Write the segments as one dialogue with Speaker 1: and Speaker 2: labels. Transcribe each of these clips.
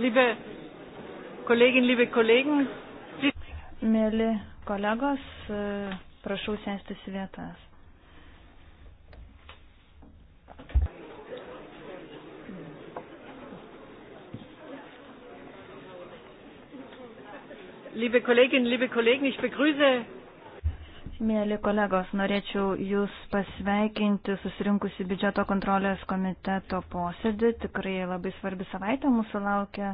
Speaker 1: Liebe Kolleginnen, liebe Kollegen,
Speaker 2: Mėly kolegos, e, prašau sėstis vietas.
Speaker 1: Liebe Kolleginnen, liebe Kollegen, ich begrüße
Speaker 2: Mėly kolegos, norėčiau Jūs pasveikinti susirinkusi biudžeto kontrolės komiteto posėdį. Tikrai labai svarbi savaitė mūsų laukia,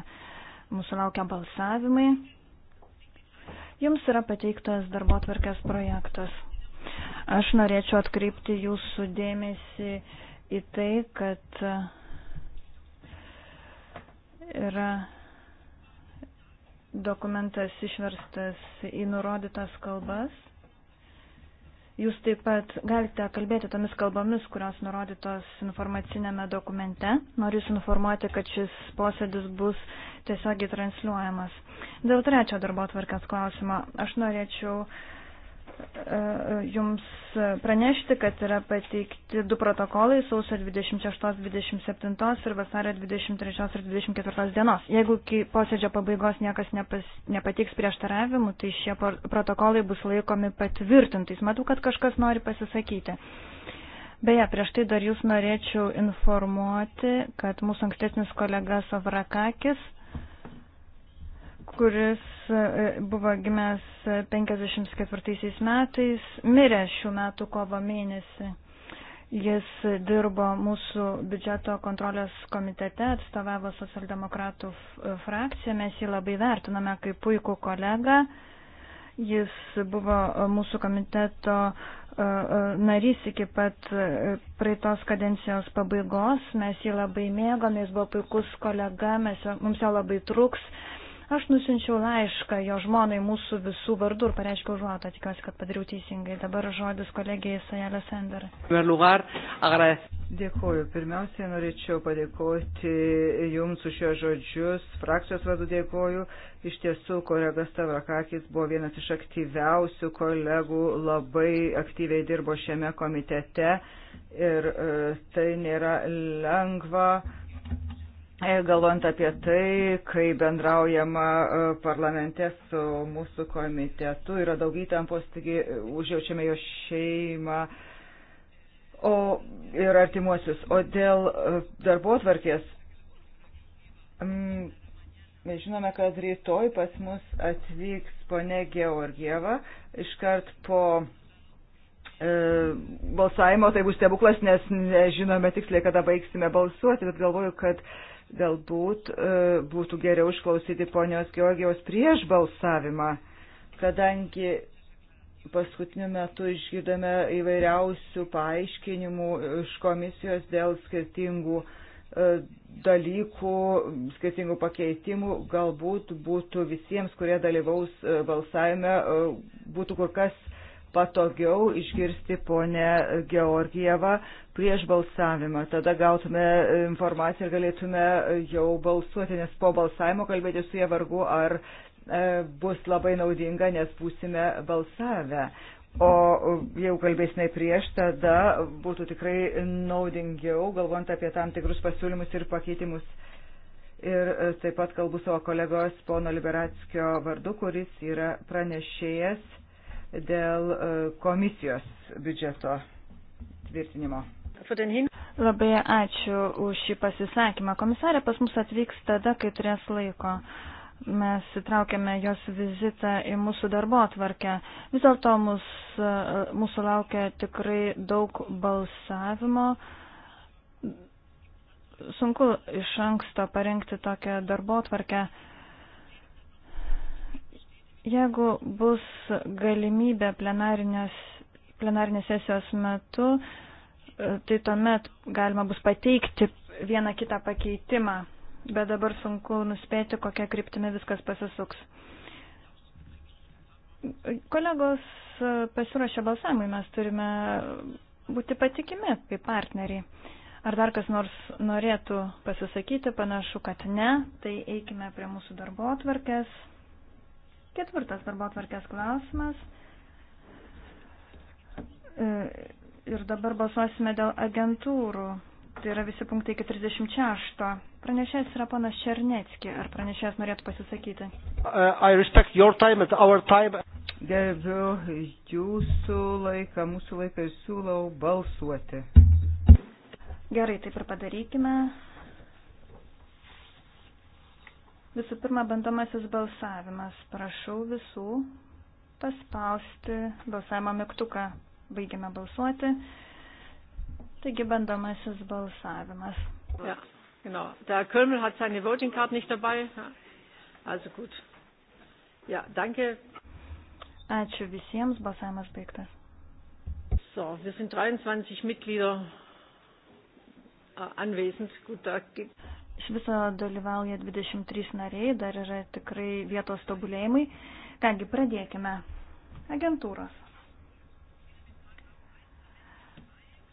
Speaker 2: mūsų laukia balsavimai. Jums yra pateiktas darbo tvarkės projektas. Aš norėčiau atkreipti Jūsų dėmesį į tai, kad yra dokumentas išverstas į nurodytas kalbas. Jūs taip pat galite kalbėti tomis kalbomis, kurios nurodytos informacinėme dokumente. Noriu Jūs informuoti, kad šis posėdis bus tiesiogiai transliuojamas. Dėl trečio darbo tvarkės klausimo aš norėčiau Jums pranešti, kad yra pateikti du protokolai sausio 26, 27 ir vasario 23 ir 24 dienos. Jeigu iki posėdžio pabaigos niekas nepas, nepateiks prieštaravimų, tai šie protokolai bus laikomi patvirtintais. Matau, kad kažkas nori pasisakyti. Beje, prieš tai dar jūs norėčiau informuoti, kad mūsų ankstesnis kolega Savrakakis kuris e, buvo gimęs 54 metais, mirė šių metų kovo mėnesį. Jis dirbo mūsų biudžeto kontrolės komitete, atstovavo socialdemokratų e, frakciją, mes jį labai vertiname kaip puikų kolegą. Jis buvo mūsų komiteto e, narys iki pat praeitos kadencijos pabaigos. Mes jį labai mėgom, jis buvo puikus kolega, mes, mums jo labai truks. Aš nusinčiau laišką jo žmonai mūsų visų vardu ir pareiškiau užuotą, tikiuosi, kad padariau teisingai. Dabar žodis kolegijai Sajelė Sender.
Speaker 3: Dėkuoju. Pirmiausia, norėčiau padėkoti Jums už šios žodžius. Frakcijos vardu dėkuoju. Iš tiesų, kolega Stavrakakis buvo vienas iš aktyviausių kolegų, labai aktyviai dirbo šiame komitete ir e, tai nėra lengva E, galvojant apie tai, kai bendraujama e, parlamente su mūsų komitetu, yra daug įtampos, taigi e, užjaučiame jo šeimą o, ir artimuosius. O dėl darbo tvarkės, mes žinome, kad rytoj pas mus atvyks ponė Georgieva iškart po balsavimo, tai bus stebuklas, nes nežinome tiksliai, kada baigsime balsuoti, bet galvoju, kad Galbūt e, būtų geriau išklausyti ponios Georgijos prieš balsavimą, kadangi paskutiniu metu išgirdome įvairiausių paaiškinimų iš komisijos dėl skirtingų e, dalykų, skirtingų pakeitimų, galbūt būtų visiems, kurie dalyvaus e, balsavime, būtų kur kas patogiau išgirsti ponę Georgievą prieš balsavimą. Tada gautume informaciją ir galėtume jau balsuoti, nes po balsavimo kalbėti su jie vargu ar e, bus labai naudinga, nes būsime balsavę. O jeigu kalbėsime prieš, tada būtų tikrai naudingiau, galvant apie tam tikrus pasiūlymus ir pakeitimus. Ir e, taip pat kalbu savo kolegos pono Liberatskio vardu, kuris yra pranešėjas dėl e, komisijos biudžeto tvirtinimo.
Speaker 2: Labai ačiū už šį pasisakymą. Komisarė pas mus atvyks tada, kai turės laiko. Mes įtraukėme jos vizitą į mūsų darbo atvarkę. Vis dėlto mus, e, mūsų laukia tikrai daug balsavimo. Sunku iš anksto parengti tokią darbo atvarkę. Jeigu bus galimybė plenarinės sesijos metu, e, tai tuomet galima bus pateikti vieną kitą pakeitimą, bet dabar sunku nuspėti, kokia kryptimi viskas pasisuks. Kolegos e, pasiruošę balsavimui mes turime būti patikimi kaip partneriai. Ar dar kas nors norėtų pasisakyti, panašu, kad ne, tai eikime prie mūsų darbo atvarkės. Ketvirtas darbo atvarkės klausimas. E, ir dabar balsuosime dėl agentūrų. Tai yra visi punktai iki 36. Pranešėjas yra panas Černecki. Ar pranešėjas norėtų pasisakyti?
Speaker 3: Gerbiu jūsų laiką, mūsų laiką ir siūlau balsuoti.
Speaker 2: Gerai, taip ir padarykime. Visų pirma, bandomasis balsavimas. Prašau visų paspausti balsavimo mygtuką. Baigiame balsuoti. Taigi bandomasis balsavimas.
Speaker 1: Ja, genau. Der Kölmel hat seine Voting Card nicht dabei. Also gut. Ja, danke.
Speaker 2: Ačiū visiems, balsavimas baigtas.
Speaker 1: So, wir sind 23 Mitglieder äh, anwesend. Gut, da gibt
Speaker 2: Iš viso dalyvauja 23 nariai, dar yra tikrai vietos tobulėjimai. Kągi, pradėkime. Agentūros.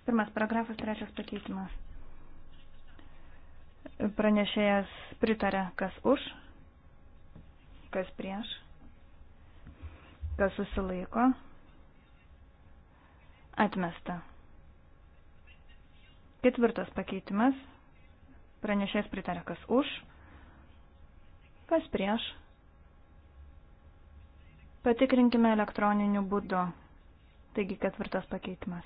Speaker 2: Pirmas paragrafas, trečias pakeitimas. Pranešėjas pritarė, kas už, kas prieš, kas susilaiko, atmesta. Ketvirtas pakeitimas. Pranešės pritarė, kas už, kas prieš. Patikrinkime elektroniniu būdu. Taigi ketvirtas pakeitimas.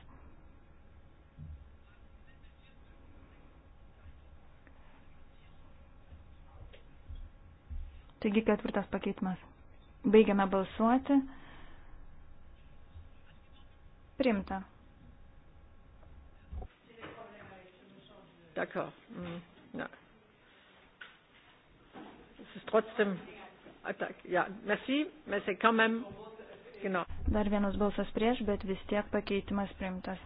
Speaker 2: Taigi ketvirtas pakeitimas. Baigiame balsuoti. Primta. D'accord. Mm. Ja.
Speaker 1: Es ist trotzdem. Ja, merci, mais c'est quand même. Genau.
Speaker 2: Dar vienas balsas prieš, bet vis tiek pakeitimas primtas.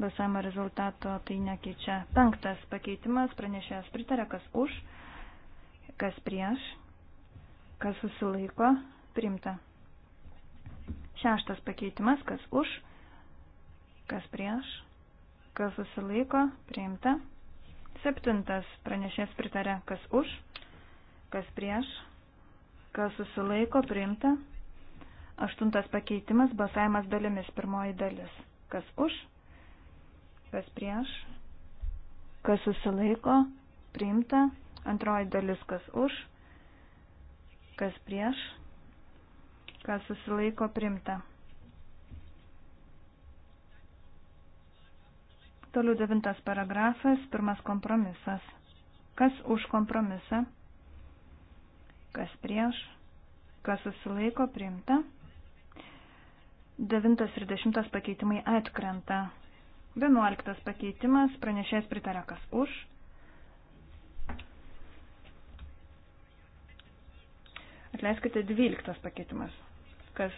Speaker 2: Balsavimo rezultato tai nekeičia. Penktas pakeitimas pranešėjas pritarė, kas už, kas prieš, kas susilaiko, primta. Šeštas pakeitimas, kas už, kas prieš, kas susilaiko, priimta. Septintas pranešės pritarė, kas už, kas prieš, kas susilaiko priimta. Aštuntas pakeitimas, balsavimas dalimis, pirmoji dalis. Kas už, kas prieš, kas susilaiko priimta. Antroji dalis, kas už, kas prieš, kas susilaiko priimta. Toliau devintas paragrafas, pirmas kompromisas. Kas už kompromisą? Kas prieš? Kas susilaiko priimta? Devintas ir dešimtas pakeitimai atkrenta. Vienuoliktas pakeitimas, pranešėjas pritarė kas už. Atleiskite, dvyliktas pakeitimas. Kas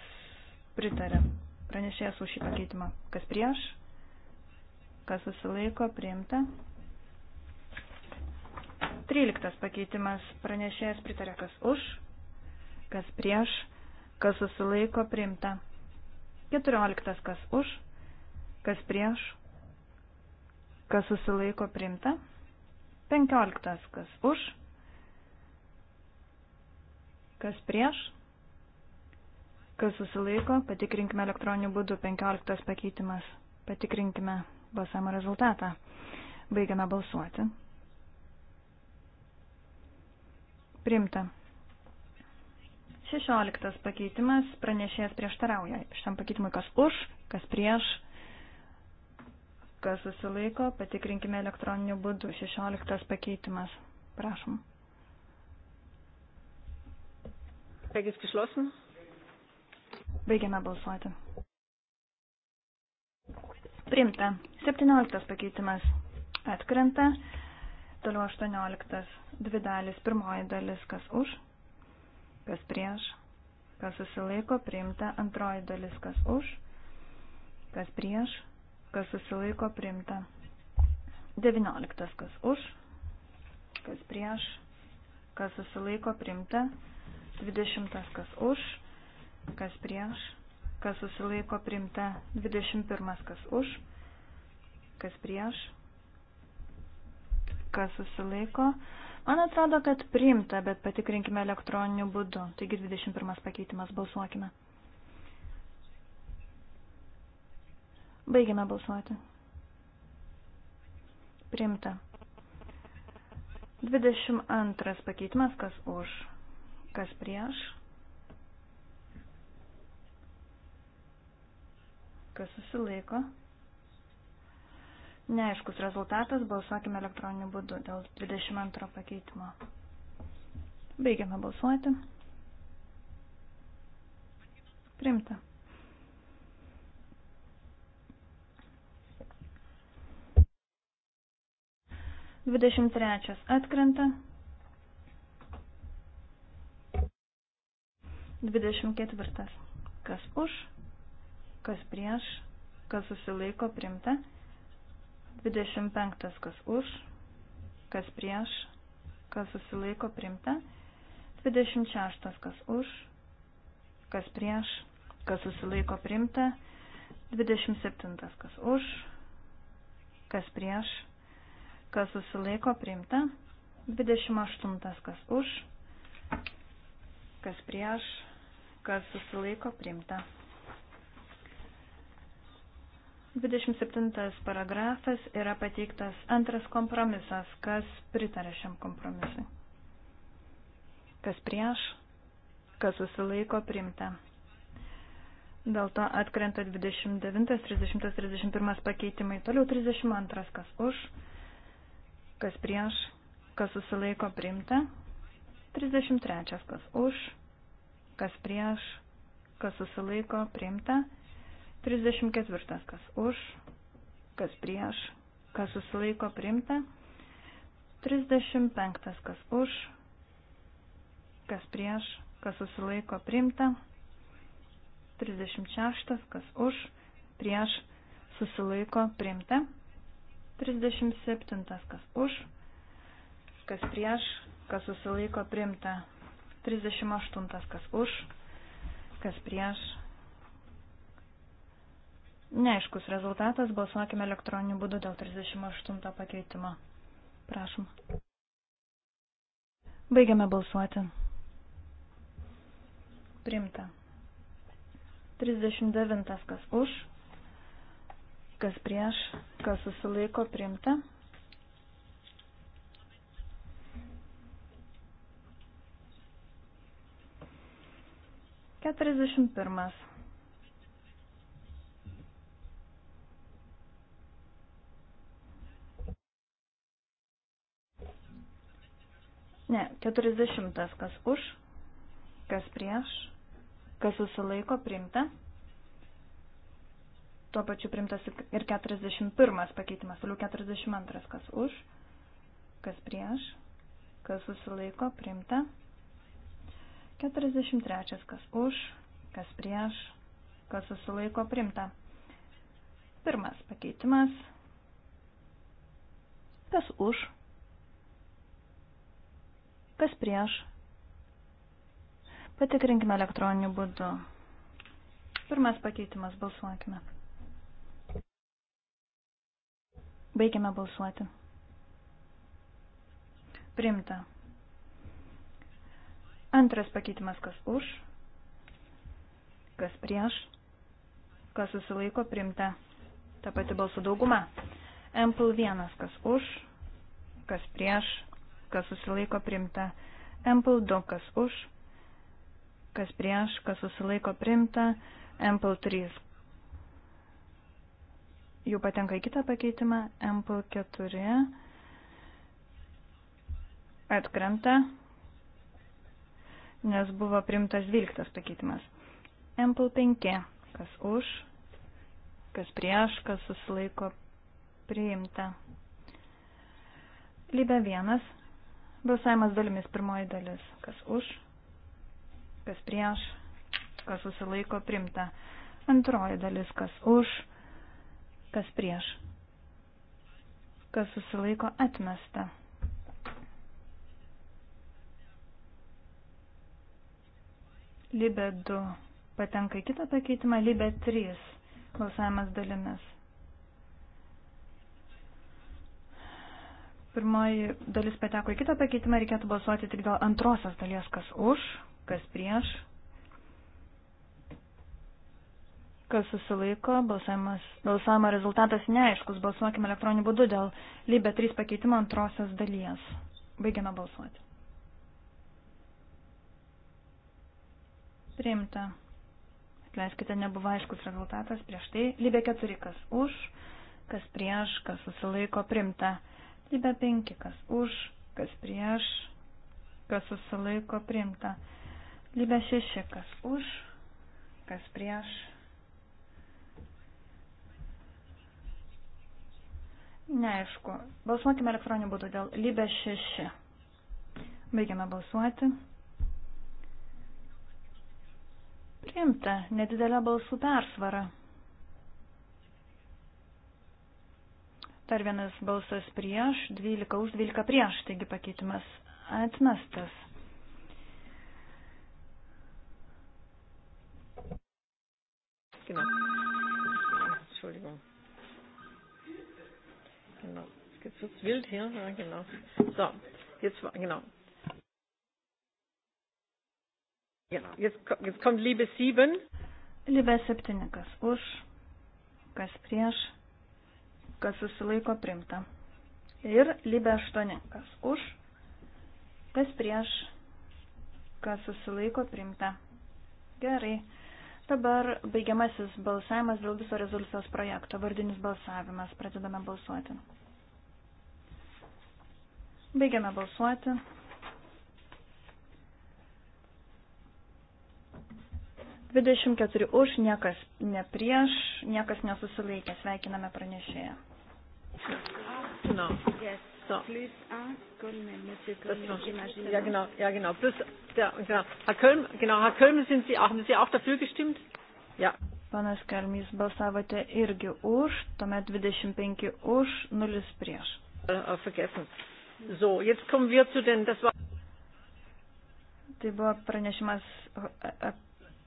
Speaker 2: pritarė? Pranešėjas už šį pakeitimą. Kas prieš? kas susilaiko priimta. 13 pakeitimas pranešėjas pritarė, kas už, kas prieš, kas susilaiko priimta. 14 kas už, kas prieš, kas susilaiko priimta. 15 kas už, kas prieš, kas susilaiko, patikrinkime elektroniniu būdu 15 pakeitimas. Patikrinkime balsavimo rezultatą. Baigiame balsuoti. Primta. 16 pakeitimas pranešėjas prieštarauja. Šitam pakeitimui kas už, kas prieš, kas susilaiko, patikrinkime elektroniniu būdu. 16 pakeitimas. Prašom. Regis geschlossen. Baigiame balsuoti. Primta. 17 pakeitimas atkrenta. Toliau 18. Dvi dalis. Pirmoji dalis, kas už, kas prieš, kas susilaiko, priimta. Antroji dalis, kas už, kas prieš, kas susilaiko, priimta. 19. Kas už, kas prieš, kas susilaiko, priimta. 20. Kas už, kas prieš, kas susilaiko, priimta. 21. Kas už kas prieš, kas susilaiko. Man atrodo, kad priimta, bet patikrinkime elektroniniu būdu. Taigi 21 pakeitimas, balsuokime. Baigime balsuoti. Priimta. 22 pakeitimas, kas už, kas prieš, kas susilaiko. Neaiškus rezultatas, balsuokime elektroniniu būdu dėl 22 pakeitimo. Baigiame balsuoti. Primta. Dvidešimt trečias atkrenta. 24. Kas už, kas prieš, kas susilaiko primta. 25 kas už, kas prieš, kas susilaiko primta. 26 kas už, kas prieš, kas susilaiko primta. 27 kas už, kas prieš, kas susilaiko primta. 28 kas už, kas prieš, kas susilaiko primta. 27 paragrafas yra pateiktas antras kompromisas. Kas pritarė šiam kompromisui? Kas prieš? Kas susilaiko priimta? Dėl to atkrenta 29, 30, 31 pakeitimai. Toliau 32. Kas už? Kas prieš? Kas susilaiko priimta? 33. Kas už? Kas prieš? Kas susilaiko priimta? 34. Kas už, kas prieš, kas susilaiko priimta. 35. Kas už, kas prieš, kas susilaiko priimta. 36. Kas už, prieš, susilaiko priimta. 37. Kas už, kas prieš, kas susilaiko priimta. 38. Kas už, kas prieš, Neaiškus rezultatas, balsuokime elektroniniu būdu dėl 38 pakeitimo. Prašom. Baigiame balsuoti. Primta. 39. Kas už, kas prieš, kas susilaiko, primta. Keturiasdešimt pirmas. Ne, 40. Kas už, kas prieš, kas susilaiko priimta. Tuo pačiu priimtas ir 41 pakeitimas, toliau 42. Kas už, kas prieš, kas susilaiko priimta. 43. Kas už, kas prieš, kas susilaiko priimta. Pirmas pakeitimas. Kas už, Kas prieš? Patikrinkime elektroniniu būdu. Pirmas pakeitimas, balsuokime. Baigiame balsuoti. Primta. Antras pakeitimas, kas už, kas prieš, kas susilaiko, primta. Ta pati balsų dauguma. Ample 1, kas už, kas prieš, kas susilaiko primta. Ample 2, kas už, kas prieš, kas susilaiko primta. Ample 3, jau patenka į kitą pakeitimą. Ample 4, atkrenta, nes buvo primtas 12 pakeitimas. Ample 5, kas už, kas prieš, kas susilaiko priimta. Lybe vienas, Balsavimas dalimis pirmoji dalis. Kas už, kas prieš, kas susilaiko primta. Antroji dalis. Kas už, kas prieš, kas susilaiko atmesta. Libė 2 patenka į kitą pakeitimą, Libė 3 balsavimas dalimis. Pirmoji dalis pateko į kitą pakeitimą, reikėtų balsuoti tik dėl antrosios dalies, kas už, kas prieš, kas susilaiko, balsavimo rezultatas neaiškus, balsuokime elektroniniu būdu dėl lybė 3 pakeitimo antrosios dalies. Baigiame balsuoti. Priimta. Atleiskite, nebuvo aiškus rezultatas prieš tai. Lybė 4, kas už, kas prieš, kas susilaiko, priimta. Libe 5, kas už, kas prieš, kas susilaiko priimta. Libe 6, kas už, kas prieš. Neaišku. Balsuokime elektroniniu būdu dėl Libe 6. Baigiame balsuoti. Priimta nedidelė balsų persvara. Dar vienas balsas prieš, 12 už, 12 prieš, taigi pakeitimas atmestas.
Speaker 1: Genau. Entschuldigung. Genau. Jetzt wird es wild hier. Ja, genau. So, jetzt war, genau. Genau. Jetzt, jetzt kommt Liebe 7.
Speaker 2: Liebe 7, kas už, kas prieš kas susilaiko primta. Ir Libė 8, kas už, kas prieš, kas susilaiko primta. Gerai. Dabar baigiamasis balsavimas dėl viso rezoliucijos projekto. Vardinis balsavimas. Pradedame balsuoti. Baigiame balsuoti. Dvidešimt keturi už, niekas ne prieš, niekas nesusilaikė. Sveikiname pranešėją.
Speaker 1: Genau. Yes. So. Plus ein Goldman, Monsieur Goldman. Ja genau, ja genau. Plus der, genau. Herr Kölm, genau, Herr Kölm, sind Sie auch, haben Sie auch dafür gestimmt?
Speaker 2: Ja. Panas Kelmys balsavote irgi už, tuomet 25 už, 0 prieš.
Speaker 1: Äh, äh, vergessen. So, jetzt kommen wir zu den, das war.
Speaker 2: Tai buvo pranešimas, e, e,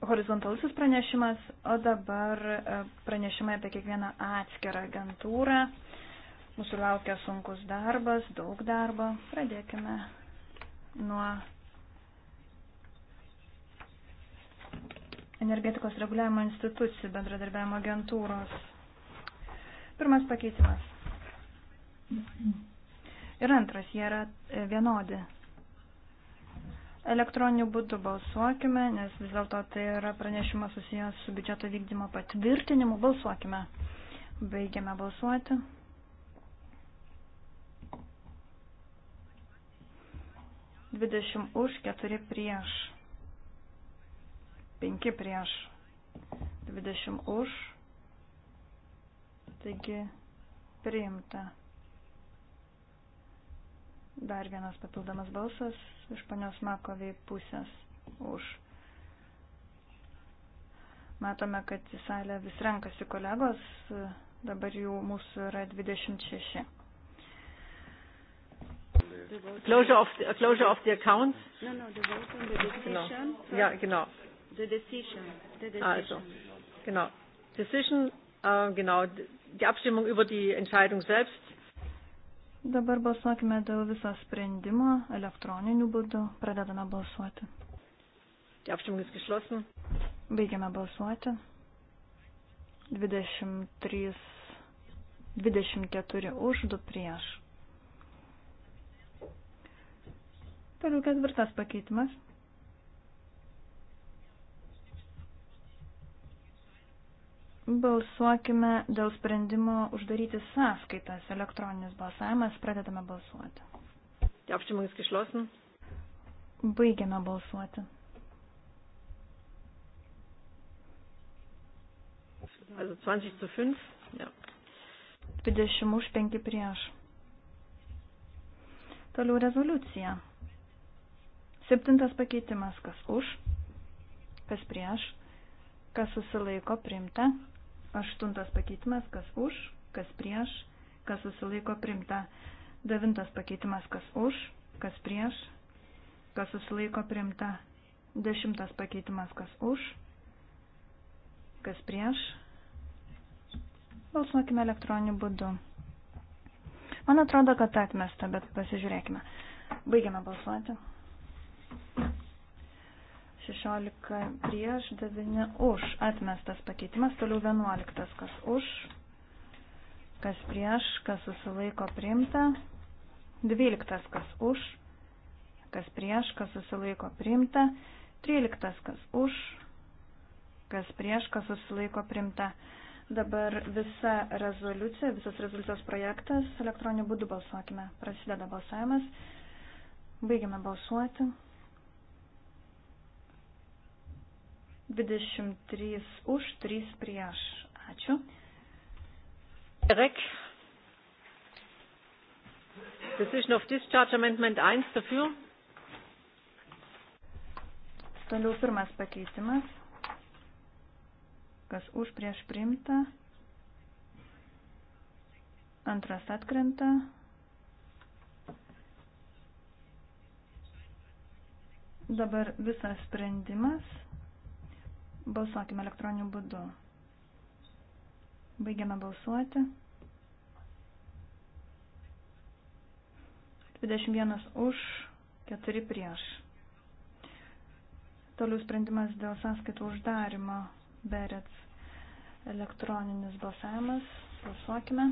Speaker 2: horizontalusis pranešimas, o dabar e, pranešimai apie kiekvieną atskirą agentūrą. Uh, Mūsų laukia sunkus darbas, daug darbo. Pradėkime nuo energetikos reguliavimo institucijų bendradarbiavimo agentūros. Pirmas pakeitimas.
Speaker 4: Ir
Speaker 2: antras, jie yra e, vienodi. Elektroniniu būdu balsuokime, nes vis dėlto tai yra pranešimas susijęs su biudžeto vykdymo patvirtinimu. Balsuokime. Baigiame balsuoti. 20 už, 4 prieš. 5 prieš. 20 už. Taigi priimta. Dar vienas papildomas balsas iš panios Makovai pusės už. Matome, kad į salę vis renkasi kolegos, dabar jų mūsų yra 26. Closure of the, closure of the accounts. No, no, the vote on the decision. Genau. Ja, genau. The decision. The decision. Also,
Speaker 1: genau. Decision, äh, genau. Die Abstimmung über die Entscheidung selbst.
Speaker 2: Dabar balsuokime dėl viso sprendimo elektroniniu būdu. Pradedame balsuoti. Die Abstimmung ist geschlossen. Baigiame balsuoti. 23, 24 už, 2 prieš. Toliau ketvirtas pakeitimas. Balsuokime dėl sprendimo uždaryti sąskaitas. Elektroninis balsavimas. Pradedame balsuoti. Die Abstimmung ist geschlossen. Baigiame balsuoti.
Speaker 1: Also 20 zu 5.
Speaker 2: Ja. 20 už 5 prieš. Toliau rezoliucija. Septintas pakeitimas, kas už, kas prieš, kas susilaiko primta. Aštuntas pakeitimas, kas už, kas prieš, kas susilaiko primta. Devintas pakeitimas, kas už, kas prieš, kas susilaiko primta. Dešimtas pakeitimas, kas už, kas prieš. Balsuokime elektroniniu būdu. Man atrodo, kad atmesta, bet pasižiūrėkime. Baigiame balsuoti. 16 prieš, 9 už. Atmestas pakeitimas, toliau 11. Kas už, kas prieš, kas susilaiko priimta. 12. Kas už, kas prieš, kas susilaiko priimta. 13. Kas už, kas prieš, kas susilaiko priimta. Dabar visa rezoliucija, visas rezoliucijos projektas elektroniniu būdu balsuokime. Prasideda balsavimas. Baigiame balsuoti. 23 už, 3 prieš. Ačiū. Rek.
Speaker 1: Decision of Discharge Amendment 1 dafür.
Speaker 2: Toliau pirmas pakeitimas. Kas už prieš primta. Antras atkrenta. Dabar visas sprendimas Balsuokime elektroniniu būdu. Baigiame balsuoti. 21 už, 4 prieš. Toliau sprendimas dėl sąskaitų uždarimo. Berets elektroninis balsavimas. Balsuokime.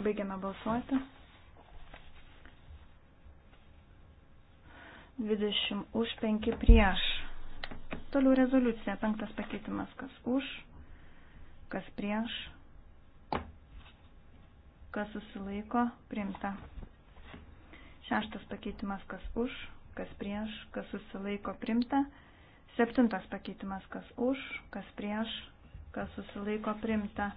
Speaker 2: Baigiame balsuoti. 20 už 5 prieš. Toliau rezoliucija, penktas pakeitimas, kas už, kas prieš, kas susilaiko, priimta. Šeštas pakeitimas, kas už, kas prieš, kas susilaiko, priimta. Septintas pakeitimas, kas už, kas prieš, kas susilaiko, priimta.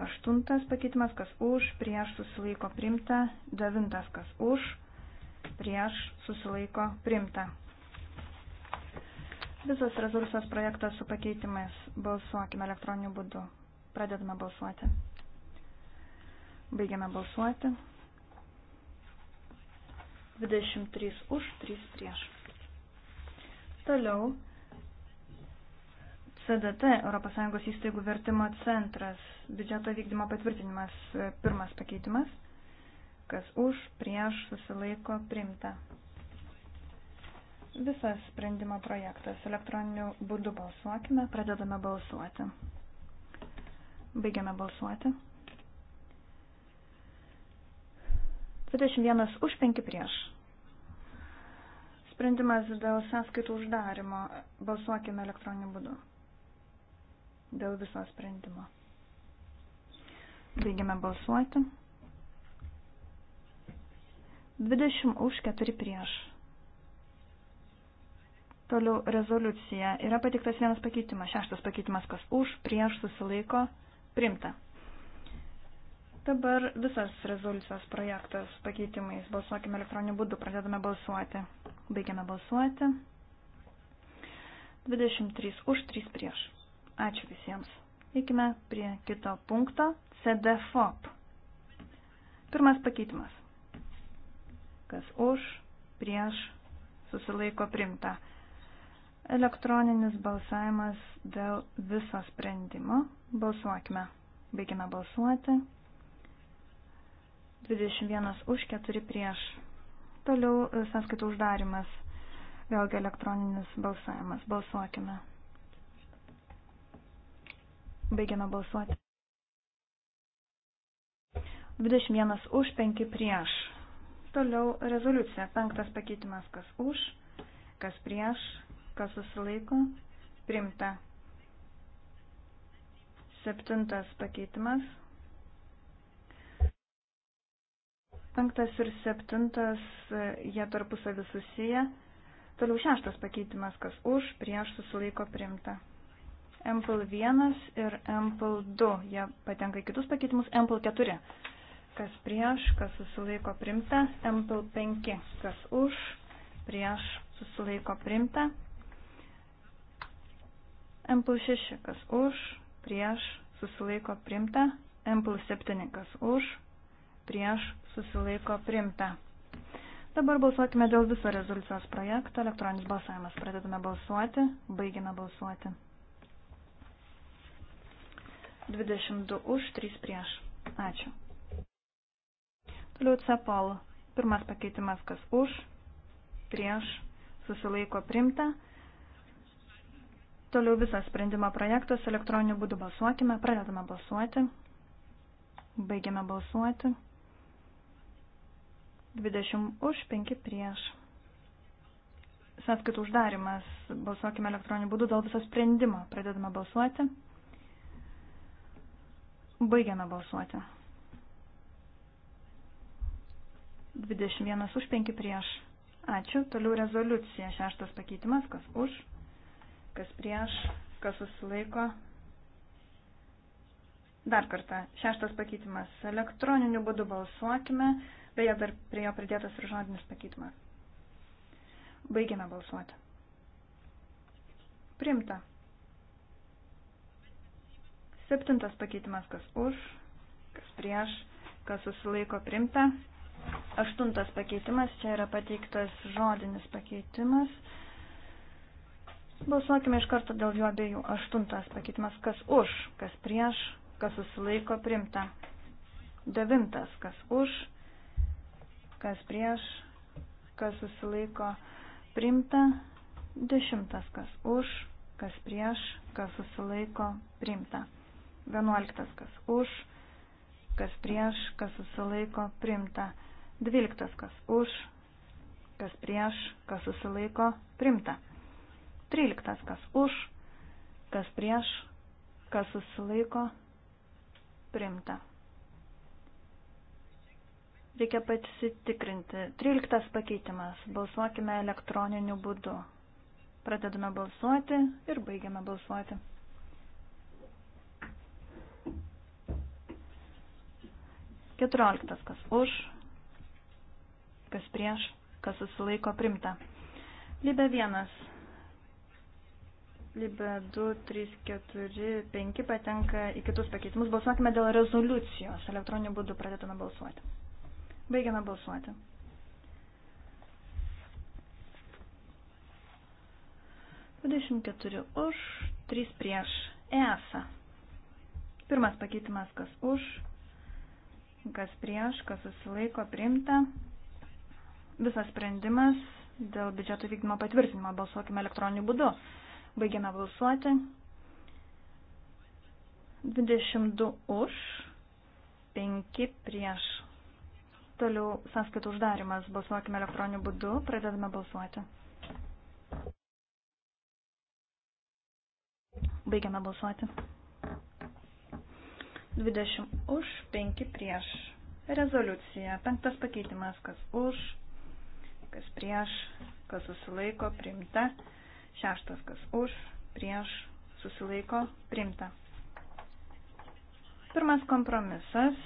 Speaker 2: Aštuntas pakeitimas, kas už, prieš, susilaiko, priimta. Devintas, kas už, prieš, susilaiko, priimta. Visas rezoliucijos projektas su pakeitimais. Balsuokime elektroniniu būdu. Pradedame balsuoti. Baigiame balsuoti. 23 už, 3 prieš. Toliau. CDT, ES įstaigų vertimo centras, biudžeto vykdymo patvirtinimas, pirmas pakeitimas, kas už, prieš, susilaiko, primta. Visas sprendimo projektas elektroniniu būdu balsuokime, pradedame balsuoti. Baigiame balsuoti. 21 už 5 prieš. Sprendimas dėl sąskaitų uždarimo. Balsuokime elektroniniu būdu. Dėl viso sprendimo. Baigiame balsuoti. 20 už 4 prieš. Toliau rezoliucija. Yra patiktas vienas pakeitimas. Šeštas pakeitimas, kas už, prieš, susilaiko, primta. Dabar visas rezoliucijos projektas pakeitimais. Balsuokime elektroniniu būdu. Pradedame balsuoti. Baigiame balsuoti. 23 už, 3 prieš. Ačiū visiems. Eikime prie kito punkto. CDFOP. Pirmas pakeitimas. Kas už, prieš, susilaiko, primta. Elektroninis balsavimas dėl viso sprendimo. Balsuokime. Baigime balsuoti. 21 už 4 prieš. Toliau e, sąskaitų uždarimas. Vėlgi elektroninis balsavimas. Balsuokime. Baigiame balsuoti. 21 už 5 prieš. Toliau rezoliucija. Penktas pakeitimas kas už, kas prieš, kas susilaiko, primta. Septintas pakeitimas. Penktas ir septintas, jie tarpusavį susiję. Toliau šeštas pakeitimas, kas už, prieš susilaiko primta. MPL 1 ir MPL 2, jie patenka į kitus pakeitimus. MPL 4, kas prieš, kas susilaiko primta. MPL 5, kas už, prieš susilaiko primta. MP6 kas už, prieš, susilaiko primta. MP7 kas už, prieš, susilaiko primta. Dabar balsuokime dėl viso rezoliucijos projekto. Elektroninis balsavimas. Pradedame balsuoti, baigime balsuoti. 22 už, 3 prieš. Ačiū. Toliau CEPOL. Pirmas pakeitimas, kas už, prieš, susilaiko primta. Toliau visas sprendimo projektas elektroniniu būdu balsuokime. Pradedame balsuoti. Baigiame balsuoti. 20 už, 5 prieš. Sąskaitų uždarimas. Balsuokime elektroniniu būdu dėl viso sprendimo. Pradedame balsuoti. Baigiame balsuoti. 21 už, 5 prieš. Ačiū. Toliau rezoliucija. Šeštas pakeitimas. Kas už? kas prieš, kas susilaiko. Dar kartą, šeštas pakeitimas. Elektroniniu būdu balsuokime, beje, dar prie jo pridėtas ir žodinis pakeitimas. Baigiame balsuoti. Primta. Septintas pakeitimas, kas už, kas prieš, kas susilaiko primta. Aštuntas pakeitimas, čia yra pateiktas žodinis pakeitimas. Balsuokime iš karto dėl jų abiejų. Aštuntas pakeitimas, kas už, kas prieš, kas susilaiko primta. Devintas, kas už, kas prieš, kas susilaiko primta. Dešimtas, kas už, kas prieš, kas susilaiko primta. Vienuoliktas, kas už, kas prieš, kas susilaiko primta. Dvyliktas, kas už, kas prieš, kas susilaiko primta. 13. Kas už, kas prieš, kas susilaiko, primta. Reikia pasitikrinti. 13 pakeitimas. Balsuokime elektroniniu būdu. Pradedame balsuoti ir baigiame balsuoti. Keturioliktas, kas už, kas prieš, kas susilaiko primta. Lybė vienas, Libe 2, 3, 4, 5 patenka į kitus pakeitimus. Balsuokime dėl rezoliucijos. Elektroniniu būdu pradedame balsuoti. Baigiame balsuoti. Dvidešimt keturi už, trys prieš. ESA. Pirmas pakeitimas, kas už, kas prieš, kas susilaiko priimta. Visas sprendimas dėl biudžeto vykdymo patvirtinimo balsuokime elektroniniu būdu. Baigiame balsuoti. 22 už, 5 prieš. Toliau sąskaitų uždarimas. Balsuokime elektroniniu būdu. Pradedame balsuoti. Baigiame balsuoti. 20 už, 5 prieš. Rezoliucija. Penktas pakeitimas. Kas už, kas prieš, kas susilaiko, priimta. Šeštas, kas už, prieš, susilaiko, primta. Pirmas kompromisas,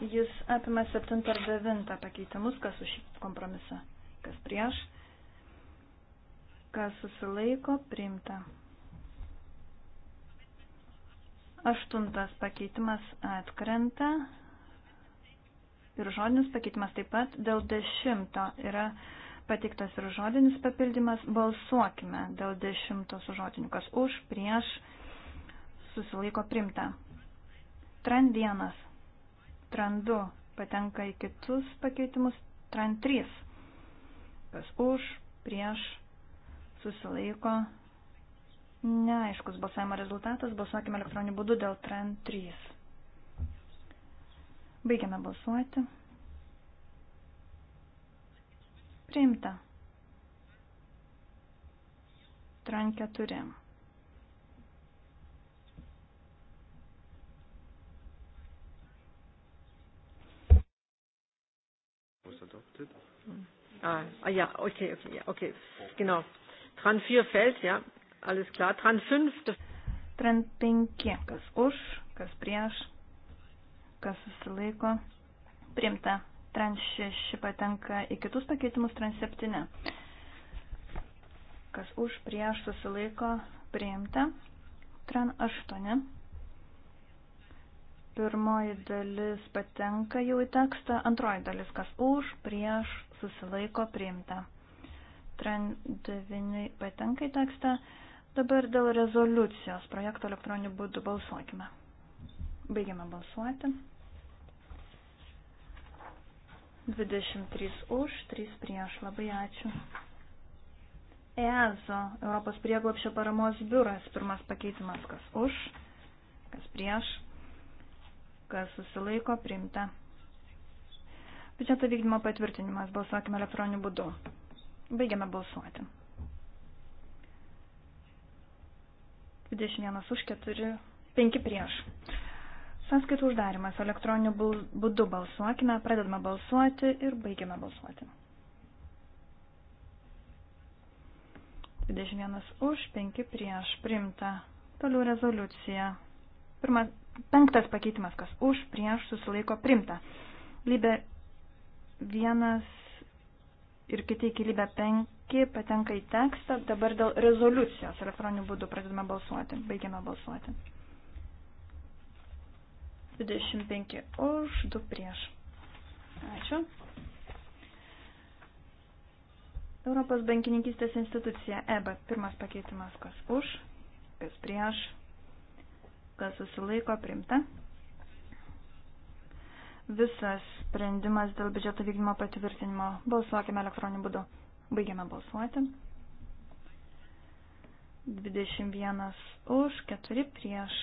Speaker 2: jis apima 7 ar 9 pakeitimus, kas už šį kompromisą, kas prieš, kas susilaiko, primta. Aštuntas pakeitimas atkrenta ir žodinis pakeitimas taip pat dėl dešimto yra pateiktas ir žodinis papildymas. Balsuokime dėl dešimto su žodiniu, kas už, prieš, susilaiko primta. Tran vienas, tran du patenka į kitus pakeitimus, tran trys, kas už, prieš, susilaiko. Neaiškus balsavimo rezultatas, balsuokime elektroniniu būdu dėl tran 3. Baigiame balsuoti. priimta. Tran 4.
Speaker 1: Ah, ah ja, okay, okay, ja, okay, genau.
Speaker 2: Tran 4 fällt, ja, alles klar. Tran 5. Tran 5, kas už, kas prieš, kas susilaiko, priimta trans 6 patenka į kitus pakeitimus, trans 7. Kas už prieš susilaiko priimta, tran 8. Pirmoji dalis patenka jau į tekstą, antroji dalis kas už prieš susilaiko priimta. Tran 9 patenka į tekstą. Dabar dėl rezoliucijos projekto elektroniniu būdu balsuokime. Baigiame balsuoti. 23 už, 3 prieš. Labai ačiū. EASO, Europos prieglopščio paramos biuras, pirmas pakeitimas, kas už, kas prieš, kas susilaiko, priimta. Biudžeto vykdymo patvirtinimas, balsuokime elektroniniu būdu. Baigiame balsuoti. 21 už 4, 5 prieš. Sanskaitų uždarimas elektroniniu būdu balsuokime, pradedame balsuoti ir baigiame balsuoti. 21 už, 5 prieš, primta. Toliau rezoliucija. Pirmas, penktas pakeitimas, kas už, prieš, susilaiko, primta. Lybė 1 ir kiti iki lybė 5 patenka į tekstą. Dabar dėl rezoliucijos elektroniniu būdu pradedame balsuoti, baigiame balsuoti. 25 už, 2 prieš. Ačiū. Europos bankininkystės institucija EBA. Pirmas pakeitimas, kas už, kas prieš, kas susilaiko primta. Visas sprendimas dėl biudžeto vykdymo patvirtinimo. Balsuokime elektroniniu būdu. Baigiame balsuoti. 21 už, 4 prieš.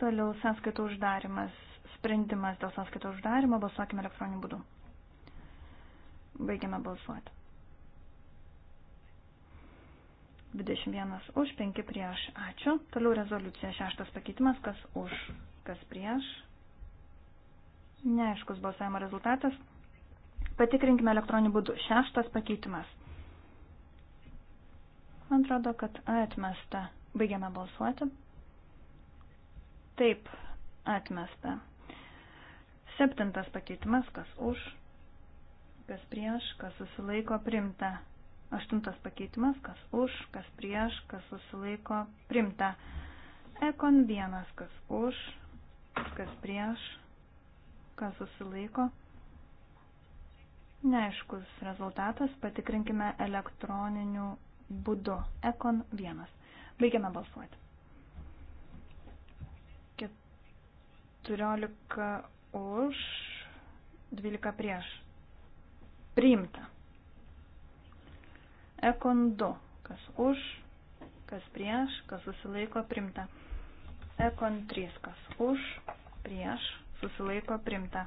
Speaker 2: Toliau sąskaitų uždarimas. Sprendimas dėl sąskaitų uždarimo. Balsuokime elektroniniu būdu. Baigiame balsuoti. 21 už, 5 prieš. Ačiū. Toliau rezoliucija. Šeštas pakeitimas. Kas už, kas prieš. Neaiškus balsavimo rezultatas. Patikrinkime elektroniniu būdu. Šeštas pakeitimas. Man atrodo, kad atmesta. Baigiame balsuoti. Taip, atmesta. Septintas pakeitimas, kas už, kas prieš, kas susilaiko primta. Aštuntas pakeitimas, kas už, kas prieš, kas susilaiko primta. Ekon vienas, kas už, kas prieš, kas susilaiko. Neaiškus rezultatas, patikrinkime elektroniniu būdu. Ekon vienas. Baigiame balsuoti. 14 už, 12 prieš. Priimta. Ekon 2. Kas už, kas prieš, kas susilaiko primta. Ekon 3. Kas už, prieš, susilaiko primta.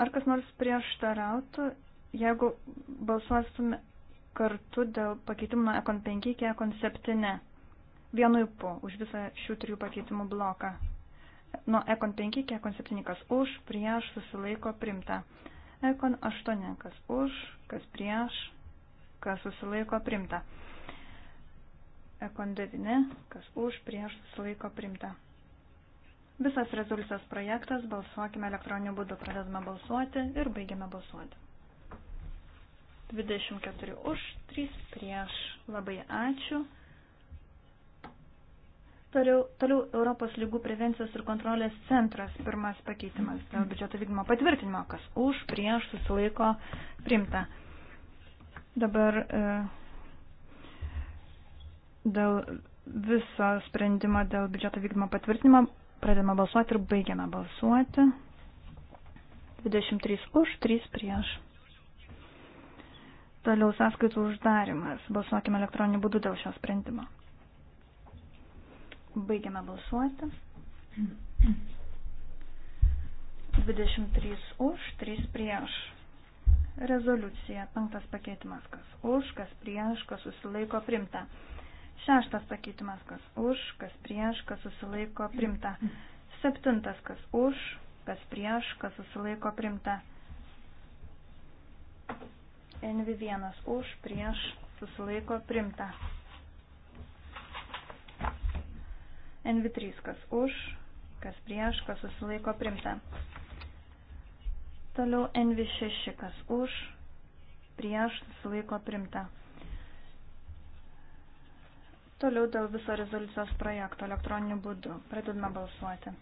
Speaker 2: Ar kas nors prieštarautų, jeigu balsuotume kartu dėl pakeitimų nuo ekon 5 iki ekon 7. Vienu ipu už visą šių trijų pakeitimų bloką. Nuo ekon 5 iki ekon 7, kas už, prieš, susilaiko, primta. Ekon 8, kas už, kas prieš, kas susilaiko, primta. Ekon 9, kas už, prieš, susilaiko, primta. Visas rezoliucijos projektas balsuokime elektroniniu būdu, pradedame balsuoti ir baigiame balsuoti. 24 už, 3 prieš. Labai ačiū. Toliau, toliau Europos lygų prevencijos ir kontrolės centras, pirmas pakeitimas dėl biudžeto vykdymo patvirtinimo, kas už, prieš, susilaiko, primta. Dabar e, dėl viso sprendimo dėl biudžeto vykdymo patvirtinimo pradėme balsuoti ir baigiame balsuoti. 23 už, 3 prieš. Toliau sąskaitų uždarimas. Balsuokime elektroniniu būdu dėl šio sprendimo. Baigiame balsuoti. 23 už, 3 prieš. Rezoliucija. Penktas pakeitimas, kas už, kas prieš, kas susilaiko primta. Šeštas pakeitimas, kas už, kas prieš, kas susilaiko primta. Septintas, kas už, kas prieš, kas susilaiko primta. NV1 už, prieš, susilaiko, primta. NV3 kas už, kas prieš, kas susilaiko, primta. Toliau NV6 kas už, prieš, susilaiko, primta. Toliau dėl viso rezoliucijos projekto elektroniniu būdu. Pradedame balsuoti.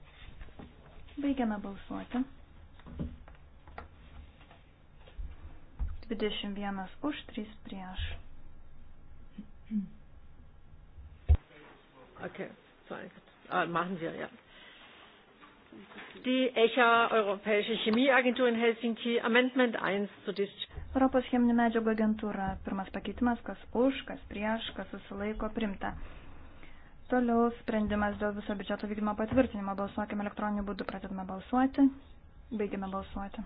Speaker 2: Baigiame balsuoti. 21 už, 3 prieš. Okay, sorry. Ah, machen wir, ja.
Speaker 1: Die ECHA, Europäische Chemieagentur in Helsinki, Amendment
Speaker 2: 1 zu this. Europos cheminių medžiagų agentūra. Pirmas pakeitimas, kas už, kas prieš, kas susilaiko, primta. Toliau sprendimas dėl viso biudžeto vykdymo patvirtinimo. Balsuokime elektroniniu būdu, pradedame balsuoti, baigiame balsuoti.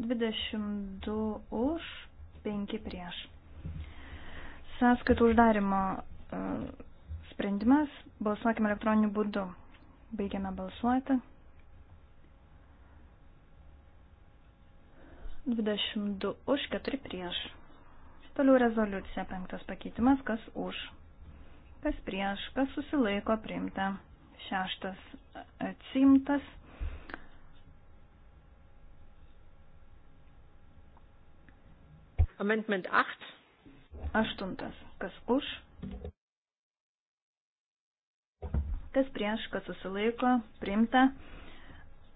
Speaker 2: 22 už, 5 prieš. Sąskaitų uždarimo e, sprendimas. Balsuokime elektroniniu būdu. Baigiame balsuoti. 22 už, 4 prieš. Toliau rezoliucija, penktas pakeitimas, kas už, kas prieš, kas susilaiko priimta. Šeštas e, atsimtas. Amendment 8. Aštuntas. Kas už? Kas prieš, kas susilaiko, priimta.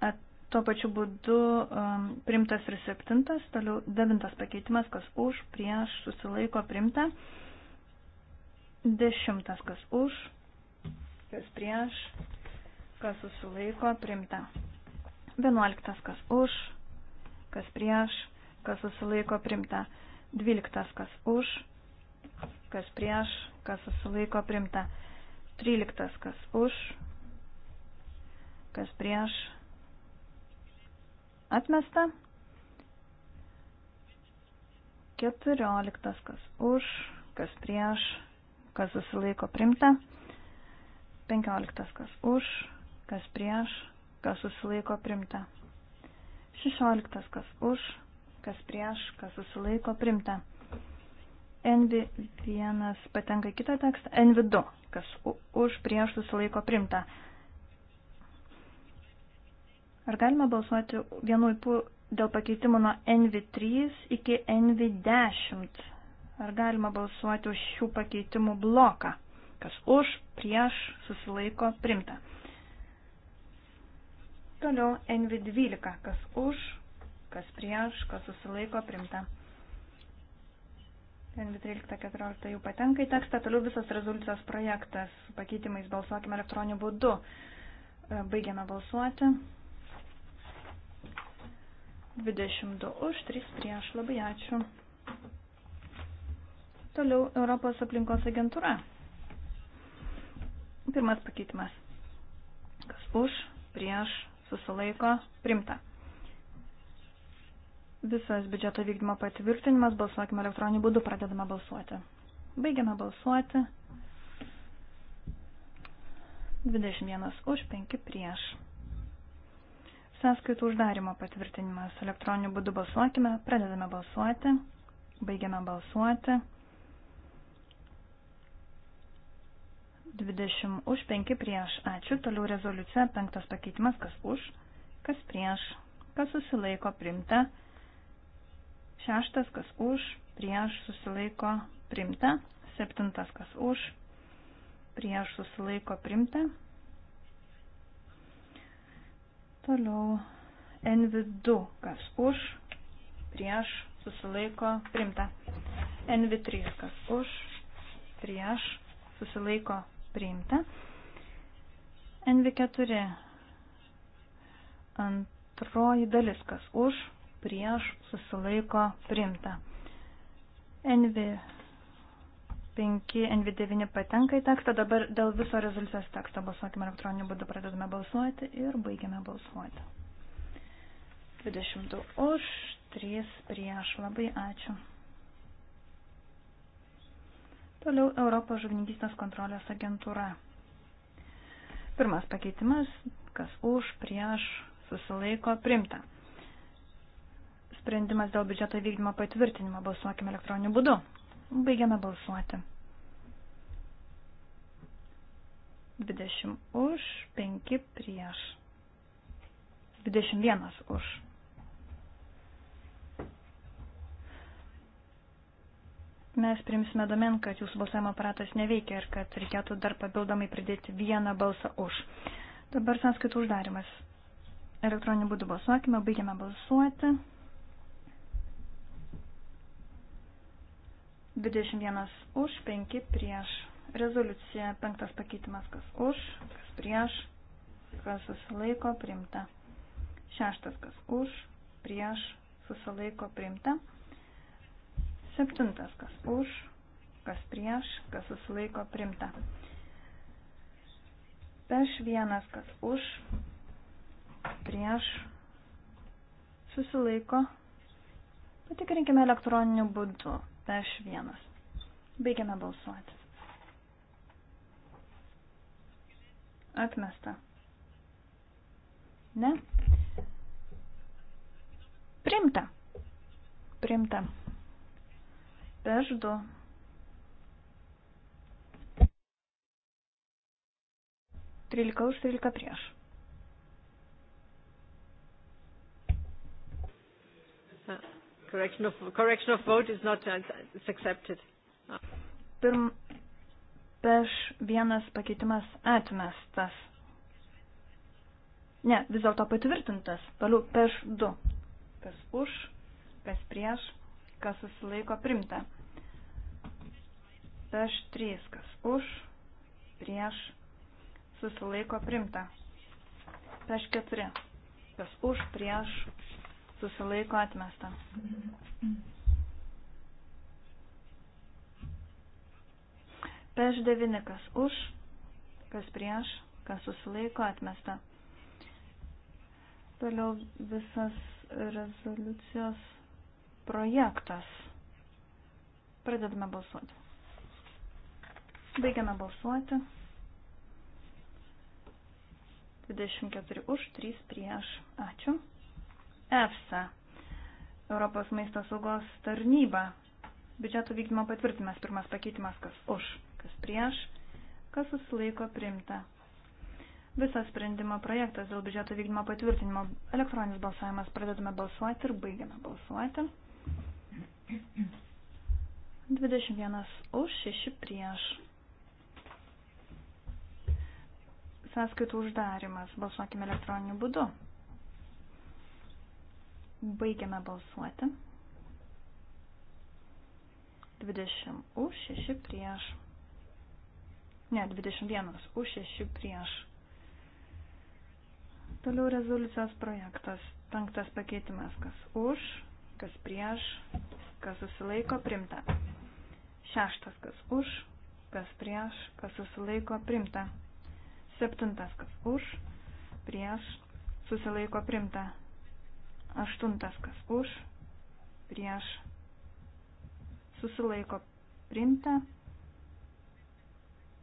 Speaker 2: At, tuo pačiu būdu um, priimtas ir septintas, toliau devintas pakeitimas, kas už, prieš, susilaiko, priimta. Dešimtas, kas už, kas prieš, kas susilaiko, priimta. Vienuoliktas, kas už, kas prieš, kas susilaiko, priimta. Dvyliktas, kas už, kas prieš, kas susilaiko primta. Tryliktas, kas už, kas prieš, atmesta. Keturioliktas, kas už, kas prieš, kas susilaiko primta. Penkioliktas, kas už, kas prieš, kas susilaiko primta. Šešioliktas, kas už, kas prieš, kas susilaiko primta. NV1 patenka į kitą tekstą, NV2, kas už prieš susilaiko primta. Ar galima balsuoti vienu įpū dėl pakeitimų nuo NV3 iki NV10? Ar galima balsuoti už šių pakeitimų bloką, kas už prieš susilaiko primta? Toliau NV12, kas už kas prieš, kas susilaiko primta. 13.14 jau patenka į tekstą, toliau visas rezoliucijos projektas su pakeitimais balsuokime elektroniniu būdu. E, baigiame balsuoti. 22 už, 3 prieš. Labai ačiū. Toliau Europos aplinkos agentūra. Pirmas pakeitimas. Kas už, prieš, susilaiko, primta. Visas biudžeto vykdymo patvirtinimas balsuokime elektroniniu būdu, pradedame balsuoti. Baigiame balsuoti. 21 už, 5 prieš. Sąskaitų uždarimo patvirtinimas elektroniniu būdu balsuokime, pradedame balsuoti, baigiame balsuoti. 20 už, 5 prieš. Ačiū. Toliau rezoliucija, penktas pakeitimas, kas už, kas prieš, kas susilaiko primta. Šeštas, kas už, prieš susilaiko primta. Septintas, kas už, prieš susilaiko primta. Toliau NV2, kas už, prieš susilaiko primta. NV3, kas už, prieš susilaiko priimta. NV4, antroji dalis, kas už, prieš susilaiko primta. NV 5, NV 9 patenka į tekstą, dabar dėl viso rezoliucijos teksto balsuokime elektroniniu būdu, pradedame balsuoti ir baigiame balsuoti. 20 už, 3 prieš, labai ačiū. Toliau Europos žuvininkystės kontrolės agentūra. Pirmas pakeitimas, kas už, prieš, susilaiko, primta. Sprendimas dėl biudžeto vykdymo patvirtinimo. Balsuokime elektroniniu būdu. Baigiame balsuoti. 20 už, 5 prieš. 21 už. Mes primsime domen, kad jūsų balsavimo aparatas neveikia ir kad reikėtų dar papildomai pridėti vieną balsą už. Dabar sąskaitų uždarimas. Elektroniniu būdu balsuokime, baigiame balsuoti. 21 už, 5 prieš. Rezoliucija, penktas pakeitimas, kas už, kas prieš, kas susilaiko, priimta. Šeštas, kas už, prieš, susilaiko, priimta. Septintas, kas už, kas prieš, kas susilaiko, priimta. Peš vienas, kas už, prieš, susilaiko. Patikrinkime elektroniniu būdu. Peš1. Baigiame balsuoti. Atmesta. Ne? Primta. Primta. Peš 2. Trylika už, trylika prieš.
Speaker 1: correction of, correction of vote is not uh, it's accepted. Ah.
Speaker 2: Pirm, peš vienas pakeitimas atmestas. Ne, vis dėlto patvirtintas. Toliau peš du. Kas už, kas prieš, kas susilaiko primta. Peš trys. Kas už, prieš, susilaiko primta. Peš keturi. Kas už, prieš, susilaiko atmesta. Peš devinikas už, kas prieš, kas susilaiko atmesta. Toliau visas rezoliucijos projektas. Pradedame balsuoti. Baigiame balsuoti. 24 už, 3 prieš. Ačiū. EFSA, Europos maisto saugos tarnyba. Biudžeto vykdymo patvirtimas, pirmas pakeitimas, kas už, kas prieš, kas susilaiko primta. Visas sprendimo projektas dėl biudžeto vykdymo patvirtinimo elektroninis balsavimas pradedame balsuoti ir baigiame balsuoti. 21 už, 6 prieš. Sąskaitų uždarimas. Balsuokime elektroniniu būdu. Baigiame balsuoti. 20 už, 6 prieš. Ne, 21 už, 6 prieš. Toliau rezoliucijos projektas. Penktas pakeitimas. Kas už, kas prieš, kas susilaiko, primta. Šeštas. Kas už, kas prieš, kas susilaiko, primta. Septintas. Kas už, prieš, susilaiko, primta. Aštuntas kas už, prieš, susilaiko priimta.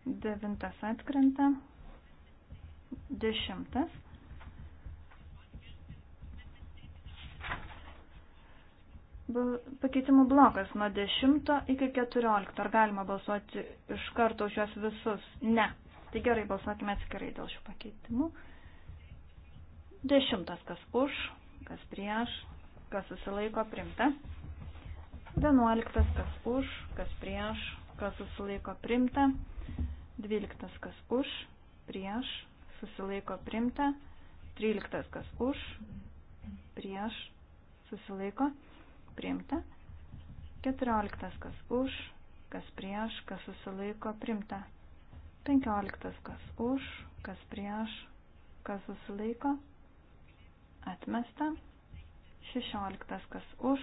Speaker 2: Devintas atkrenta. Dešimtas. Pakeitimų blokas nuo 10 iki 14. Ar galima balsuoti iš karto už juos visus? Ne. Tai gerai, balsuokime atskirai dėl šių pakeitimų. Dešimtas kas už, kas prieš, kas susilaiko primta. 11. kas už, kas prieš, kas susilaiko primta. 12. kas už, prieš, susilaiko primta. 13. kas už, prieš, susilaiko primta. 14. kas už, kas prieš, kas susilaiko primta. 15. kas už, kas prieš, kas susilaiko primta atmesta. 16. Kas už,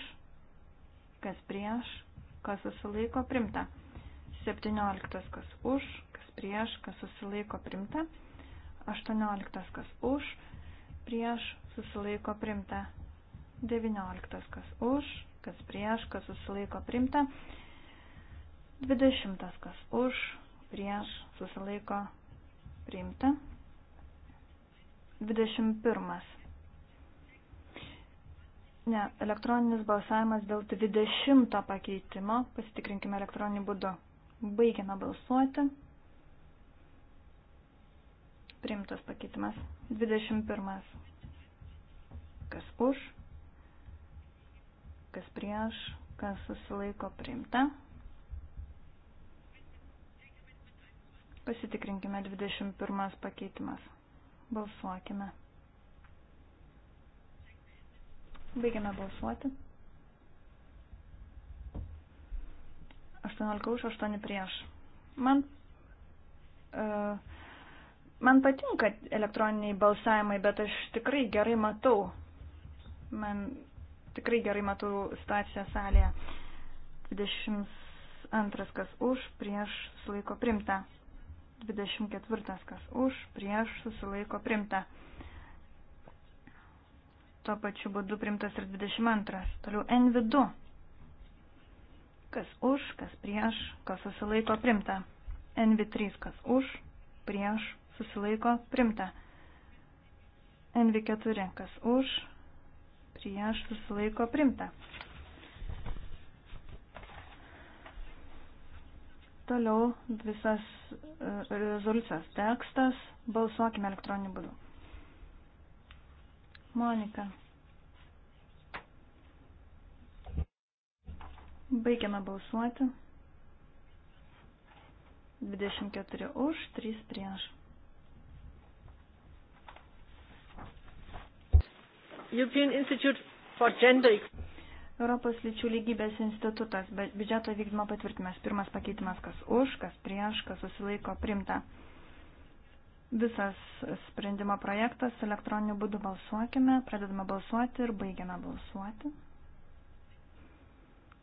Speaker 2: kas prieš, kas susilaiko primta. 17. Kas už, kas prieš, kas susilaiko primta. 18. Kas už, prieš, susilaiko primta. 19. Kas už, kas prieš, kas susilaiko primta. 20. Kas už, prieš, susilaiko primta. 21 Ne, elektroninis balsavimas dėl 20 pakeitimo. Pasitikrinkime elektroninį būdu. Baigiame balsuoti. Priimtas pakeitimas. 21. Kas už? Kas prieš? Kas susilaiko priimta? Pasitikrinkime 21 pakeitimas. Balsuokime. Baigiame balsuoti. 18 už 8 prieš. Man, uh, man patinka elektroniniai balsavimai, bet aš tikrai gerai matau. Man tikrai gerai matau situaciją salėje. 22 kas už, prieš sulaiko primta. 24 kas už, prieš susilaiko primta. Tuo pačiu būdu primtas ir 22. Toliau NV2. Kas už, kas prieš, kas susilaiko primta. NV3. Kas už, prieš, susilaiko primta. NV4. Kas už, prieš, susilaiko primta. Toliau visas e, rezoliucijos tekstas balsuokime elektroniniu būdu. Monika. Baigiame balsuoti. 24 už, 3 prieš.
Speaker 1: European Institute for
Speaker 2: Gender Europos lyčių lygybės institutas, biudžeto vykdymo patvirtimas, pirmas pakeitimas, kas už, kas prieš, kas susilaiko, primta. Visas sprendimo projektas elektroniniu būdu balsuokime, pradedame balsuoti ir baigiame balsuoti.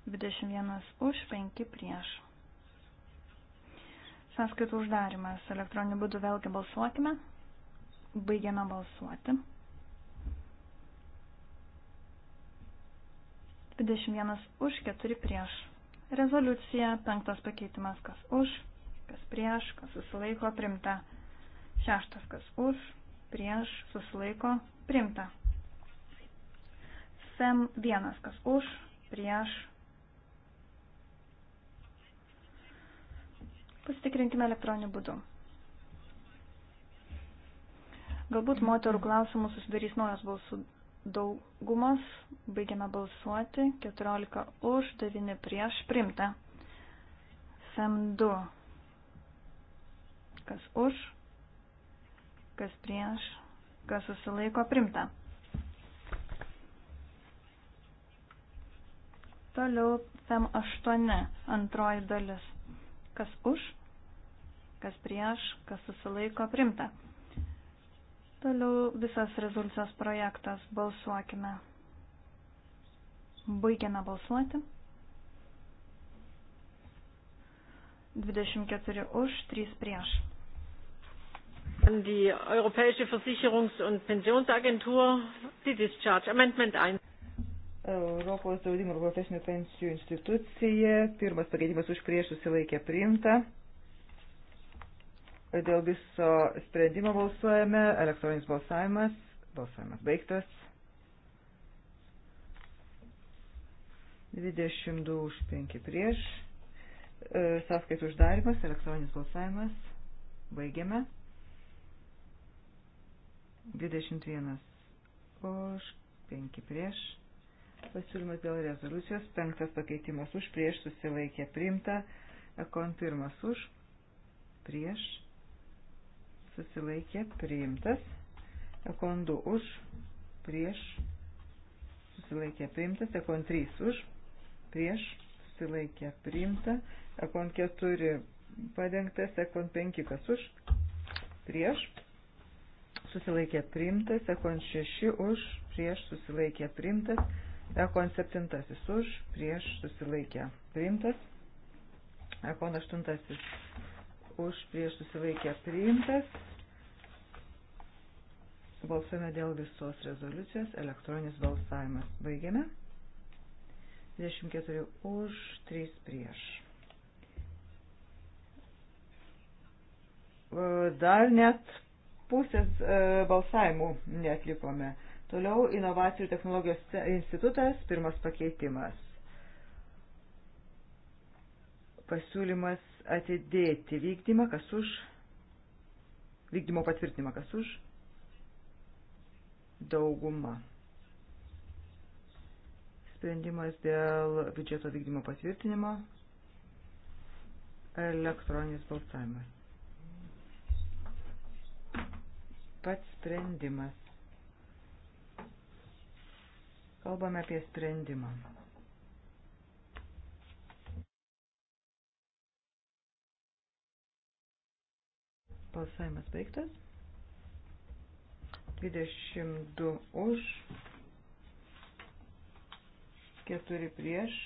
Speaker 2: 21 už, 5 prieš. Sąskaitų uždarimas elektroniniu būdu vėlgi balsuokime, baigiame balsuoti. 21 už, 4 prieš. Rezoliucija, penktas pakeitimas, kas už, kas prieš, kas susilaiko, primta. Šeštas, kas už, prieš, susilaiko, primta. Fem vienas, kas už, prieš. Pasitikrinkime elektroniniu būdu. Galbūt moterų klausimų susidarys naujas balsų daugumas. Baigiame balsuoti. 14 už, 9 prieš, primta. SEM2. Kas už? kas prieš, kas susilaiko primta. Toliau FEM 8 antroji dalis. Kas už, kas prieš, kas susilaiko primta. Toliau visas rezoliucijos projektas balsuokime. Baigiame balsuoti. 24 už, 3 prieš.
Speaker 1: An die Europäische Versicherungs- und Pensionsagentur, die Discharge Amendment 1.
Speaker 3: Europos draudimo ir profesinių pensijų institucija. Pirmas pakeitimas už prieš susilaikė priimta. Dėl viso sprendimo balsuojame. Elektroninis balsavimas. Balsavimas baigtas. 22 už 5 prieš. E, Sąskaitų uždarimas. Elektroninis balsavimas. Baigiame. 21 už, 5 prieš. Pasiūlymas dėl rezoliucijos, penktas pakeitimas už, prieš susilaikė priimta, ekon pirmas už, prieš susilaikė priimtas, ekon 2 už, prieš susilaikė priimtas, ekon 3 už, prieš susilaikė priimta, ekon 4 padengtas, ekon 5 kas už, prieš susilaikė priimtas, ekon 6 už, prieš susilaikė priimtas, ekon 7 už, prieš susilaikė priimtas, ekon 8 už, prieš susilaikė priimtas. Balsuojame dėl visos rezoliucijos, elektroninis balsavimas. Baigiame. 24 už, 3 prieš. Dar net pusės e, balsavimų netlikome. Toliau inovacijų ir technologijos institutas, pirmas pakeitimas. Pasiūlymas atidėti vykdymą, kas už, vykdymo patvirtinimą, kas už, dauguma. Sprendimas dėl biudžeto vykdymo patvirtinimo, elektroninis balsavimas. pats sprendimas. Kalbame apie sprendimą. Balsavimas baigtas. 22 už, 4 prieš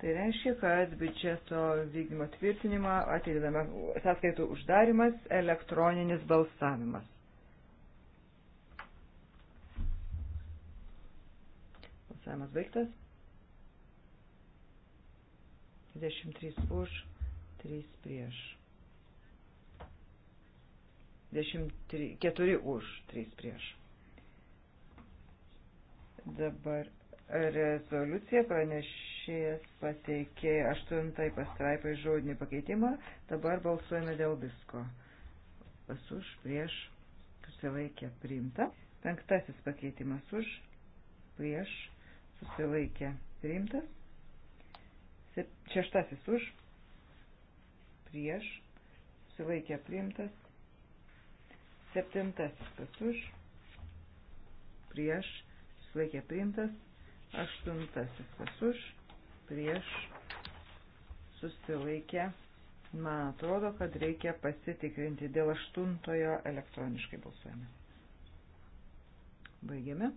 Speaker 3: Tai reiškia, kad biudžeto vykdymo tvirtinimą atidedame sąskaitų uždarimas, elektroninis balsavimas. Balsavimas baigtas. 23 už, 3 prieš. 23, 4 už, 3 prieš. Dabar rezoliucija praneš pranešėjas pateikė aštuntai pastraipai žodinį pakeitimą. Dabar balsuojame dėl visko. Pas už, prieš, susilaikė, priimta. Penktasis pakeitimas už, prieš, susilaikė, priimtas. Šeštasis už, prieš, susilaikė, priimtas. Septintasis pas už, prieš, susilaikė, priimtas. Aštuntasis pas už, prieš susilaikę. Man atrodo, kad reikia pasitikrinti dėl aštuntojo elektroniškai balsuojame. Baigiame.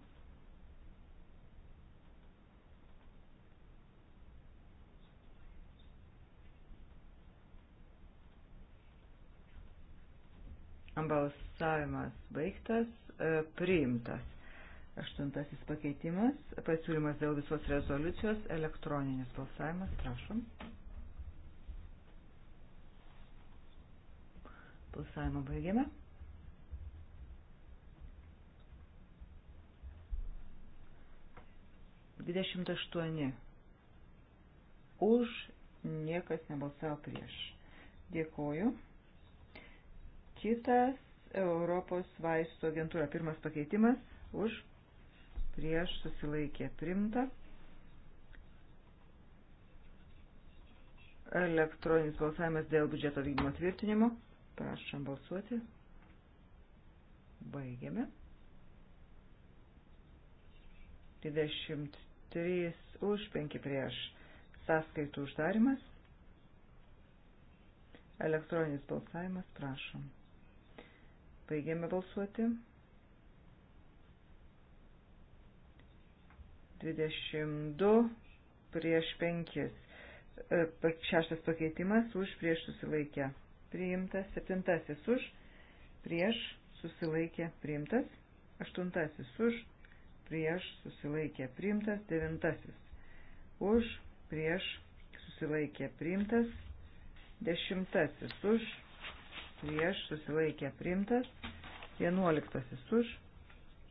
Speaker 3: Balsavimas baigtas, e, priimtas. Aštuntasis pakeitimas, pasiūlymas dėl visos rezoliucijos, elektroninis balsavimas, prašom. Balsavimą baigiame. Dvidešimt aštuoni. Už niekas nebalsavo prieš. Dėkoju. Kitas Europos vaisto agentūra. Pirmas pakeitimas. Už prieš susilaikė primta. Elektroninis balsavimas dėl biudžeto vykdymo tvirtinimo. Prašom balsuoti. Baigiame. 23 už 5 prieš sąskaitų uždarimas. Elektroninis balsavimas, prašom. Baigiame balsuoti. 22 prieš 5. E, šeštas pakeitimas už prieš susilaikę. Priimtas. Septintasis už prieš susilaikė. Priimtas. Aštuntasis už prieš susilaikė. Priimtas. Devintasis už prieš susilaikė. Priimtas. Dešimtasis už prieš susilaikė. Priimtas. Vienuoliktasis už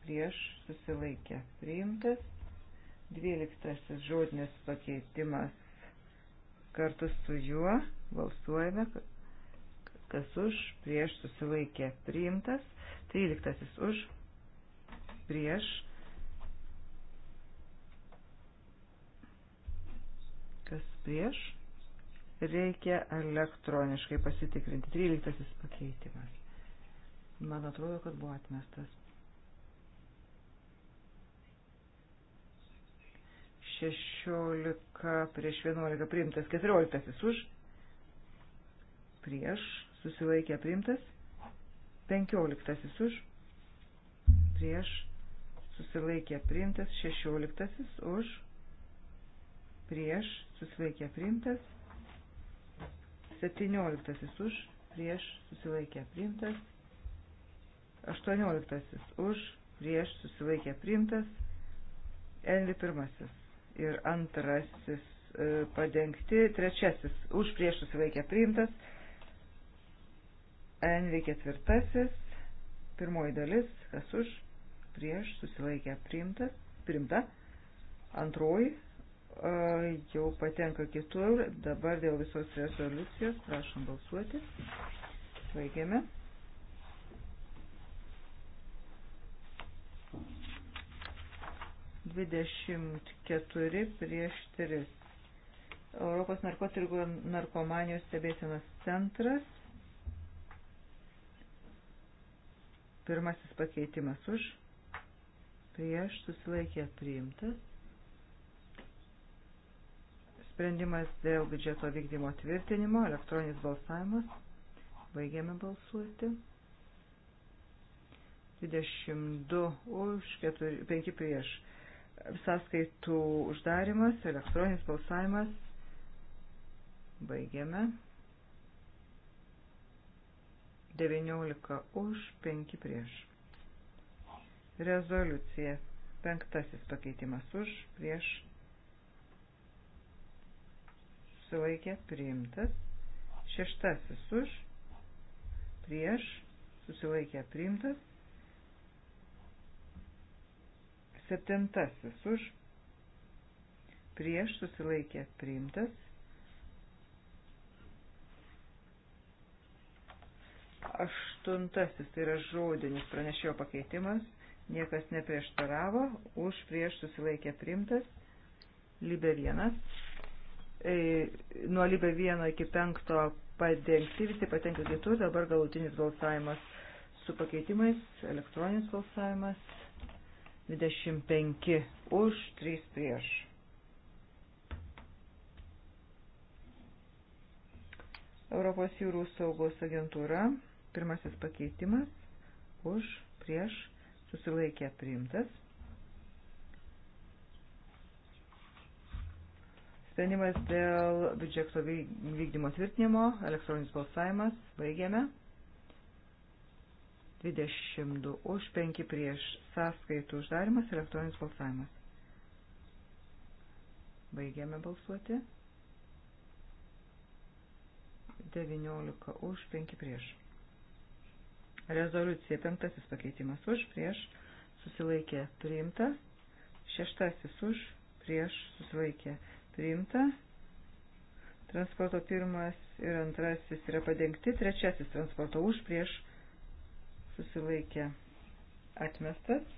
Speaker 3: prieš susilaikė. Priimtas. Dvyliktasis žodinis pakeitimas kartu su juo balsuojame, kas už, prieš susilaikė priimtas, tryliktasis už, prieš, kas prieš, reikia elektroniškai pasitikrinti, tryliktasis pakeitimas. Man atrodo, kad buvo atmestas. 16 prieš 11 priimtas, 14 už, prieš, susilaikė priimtas, 15 už, prieš, susilaikė priimtas, 16 už, prieš, susilaikė priimtas, 17 už, prieš, susilaikė priimtas, 18 už, prieš, susilaikė priimtas, Envi pirmasis ir antrasis e, padengti, trečiasis už prieš susilaikė priimtas, NV ketvirtasis, pirmoji dalis, kas už prieš susilaikė priimtas, priimta, antroji e, jau patenka kitur, dabar dėl visos rezoliucijos prašom balsuoti, baigiame. 24 prieš 3. Europos narkotikų narkomanijos stebėsienos centras. Pirmasis pakeitimas už. Prieš susilaikė priimtas. Sprendimas dėl biudžeto vykdymo tvirtinimo, elektroninis balsavimas. Baigėme balsuoti. 22 už 4, 5 prieš sąskaitų uždarimas, elektroninis balsavimas. Baigiame. 19 už, 5 prieš. Rezoliucija. Penktasis pakeitimas už, prieš. Sulaikė, priimtas. Šeštasis už, prieš. Susilaikė, priimtas. Septintasis už prieš susilaikė priimtas. Aštuntasis tai yra žodinis pranešėjo pakeitimas. Niekas neprieštaravo. Už prieš susilaikė priimtas. Libė vienas. E, nuo Libė vieno iki penkto padengti visi patenka kitur. Dabar galutinis balsavimas su pakeitimais, elektroninis balsavimas. 25 už, 3 prieš. Europos jūrų saugos agentūra, pirmasis pakeitimas, už, prieš, susilaikė priimtas. Sprendimas dėl biudžeto vykdymo tvirtinimo, elektroninis balsavimas, baigėme. 22 už 5 prieš sąskaitų uždarimas elektroninis balsavimas. Baigiame balsuoti. 19 už 5 prieš. Rezoliucija penktasis pakeitimas už prieš susilaikė priimta. Šeštasis už prieš susilaikė priimta. Transporto pirmas ir antrasis yra padengti. Trečiasis transporto už prieš susilaikė priimta susilaikė atmestas.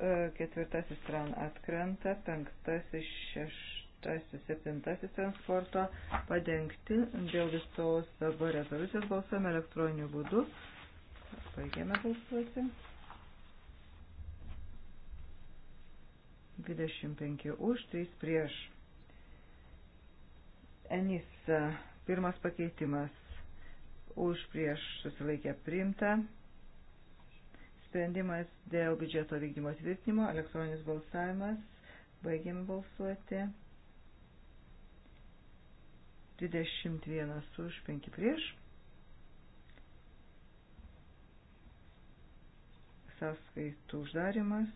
Speaker 3: E, ketvirtasis tran atkrenta, penktasis, šeštasis, septintasis transporto padengti dėl visos dabar rezoliucijos balsuojame elektroniniu būdu. Baigėme balsuoti. 25 už, 3 prieš. Enis, e, pirmas pakeitimas už prieš susilaikę priimta. Sprendimas dėl biudžeto vykdymo tvirtinimo, elektroninis balsavimas, baigiam balsuoti. 21 už 5 prieš. Sąskaitų uždarimas.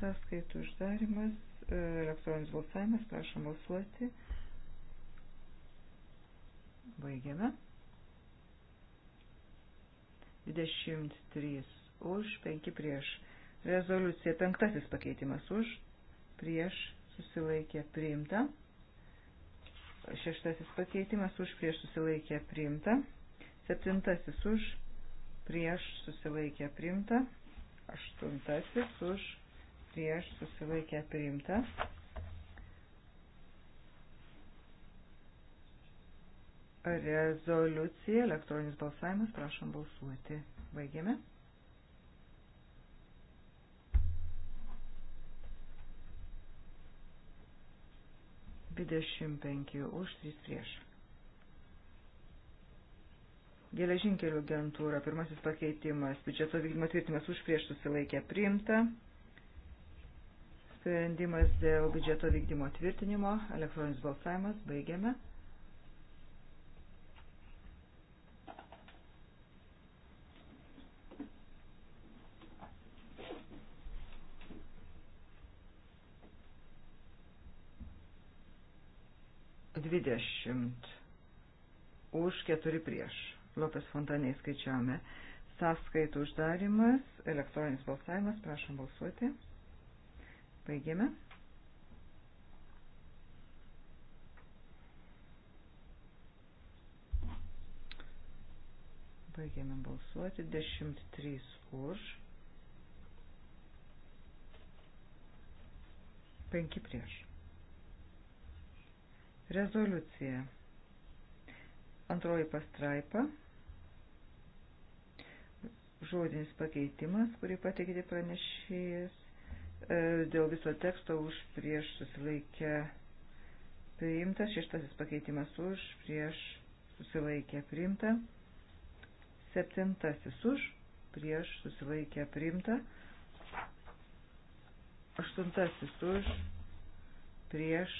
Speaker 3: Sąskaitų uždarimas. E, elektroninis balsavimas, prašom balsuoti. Baigiame. 23 už, 5 prieš. Rezoliucija penktasis pakeitimas už, prieš, susilaikė, priimta. Šeštasis pakeitimas už, prieš, susilaikė, priimta. Septintasis už, prieš, susilaikė, priimta. Aštuntasis už, prieš susilaikę priimta. Rezoliucija, elektroninis balsavimas, prašom balsuoti. Baigėme. Dvidešimt penki už, trys prieš. Geležinkelių agentūra, pirmasis pakeitimas, biudžeto vykdymo tvirtimas už prieš susilaikę priimta. Sprendimas dėl biudžeto vykdymo tvirtinimo, elektroninis balsavimas, baigiame. Dvidešimt už keturi prieš. Lopes fontaniai skaičiavome. Sąskaitų uždarimas, elektroninis balsavimas, prašom balsuoti. Baigėme. Baigėme balsuoti. 103 už. 5 prieš. Rezoliucija. Antroji pastraipa žodinis pakeitimas, kurį pateikė pranešėjas. E, dėl viso teksto už prieš susilaikę priimta, šeštasis pakeitimas už prieš susilaikę priimta, septintasis už prieš susilaikę priimta, aštuntasis už prieš.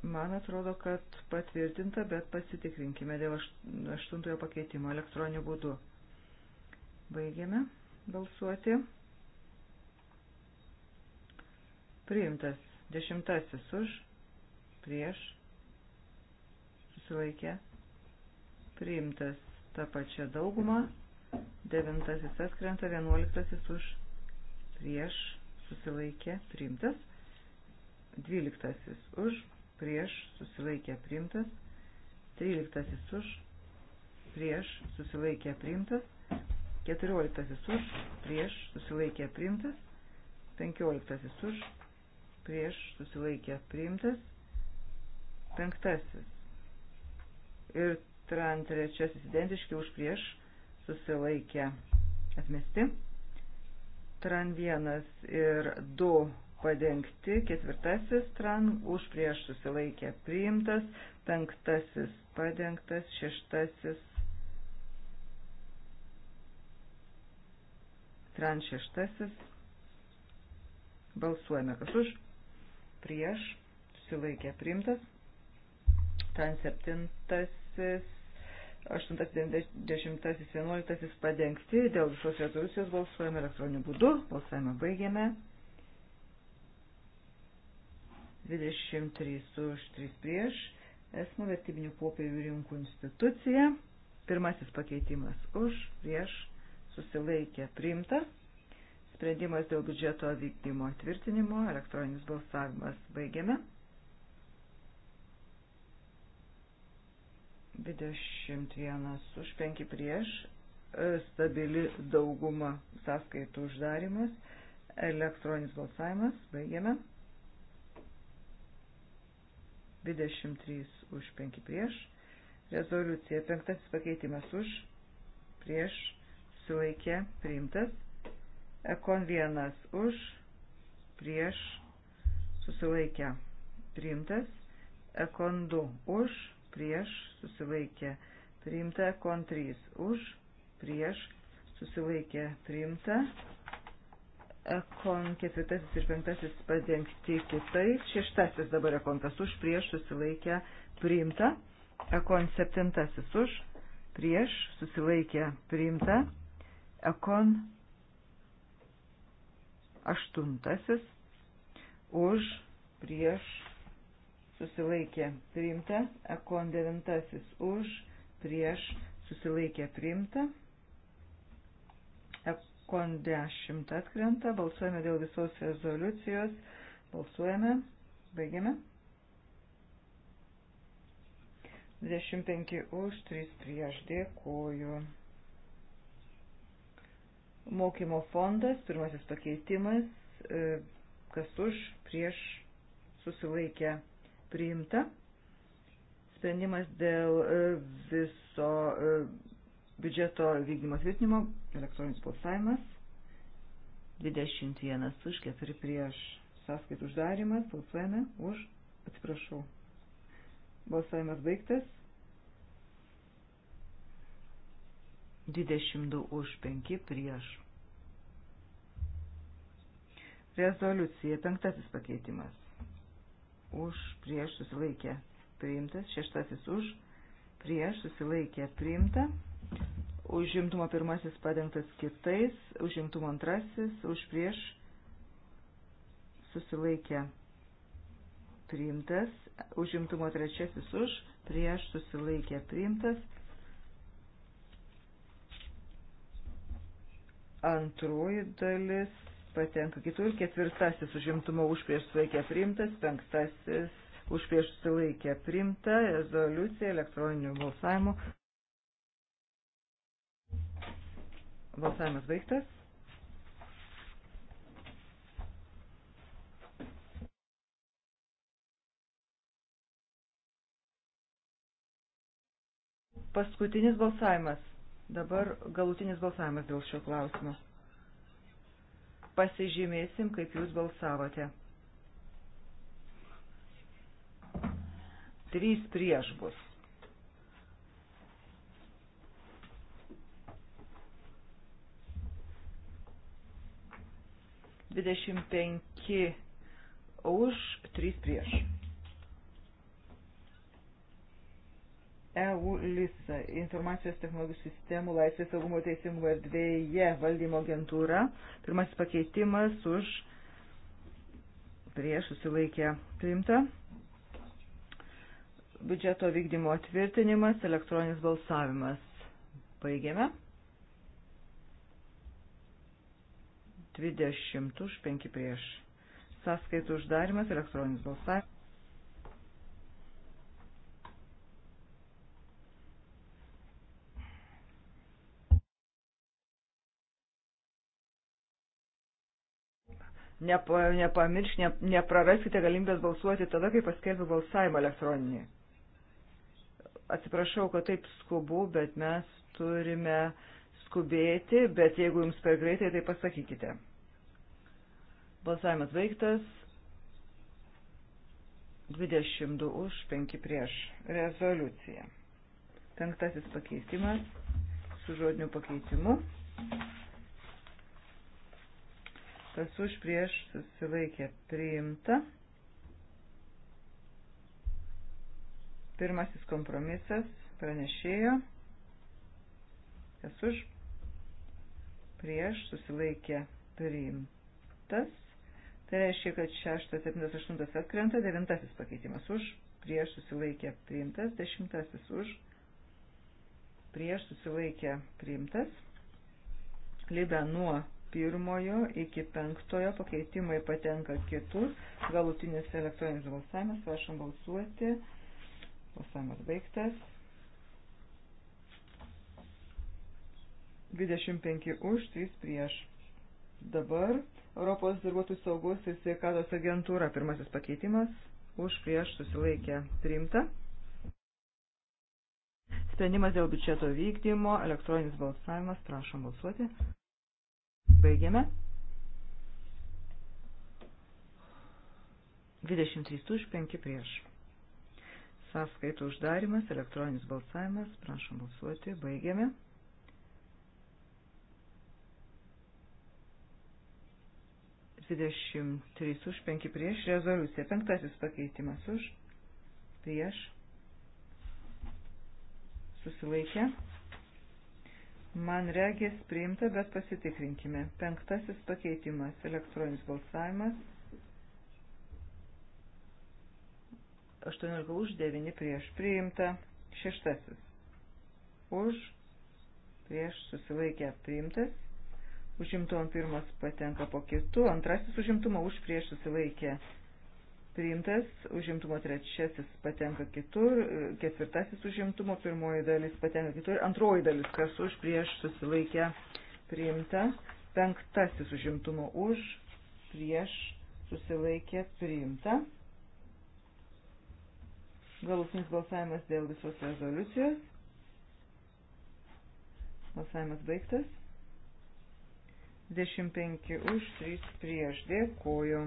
Speaker 3: Man atrodo, kad patvirtinta, bet pasitikrinkime dėl aštuntojo pakeitimo elektroniniu būdu. Baigiame balsuoti. Priimtas dešimtasis už, prieš, susilaikė. Priimtas tą pačią daugumą. Devintasis atkrenta, vienuoliktasis už, prieš, susilaikė. Priimtas. Dvyliktasis už, prieš, susilaikė. Priimtas. Tryliktasis už, prieš, susilaikė. Priimtas. Keturioliktasis už, prieš, susilaikė priimtas. Penkioliktasis už, prieš, susilaikė priimtas. Penktasis. Ir tran trečiasis identiški už, prieš, susilaikė atmesti. Tran vienas ir du padengti. Ketvirtasis tran už, prieš, susilaikė priimtas. Penktasis padengtas. Šeštasis Trans šeštasis. Balsuojame kas už. Prieš. Susilaikė priimtas. Trans septintasis. 8.10.11 padengti dėl visos rezoliucijos balsuojame elektroniniu būdu. Balsavimą baigėme. 23 už 3 prieš. Esmų vertybinių popierių rinkų institucija. Pirmasis pakeitimas už, prieš, susilaikė priimta. Sprendimas dėl biudžeto vykdymo tvirtinimo, elektroninis balsavimas baigiame. 21 už 5 prieš, e, stabili dauguma sąskaitų uždarimas, elektroninis balsavimas baigiame. 23 už 5 prieš, rezoliucija 5 pakeitimas už prieš susilaikė priimtas. Ekon vienas už, prieš, susilaikė priimtas. Ekon du už, prieš, susilaikė priimta. Ekon trys už, prieš, susilaikė priimta. Ekon ketvirtasis ir penktasis padengti kitais. Šeštasis dabar ekontas už, prieš, susilaikė priimta. Ekon septintasis už, prieš, susilaikė priimta. Ekon aštuntasis už prieš susilaikė priimta, Ekon devintasis už prieš susilaikė priimta, Ekon dešimt atkrenta, balsuojame dėl visos rezoliucijos, balsuojame, baigiame. 25 už 3 prieš dėkoju. Mokymo fondas, pirmasis pakeitimas, e, kas už, prieš, susilaikę, priimta. Sprendimas dėl e, viso e, biudžeto vykdymo tvirtinimo, elektroninis balsavimas, 21 už, 4 prieš, sąskaitų uždarimas, balsuojame už, atsiprašau. Balsavimas baigtas. 22 už 5 prieš. Rezoliucija penktasis pakeitimas. Už prieš susilaikė priimtas, šeštasis už prieš susilaikė priimta. Užimtumo pirmasis padengtas kitais, užimtumo antrasis už prieš susilaikė priimtas, užimtumo trečiasis už prieš susilaikė priimtas. Antroji dalis patenka kitur. Ketvirtasis užimtumo už prieš sulaikę priimtas. Penktasis už prieš sulaikę priimta. Rezoliucija elektroniniu balsavimu. Balsavimas baigtas. Paskutinis balsavimas. Dabar galutinis balsavimas dėl šio klausimo. Pasižymėsim, kaip jūs balsavote. Trys prieš bus. Dvidešimt penki už, trys prieš. EU LISA informacijos technologijų sistemų laisvės saugumo teisingumo erdvėje valdymo agentūra. Pirmasis pakeitimas už prieš susilaikę priimta. Biudžeto vykdymo atvirtinimas, elektroninis balsavimas. Baigėme. 20 už 5 prieš. Sąskaitų uždarimas, elektroninis balsavimas. Nepa, nepamiršk, ne, nepraraskite galimybės balsuoti tada, kai paskelbiu balsavimą elektroninį. Atsiprašau, kad taip skubu, bet mes turime skubėti, bet jeigu jums per greitai, tai pasakykite. Balsavimas baigtas. 22 už, 5 prieš. Rezoliucija. Penktasis pakeitimas su žodiniu pakeitimu kas už prieš susilaikė priimta. Pirmasis kompromisas pranešėjo, kas už prieš susilaikė priimtas. Tai reiškia, kad 6, 7, 8 atkrenta, 9 pakeitimas už, prieš susilaikė priimtas, 10 už, prieš susilaikė priimtas. Libe nuo pirmojo iki penktojo pakeitimai patenka kitus. Galutinis elektroninis balsavimas. Prašom balsuoti. Balsavimas baigtas. 25 už, 3 prieš. Dabar Europos darbuotojų saugos ir sveikatos agentūra. Pirmasis pakeitimas. Už prieš susilaikę priimta. Sprendimas dėl biudžeto vykdymo. Elektroninis balsavimas. Prašom balsuoti. Baigiame. 23 už 5 prieš. Sąskaitų uždarimas, elektroninis balsavimas, prašom balsuoti, baigiame. Dvidešimt trys už penki prieš rezoliuciją. Penktasis pakeitimas už prieš susilaikę. Man regis priimta, bet pasitikrinkime. Penktasis pakeitimas - elektroninis balsavimas. 18 už, 9 prieš priimta. Šeštasis. Už, prieš susilaikę priimtas. Užimtumo pirmas patenka po kitų. Antrasis užimtumo už prieš susilaikę priimtas, užimtumo trečiasis patenka kitur, ketvirtasis užimtumo pirmoji dalis patenka kitur, antroji dalis kas už prieš susilaikę priimta, penktasis užimtumo už prieš susilaikę priimta. Galutinis balsavimas dėl visos rezoliucijos. Balsavimas baigtas. 25 už 3 prieš. Dėkuoju.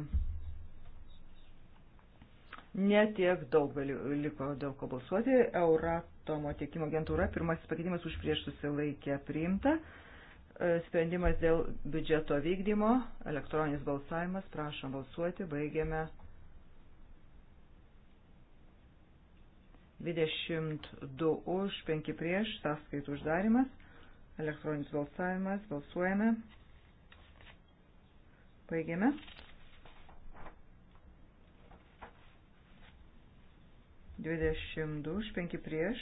Speaker 3: Netiek daug liko dėl ko balsuoti. Euratomo tiekimo agentūra, pirmasis pakeitimas už prieš susilaikę priimta. E, sprendimas dėl biudžeto vykdymo, elektroninis balsavimas, prašom balsuoti, baigiame 22 už, 5 prieš, sąskaitų uždarimas, elektroninis balsavimas, balsuojame, baigiame. 22 už 5 prieš.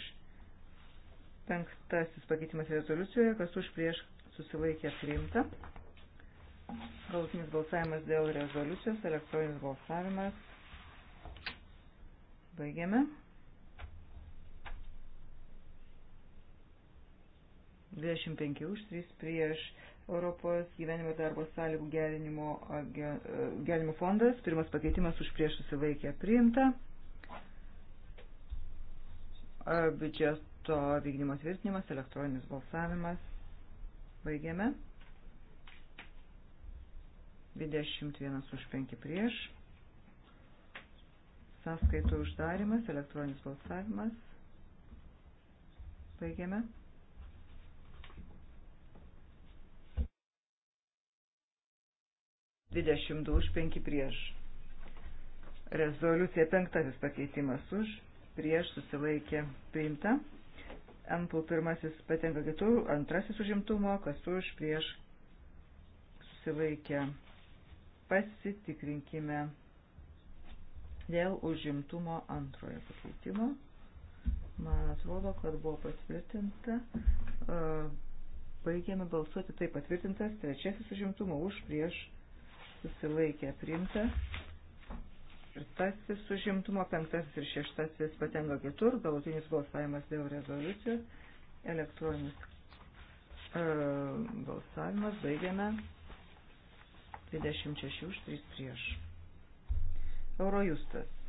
Speaker 3: Penktasis pakeitimas rezoliucijoje, kas už prieš susilaikė priimta. Galutinis balsavimas dėl rezoliucijos, elektroninis balsavimas. Baigiame. 25 už 3 prieš Europos gyvenimo darbo sąlygų gerinimo, e, gerinimo fondas. Pirmas pakeitimas už prieš susilaikę priimta biudžeto vykdymo tvirtinimas, elektroninis balsavimas. Baigiame. 21 už 5 prieš. Sąskaitų uždarimas, elektroninis balsavimas. Baigiame. Dvidešimt du už penki prieš. Rezoliucija penktasis pakeitimas už prieš susilaikė priimta. Ampul pirmasis patenka kitų, antrasis užimtumo, kas už prieš susilaikė. Pasitikrinkime dėl užimtumo antrojo pakeitimo. Man atrodo, kad buvo patvirtinta. Baigėme balsuoti, tai patvirtintas trečiasis užimtumo už prieš susilaikė priimta ketvirtasis užimtumo, penktasis ir šeštasis patenka kitur, galutinis balsavimas dėl rezoliucijos, elektroninis e, balsavimas, baigiame 26 už 3 prieš. Eurojustas.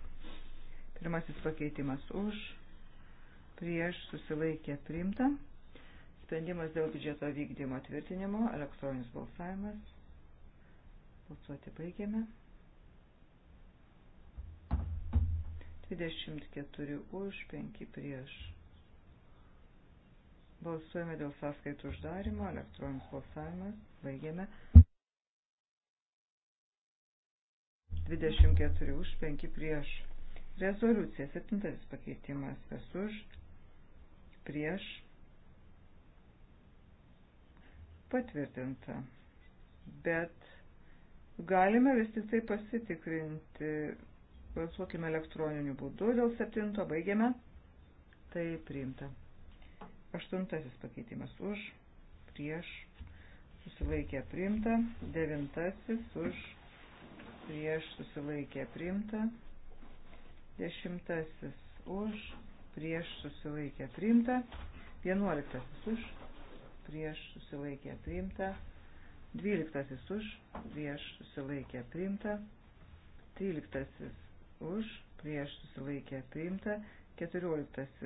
Speaker 3: Pirmasis pakeitimas už, prieš susilaikė priimta. Sprendimas dėl biudžeto vykdymo tvirtinimo, elektroninis balsavimas. Balsuoti baigiame. 24 už, 5 prieš. Balsuojame dėl sąskaitų uždarimo, elektroninis balsavimas, baigiame. 24 už, 5 prieš. Rezoliucija, 7 pakeitimas, kas už, prieš. Patvirtinta. Bet galime vis tik tai pasitikrinti Balsuokime elektroniniu būdu dėl septinto, baigiame. Tai priimta. Aštuntasis pakeitimas už, prieš, susilaikė priimta. Devintasis už, prieš, susilaikė priimta. Dešimtasis už, prieš, susilaikė priimta. Vienuoliktasis už, prieš, susilaikė priimta. Dvyliktasis už, prieš, susilaikė priimta. Tryliktasis už, prieš susilaikė priimta, 14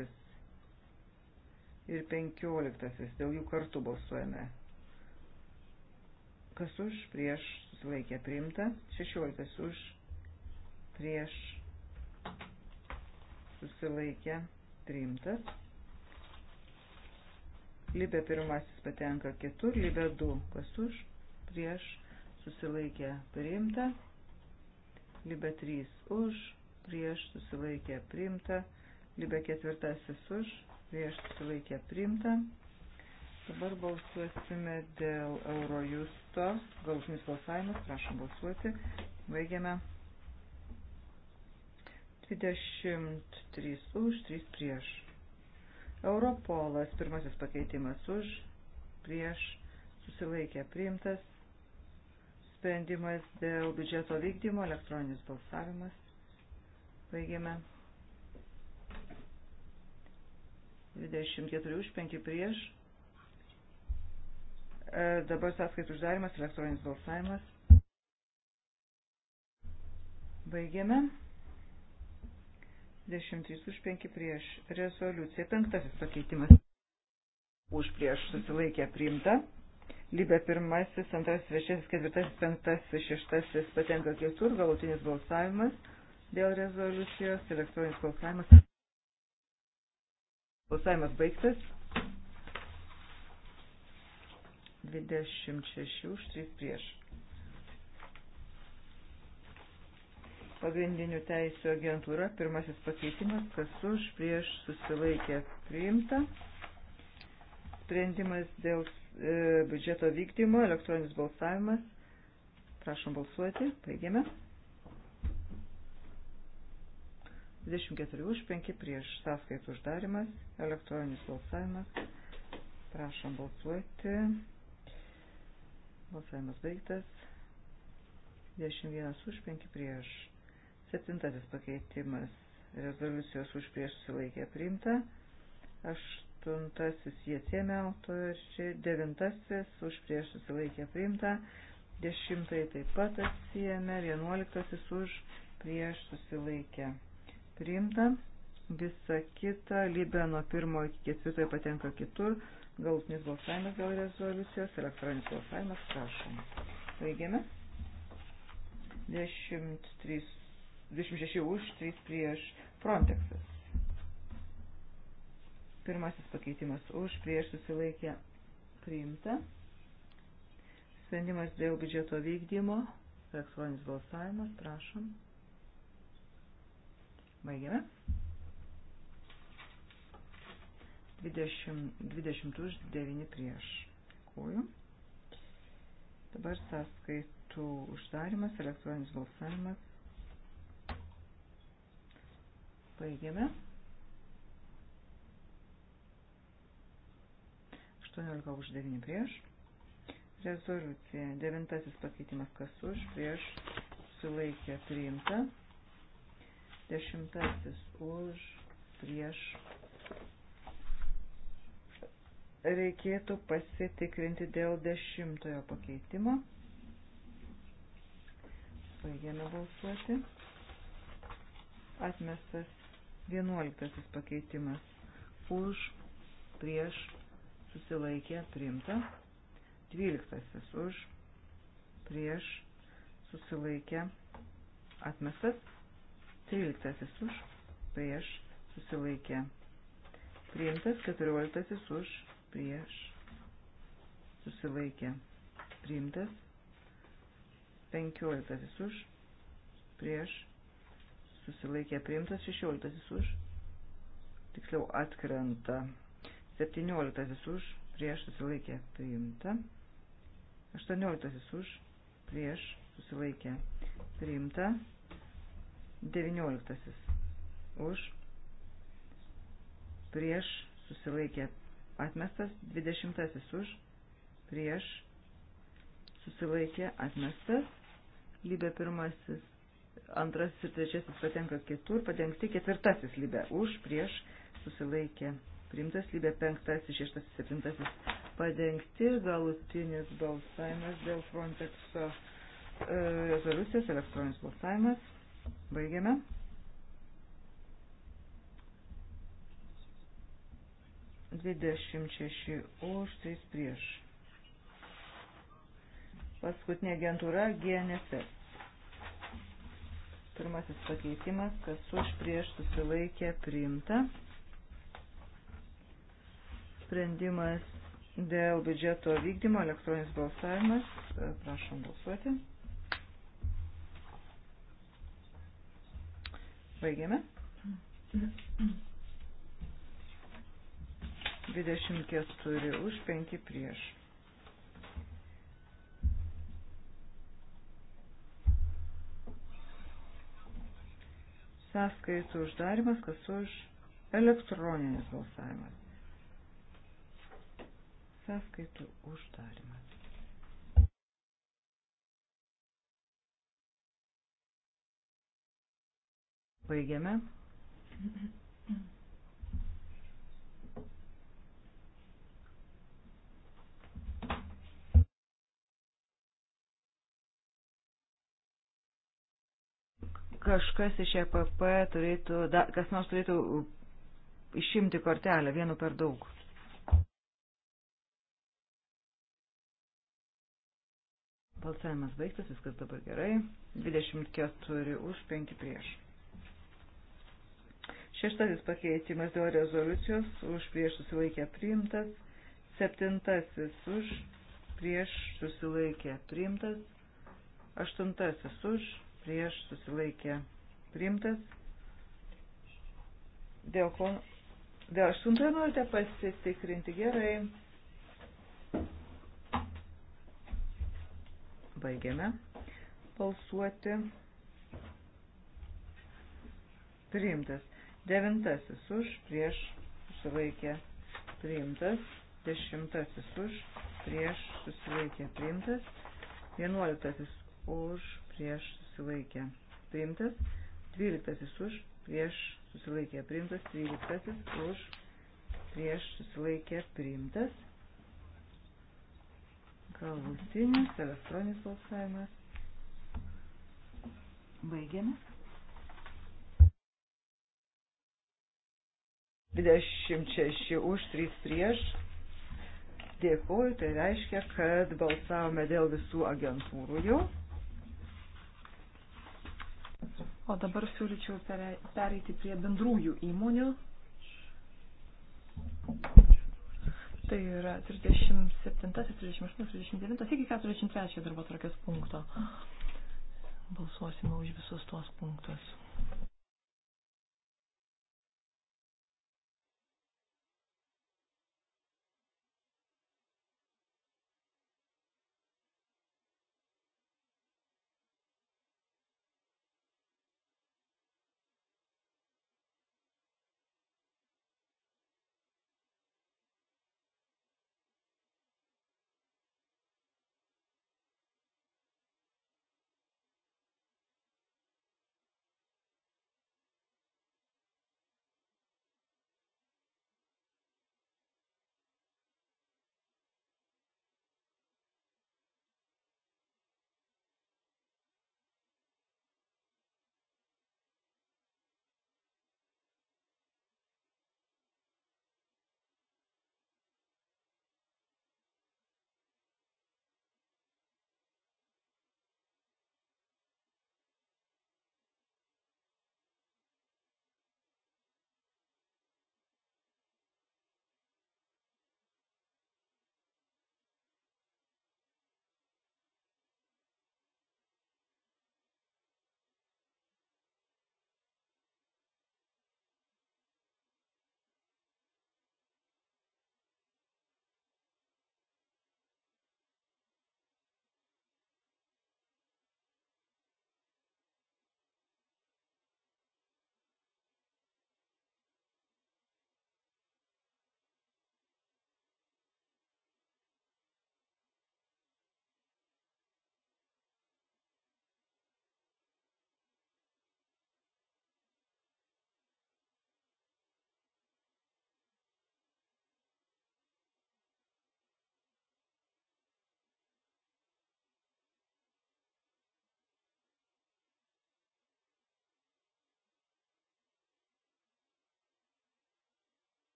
Speaker 3: ir 15, dėl jų kartu balsuojame. Kas už, prieš susilaikė priimta, 16 už, prieš susilaikė priimtas. Libė pirmasis patenka kitur, libė du, kas už, prieš susilaikė priimta. Libe 3 už, prieš susilaikė priimta. Libe 4 už, prieš susilaikė priimta. Dabar balsuosime dėl Eurojusto. Galutinis balsavimas, prašom balsuoti. Baigiame. 23 už, 3 prieš. Europolas, pirmasis pakeitimas už, prieš, susilaikė priimtas. Sprendimas dėl biudžeto vykdymo, elektroninis balsavimas. Baigėme. 24 už 5 prieš. E, dabar sąskaitų uždarimas, elektroninis balsavimas. Baigėme. 23 už 5 prieš. Rezoliucija. Penktasis pakeitimas. Už prieš susilaikė priimta. Lybė pirmasis, antrasis, trečiasis, ketvirtasis, penktasis, šeštasis patenka kitur, galutinis balsavimas dėl rezoliucijos, elektroninis balsavimas. Balsavimas baigtas. 26 už 3 prieš. Pagrindinių teisų agentūra, pirmasis pakeitimas, kas už prieš susilaikė priimta. Sprendimas dėl E, biudžeto vykdymo, elektroninis balsavimas. Prašom balsuoti, baigėme. 24 už 5 prieš sąskaitų uždarimas, elektroninis balsavimas. Prašom balsuoti. Balsavimas baigtas. 21 už 5 prieš. Septintasis pakeitimas rezoliucijos už prieš susilaikė priimta. Aš aštuntasis jie atsėmė autorių, devintasis už prieš susilaikė priimta, dešimtai taip pat atsėmė, vienuoliktasis už prieš susilaikė priimta, visa kita, libė nuo pirmo iki ketvirtojo patenka kitur, galutinis balsavimas dėl rezoliucijos, elektroninis balsavimas, prašom. Baigiame. 23, 26 už, 3 prieš Frontexas. Pirmasis pakeitimas už, prieš susilaikė priimta. Sprendimas dėl biudžeto vykdymo. Elektroninis balsavimas, prašom. Baigiame. 20, 20 už 9 prieš. Kojų. Dabar sąskaitų uždarimas, elektroninis balsavimas. Baigiame. 18 už 9 prieš. Rezoliucija. Devintasis pakeitimas kas už prieš sulaikė priimta. Dešimtasis už prieš. Reikėtų pasitikrinti dėl dešimtojo pakeitimo. Baigėme balsuoti. Atmestas vienuoliktasis pakeitimas už prieš susilaikė priimta. Dvyliktasis už prieš susilaikė atmestas. Tryliktasis už prieš susilaikė priimtas. Keturioliktasis už prieš susilaikė priimtas. Penkioliktasis už prieš susilaikė priimtas. Šešioliktasis už tiksliau atkrenta 17 už, prieš susilaikė priimta. 18 už, prieš susilaikė priimta. 19 už, prieš susilaikė atmestas. 20 už, prieš susilaikė atmestas. Lybė pirmasis, antrasis ir trečiasis patenka kitur, padengti ketvirtasis lybė už, prieš susilaikė atmestas priimtas, lybė penktasis, šeštasis, septintasis padengti, galutinis balsavimas dėl Frontexo e, rezoliucijos, elektroninis balsavimas. Baigiame. Dvidešimt šeši už, trys prieš. Paskutinė agentūra GNSS. Pirmasis pakeitimas, kas už prieš susilaikė priimta. Sprendimas dėl biudžeto vykdymo elektroninis balsavimas. Prašom balsuoti. Baigiame. 24 už 5 prieš. Sąskaitų uždarimas, kas už elektroninis balsavimas sąskaitų uždarimas. Baigiame. Kažkas iš EPP turėtų, da, kas nors turėtų išimti kortelę, vienu per daug. Balsavimas baigtas, viskas dabar gerai. 24 už, 5 prieš. Šeštasis pakeitimas dėl rezoliucijos už prieš susilaikę priimtas. Septintasis už prieš susilaikę priimtas. Aštuntasis už prieš susilaikę priimtas. Dėl ko? Dėl aštuntojo norite pasitikrinti gerai. Baigiame balsuoti. Priimtas. Devintasis už prieš susilaikė. Priimtas. Dešimtasis už prieš susilaikė. Priimtas. Vienuoliktasis už prieš susilaikė. Priimtas. Dvyliktasis už prieš susilaikė. Priimtas. Tryliktasis už prieš susilaikė. Priimtas. Galutinis elektroninis balsavimas. Baigiame. 26 už 3 prieš. Dėkuoju, tai reiškia, kad balsavome dėl visų agentūrų jau. O
Speaker 5: dabar siūlyčiau pereiti prie bendrųjų įmonių. Tai yra 37, 38, 39 iki 43 darbo trakės punkto. Balsuosime už visus tuos punktus.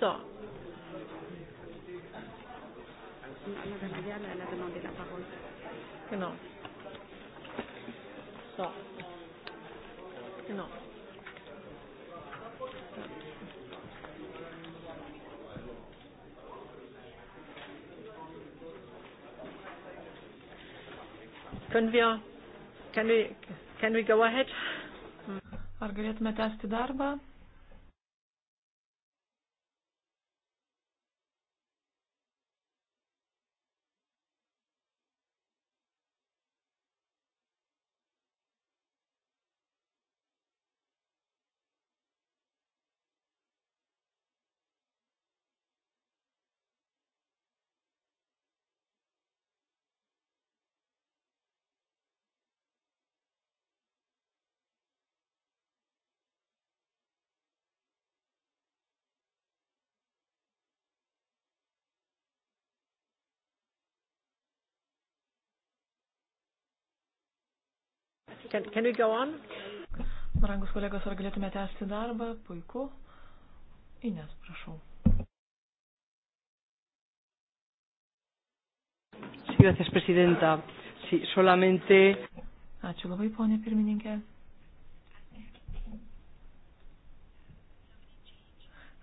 Speaker 1: So. Genau. So. Genau. Können wir, can we, can we go ahead? Ar galėtume tęsti darbą? Can, can we go on? Brangus kolegos, ar galėtume tęsti darbą? Puiku. Ines, prašau. Sí, gracias, presidenta. Sí, solamente. Ačiū labai, ponė
Speaker 5: pirmininkė.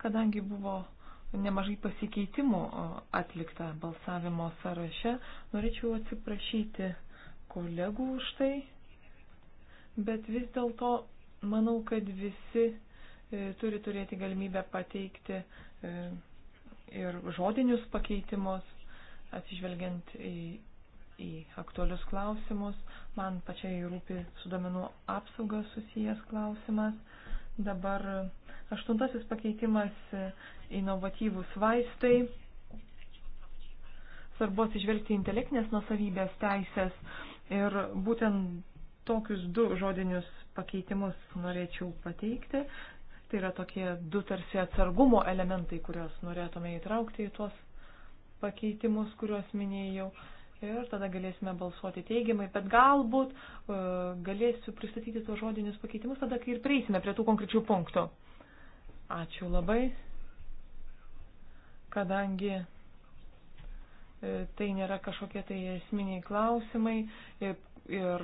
Speaker 5: Kadangi buvo nemažai pasikeitimų atlikta balsavimo sąraše. Norėčiau atsiprašyti kolegų už tai bet vis dėlto manau, kad visi e, turi turėti galimybę pateikti e, ir žodinius pakeitimus, atsižvelgiant į, į aktualius klausimus. Man pačiai rūpi su domenų apsauga susijęs klausimas. Dabar aštuntasis pakeitimas e, - inovatyvūs vaistai. Svarbu atsižvelgti intelektinės nusavybės teisės ir būtent tokius du žodinius pakeitimus norėčiau pateikti. Tai yra tokie du tarsi atsargumo elementai, kuriuos norėtume įtraukti į tuos pakeitimus, kuriuos minėjau. Ir tada galėsime balsuoti teigiamai, bet galbūt e, galėsiu pristatyti tuos žodinius pakeitimus tada, kai ir prieisime prie tų konkrečių punktų. Ačiū labai, kadangi e, tai nėra kažkokie tai esminiai klausimai, e, ir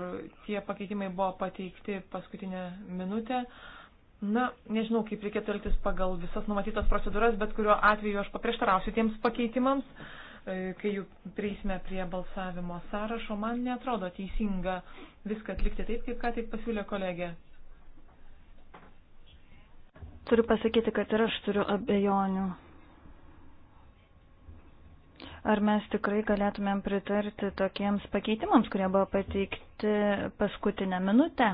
Speaker 5: tie pakeitimai buvo pateikti paskutinę minutę. Na, nežinau, kaip reikėtų elgtis pagal visas numatytas procedūras, bet kuriuo atveju aš paprieštarausiu tiems pakeitimams, e, kai jų prieisime prie balsavimo sąrašo. Man netrodo teisinga viską atlikti taip, kaip ką tik pasiūlė kolegė.
Speaker 2: Turiu pasakyti, kad ir aš turiu abejonių ar mes tikrai galėtumėm pritarti tokiems pakeitimams, kurie buvo pateikti paskutinę minutę.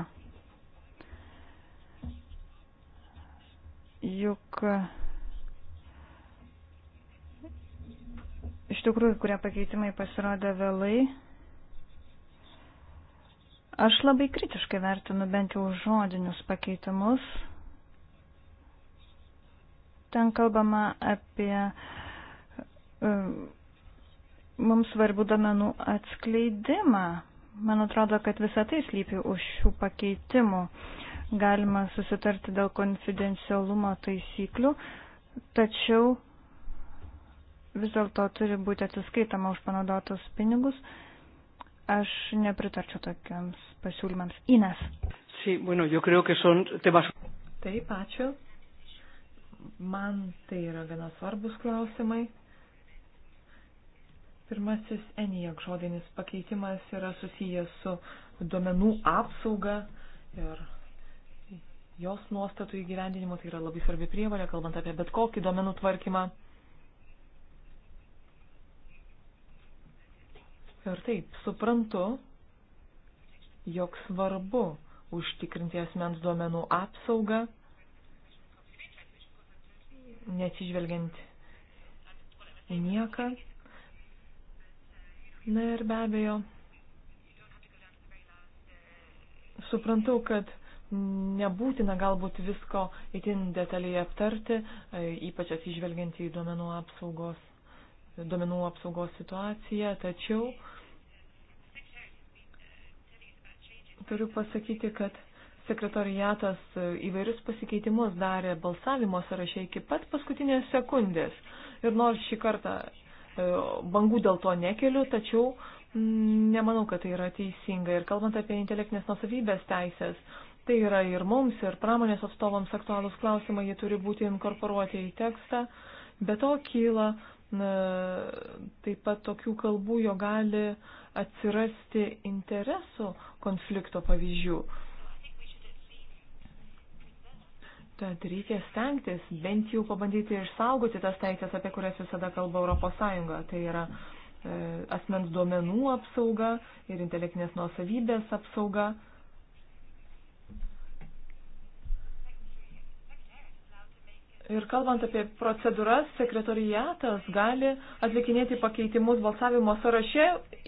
Speaker 2: Juk iš tikrųjų, kurie pakeitimai pasirodė vėlai. Aš labai kritiškai vertinu bent jau žodinius pakeitimus. Ten kalbama apie um, mums svarbu domenų atskleidimą. Man atrodo, kad visą tai slypi už šių pakeitimų. Galima susitarti dėl konfidencialumo taisyklių, tačiau vis dėlto turi būti atsiskaitama už panaudotus pinigus. Aš nepritarčiau tokiams pasiūlymams. Ines.
Speaker 3: Sí, bueno, yo creo que son temas.
Speaker 2: Taip, ačiū.
Speaker 5: Man tai yra gana svarbus klausimai. Pirmasis ENIAC žodinis pakeitimas yra susijęs su duomenų apsauga ir jos nuostatų įgyvendinimo tai yra labai svarbi prievalė, kalbant apie bet kokį duomenų tvarkymą. Ir taip, suprantu, jog svarbu užtikrinti asmens duomenų apsaugą, nesižvelgiant į nieką. Na ir be abejo, suprantu, kad nebūtina galbūt visko itin detaliai aptarti, ypač atsižvelgiant į duomenų apsaugos, duomenų apsaugos situaciją, tačiau turiu pasakyti, kad sekretariatas įvairius pasikeitimus darė balsavimo sąraše iki pat paskutinės sekundės. Ir nors šį kartą E, bangų dėl to nekeliu, tačiau nemanau, kad tai yra teisinga. Ir kalbant apie intelektinės nusavybės teisės, tai yra ir mums, ir pramonės atstovams aktualūs klausimai, jie turi būti inkorporuoti į tekstą. Be to kyla na, taip pat tokių kalbų, jo gali atsirasti interesų konflikto pavyzdžių. Tad reikia stengtis bent jau pabandyti išsaugoti tas teisės, apie kurias visada kalba ES. Tai yra e, asmens duomenų apsauga ir intelektinės nuosavybės apsauga. Ir kalbant apie procedūras, sekretorijatas gali atlikinėti pakeitimus balsavimo sąraše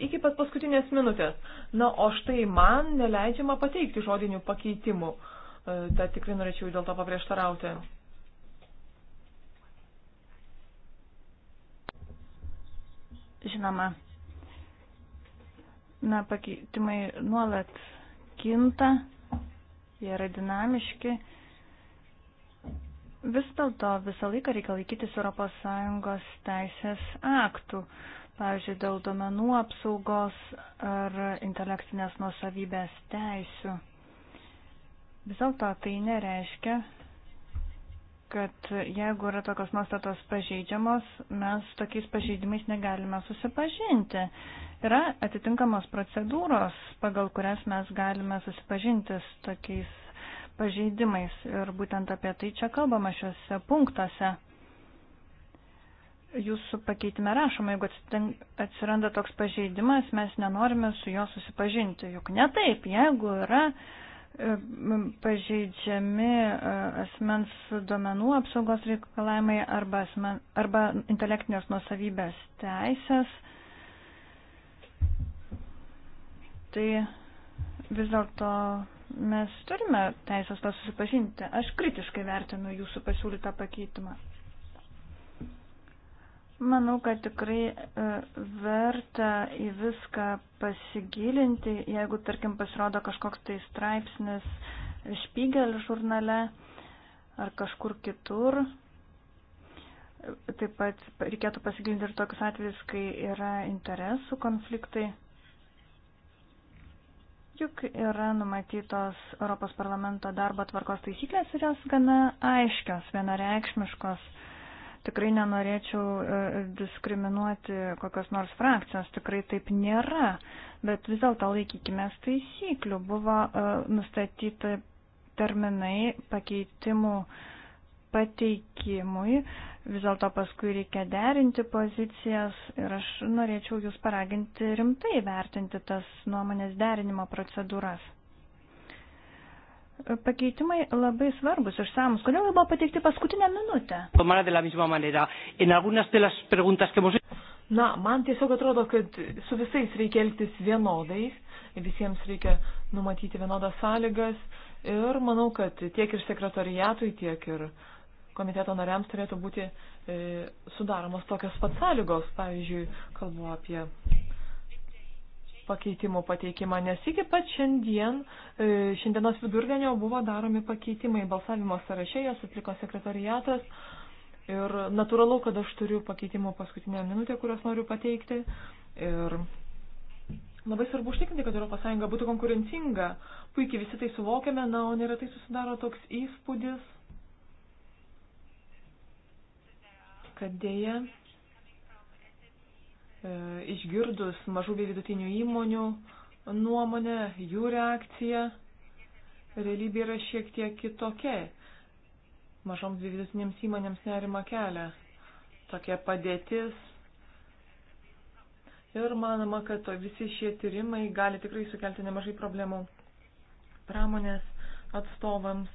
Speaker 5: iki pat paskutinės minutės. Na, o štai man neleidžiama pateikti žodinių pakeitimų. E, tą tikrai norėčiau dėl to paprieštarauti.
Speaker 2: Žinoma, na, pakeitimai nuolat kinta, jie yra dinamiški. Vis dėlto visą laiką reikia laikytis ES teisės aktų, pavyzdžiui, dėl domenų apsaugos ar intelektinės nuosavybės teisių. Vis dėlto tai nereiškia, kad jeigu yra tokios nuostatos pažeidžiamos, mes tokiais pažeidimais negalime susipažinti. Yra atitinkamos procedūros, pagal kurias mes galime susipažinti su tokiais pažeidimais ir būtent apie tai čia kalbama šiuose punktuose. Jūsų pakeitime rašoma, jeigu atsiranda toks pažeidimas, mes nenorime su juo susipažinti. Juk ne taip, jeigu yra uh, E, pažeidžiami e, asmens duomenų apsaugos reikalavimai arba, asmen, arba intelektinės nuosavybės teisės. Tai vis dėlto mes turime teisės to susipažinti. Aš kritiškai vertinu jūsų pasiūlytą pakeitimą. Manau, kad tikrai e, verta į viską pasigilinti, jeigu, tarkim, pasirodo kažkoks tai straipsnis Špygel žurnale ar kažkur kitur. Taip pat reikėtų pasigilinti ir tokius atvejus, kai yra interesų konfliktai. Juk yra numatytos Europos parlamento darbo tvarkos taisyklės ir jos gana aiškios, vienareikšmiškos Tikrai nenorėčiau e, diskriminuoti kokios nors frakcijos, tikrai taip nėra, bet vis dėlto laikykime taisyklių. Buvo e, nustatyti terminai pakeitimų pateikimui, vis dėlto paskui reikia derinti pozicijas ir aš norėčiau jūs paraginti rimtai vertinti tas nuomonės derinimo procedūras pakeitimai labai svarbus, išsamus. Kodėl jie buvo pateikti paskutinę minutę? Na, man tiesiog atrodo,
Speaker 5: kad su visais reikia elgtis vienodai, visiems reikia numatyti vienodas sąlygas ir manau, kad tiek ir sekretariatui, tiek ir komiteto nariams turėtų būti e, sudaromos tokios pat sąlygos. Pavyzdžiui, kalbu apie pakeitimų pateikimą, nes iki pat šiandien, e, šiandienos vidurdienio buvo daromi pakeitimai balsavimo sąraše, jas atliko sekretariatas ir natūralu, kad aš turiu pakeitimų paskutinę minutę, kuriuos noriu pateikti ir labai svarbu užtikrinti, kad ES būtų konkurencinga, puikiai visi tai suvokiame, na, o neretai susidaro toks įspūdis, kad dėja. Deja... E, išgirdus mažų bei vidutinių įmonių nuomonę, jų reakciją, realybė yra šiek tiek kitokia. Mažoms bei vidutinėms įmonėms nerima kelia tokia padėtis. Ir manoma, kad visi šie tyrimai gali tikrai sukelti nemažai problemų pramonės atstovams.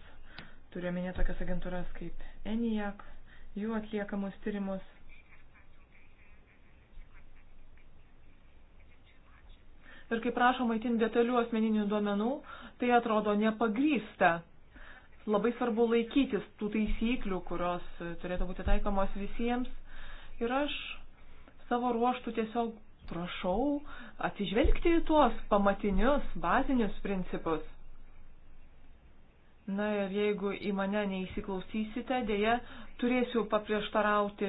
Speaker 5: Turiuomenė tokias agentūras kaip ENIAC, jų atliekamus tyrimus. ir kai prašoma įtin detalių asmeninių duomenų, tai atrodo nepagrysta. Labai svarbu laikytis tų taisyklių, kurios turėtų būti taikomos visiems. Ir aš savo ruoštų tiesiog prašau atsižvelgti į tuos pamatinius, bazinius principus. Na ir jeigu į mane neįsiklausysite, dėje turėsiu paprieštarauti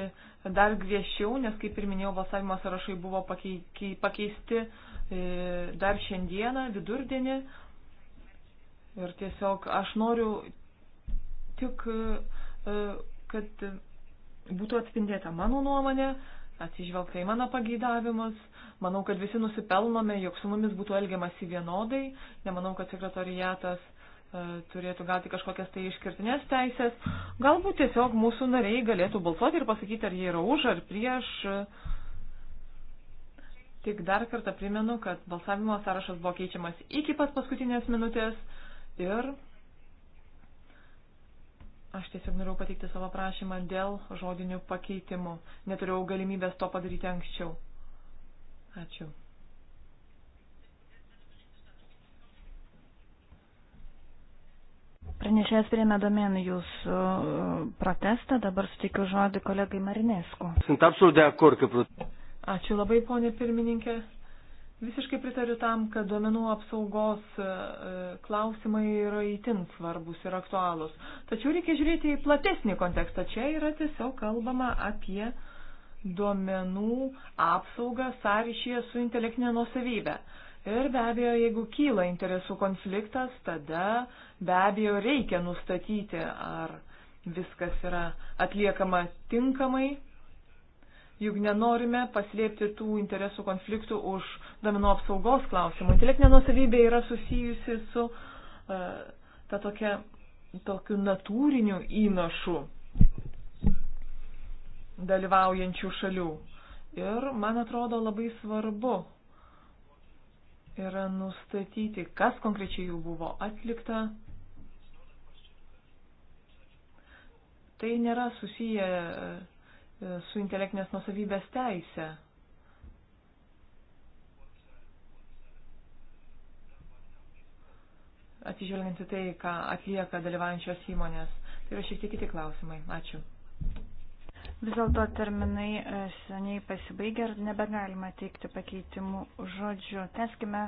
Speaker 5: dar griežčiau, nes kaip ir minėjau, balsavimo sąrašai buvo pakeisti E, dar šiandieną, vidurdienį. Ir tiesiog aš noriu tik, e, e, kad būtų atspindėta mano nuomonė, atsižvelgta į mano pageidavimus. Manau, kad visi nusipelnome, jog su mumis būtų elgiamasi vienodai. Nemanau, kad sekretariatas turėtų gauti kažkokias tai iškirtinės teisės. Galbūt tiesiog mūsų nariai galėtų balsuoti ir pasakyti, ar jie yra už ar prieš. Uh, Tik dar kartą primenu, kad balsavimo sąrašas buvo keičiamas iki pat paskutinės minutės ir aš tiesiog norėjau pateikti savo prašymą dėl žodinių pakeitimų. Neturėjau galimybės to padaryti anksčiau.
Speaker 2: Ačiū. Pranešėjas priėmė domenų jūsų uh, protestą, dabar suteikiu žodį kolegai Marinesku.
Speaker 4: Sunt absolut de acord că
Speaker 2: Ačiū labai, ponė
Speaker 5: pirmininkė. Visiškai pritariu tam, kad duomenų apsaugos e, e, klausimai yra įtin svarbus ir aktualūs. Tačiau reikia žiūrėti į platesnį kontekstą. Čia yra tiesiog kalbama apie duomenų apsaugą sąryšyje su intelektinė nusavybė. Ir be abejo, jeigu kyla interesų konfliktas, tada be abejo reikia nustatyti, ar viskas yra atliekama tinkamai juk nenorime paslėpti tų interesų konfliktų už domino apsaugos klausimų. Intelektinė nusavybė yra susijusi su uh, ta tokia, tokiu natūriniu įnašu dalyvaujančių šalių. Ir man atrodo labai svarbu yra nustatyti, kas konkrečiai jų buvo atlikta. Tai nėra susiję uh, E, su intelektinės nusavybės teise. Atsižvelgiant į tai, ką atlieka dalyvaujančios įmonės. Tai yra šiek tiek kiti klausimai. Ačiū.
Speaker 2: Vis dėlto terminai e, seniai pasibaigė ir nebegalima teikti pakeitimų žodžiu. Teskime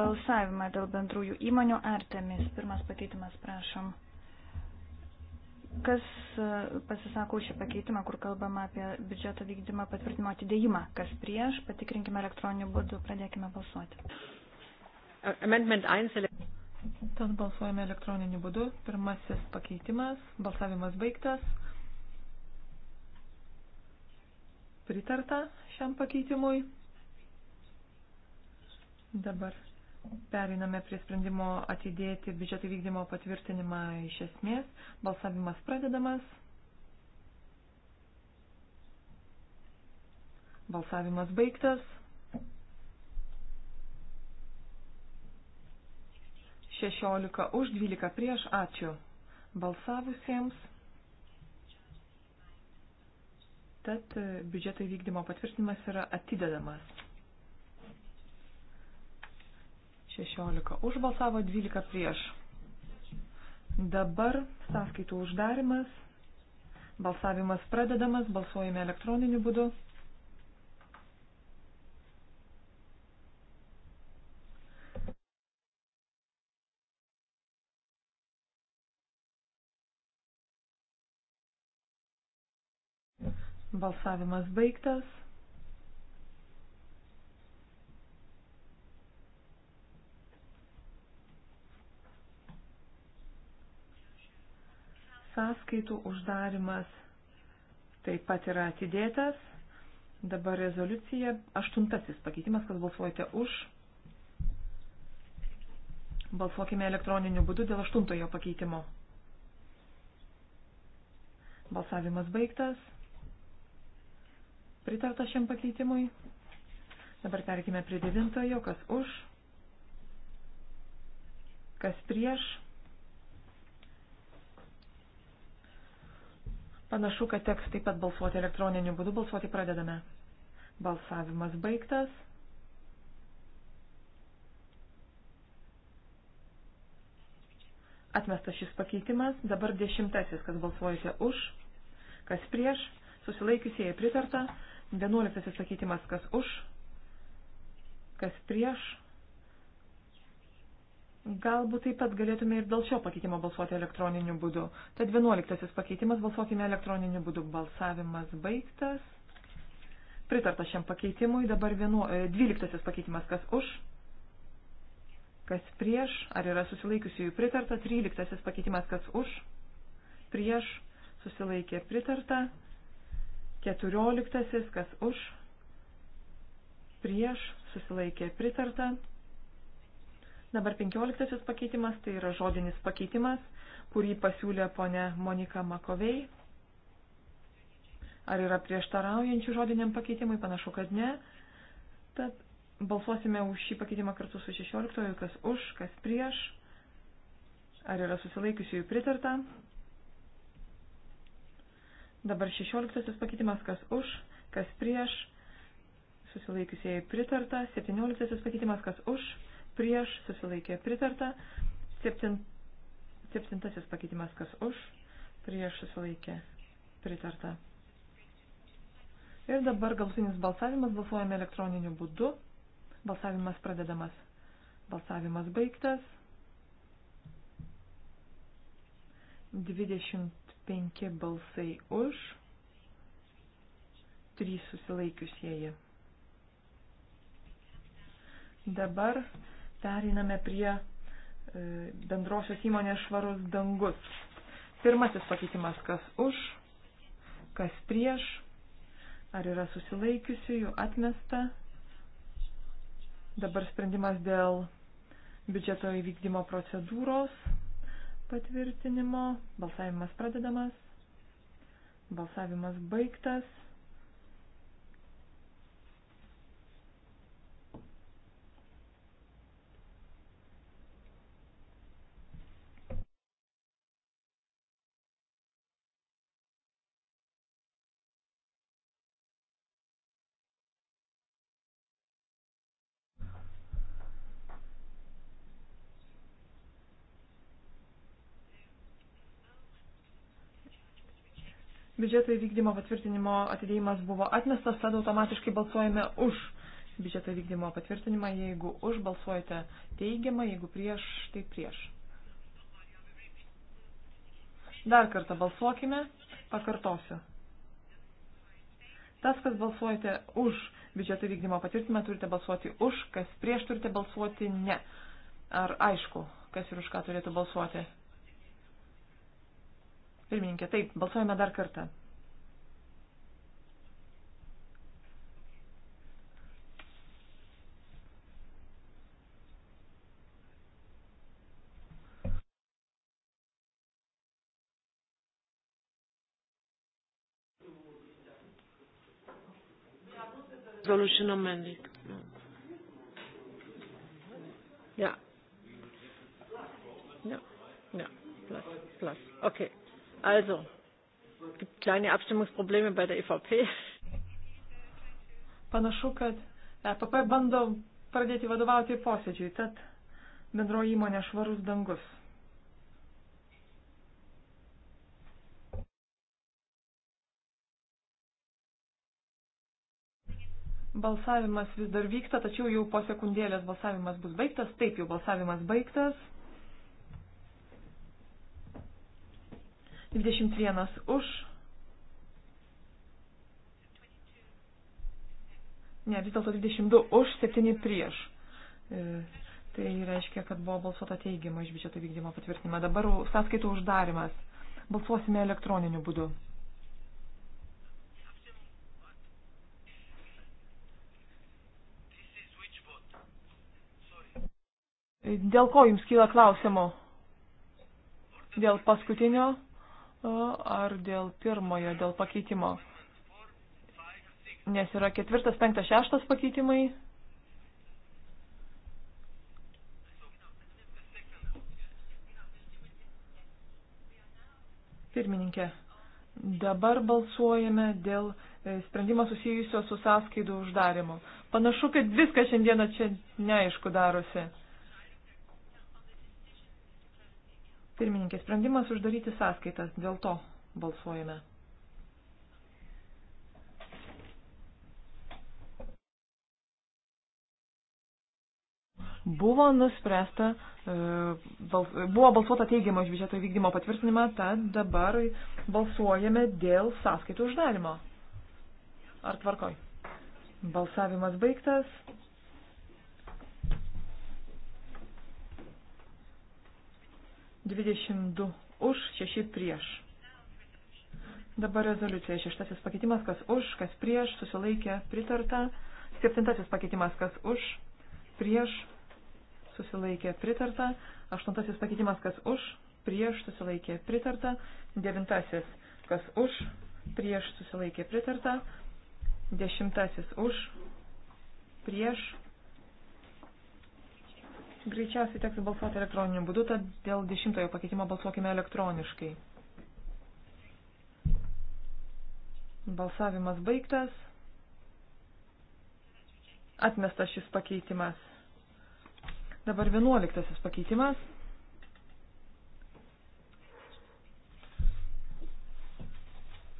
Speaker 2: balsavimą dėl bendrųjų įmonių artemis. Pirmas pakeitimas, prašom. Kas e, pasisako šį pakeitimą, kur kalbama apie biudžeto vykdymą patvirtinimo atidėjimą? Kas prieš? Patikrinkime elektroniniu būdu. Pradėkime balsuoti.
Speaker 1: Amendment 1.
Speaker 5: Tad balsuojame elektroniniu būdu. Pirmasis pakeitimas. Balsavimas baigtas. Pritarta šiam pakeitimui. Dabar Periname prie sprendimo atidėti biudžeto vykdymo patvirtinimą iš esmės. Balsavimas pradedamas. Balsavimas baigtas. 16 už 12 prieš. Ačiū balsavusiems. Tad biudžeto vykdymo patvirtinimas yra atidedamas. 16 už balsavo, 12 prieš. Dabar sąskaitų uždarimas. Balsavimas pradedamas, balsuojame elektroniniu būdu. Balsavimas baigtas. sąskaitų uždarimas taip pat yra atidėtas. Dabar rezoliucija. Aštuntasis pakeitimas, kas balsuojate už. Balsuokime elektroniniu būdu dėl aštuntojo pakeitimo. Balsavimas baigtas. Pritarta šiam pakeitimui. Dabar perkime prie devintojo, kas už, kas prieš Panašu, kad teks taip pat balsuoti elektroniniu būdu. Balsuoti pradedame. Balsavimas baigtas. Atmestas šis pakeitimas. Dabar dešimtasis, kas balsuojate už, kas prieš, susilaikysieji pritarta. Vienuoliktasis pakeitimas, kas už, kas prieš, Galbūt taip pat galėtume ir dėl šio pakeitimo balsuoti elektroniniu būdu. Tad 11 pakeitimas balsuokime elektroniniu būdu. Balsavimas baigtas. Pritarta šiam pakeitimui. Dabar 12 e, pakeitimas kas už, kas prieš, ar yra susilaikiusiųjų pritarta. 13 pakeitimas kas už, prieš, susilaikė pritarta. 14 kas už, prieš, susilaikė pritarta. Dabar penkioliktasis pakeitimas, tai yra žodinis pakeitimas, kurį pasiūlė ponė Monika Makovei. Ar yra prieštaraujančių žodiniam pakeitimui? Panašu, kad ne. Tad balsuosime už šį pakeitimą kartu su 16, kas už, kas prieš. Ar yra susilaikiusiųjų pritarta? Dabar 16 pakeitimas, kas už, kas prieš. Susilaikiusieji pritarta. 17 pakeitimas, kas už, prieš, susilaikė pritarta. Septin, septintasis pakeitimas, kas už, prieš, susilaikė pritarta. Ir dabar galutinis balsavimas, balsuojame elektroniniu būdu. Balsavimas pradedamas. Balsavimas baigtas. 25 balsai už, 3 susilaikiusieji. Dabar Periname prie e, bendrosios įmonės švarus dangus. Pirmasis pakeitimas, kas už, kas prieš, ar yra susilaikiusiųjų, atmesta. Dabar sprendimas dėl biudžeto įvykdymo procedūros patvirtinimo. Balsavimas pradedamas. Balsavimas baigtas. biudžeto įvykdymo patvirtinimo atidėjimas buvo atmestas, tad automatiškai balsuojame už biudžeto įvykdymo patvirtinimą. Jeigu už balsuojate teigiamą, jeigu prieš, tai prieš. Dar kartą balsuokime, pakartosiu. Tas, kas balsuojate už biudžeto vykdymo patvirtinimą, turite balsuoti už, kas prieš turite balsuoti ne. Ar aišku, kas ir už ką turėtų balsuoti? Pirmininkė, taip, balsuojame dar kartą.
Speaker 1: resolution amended. No. Yeah. No. No. Plus. Plus. Okay. Also, es gibt kleine Abstimmungsprobleme bei der EVP. Panašu, kad
Speaker 5: EPP bando pradėti vadovauti posėdžiui, tad bendroji įmonė švarus dangus. Balsavimas vis dar vyksta, tačiau jau po sekundėlės balsavimas bus baigtas. Taip, jau balsavimas baigtas. 21 už. Ne, vis dėlto 22 už, 7 prieš. E, tai reiškia, kad buvo balsuota teigiama iš biudžeto vykdymo patvirtinimą. Dabar sąskaitų uždarimas. Balsuosime elektroniniu būdu. Dėl ko jums kyla klausimų? Dėl paskutinio ar dėl pirmojo, dėl pakeitimo? Nes yra ketvirtas, penktas, šeštas pakeitimai. Pirmininkė, dabar balsuojame dėl e, sprendimo susijusio su sąskaidų uždarimu. Panašu, kad viskas šiandieną čia neaišku darosi. Pirmininkė, sprendimas uždaryti sąskaitas, dėl to balsuojame. Buvo nuspręsta, e, buvo balsuota teigiama už biudžeto vykdymo patvirtinimą, tad dabar balsuojame dėl sąskaitų uždarimo. Ar tvarkoj? Balsavimas baigtas. 22 už, 6 prieš. Dabar rezoliucija. Šeštasis pakeitimas, kas už, kas prieš, susilaikė, pritarta. Septintasis pakeitimas, kas už, prieš, susilaikė, pritarta. Aštuntasis pakeitimas, kas už, prieš, susilaikė, pritarta. Devintasis, kas už, prieš, susilaikė, pritarta. Dešimtasis už, prieš, Greičiausiai teks balsuoti elektroniniu būdu, tad dėl dešimtojo pakeitimo balsuokime elektroniškai. Balsavimas baigtas. Atmestas šis pakeitimas. Dabar vienuoliktasis pakeitimas.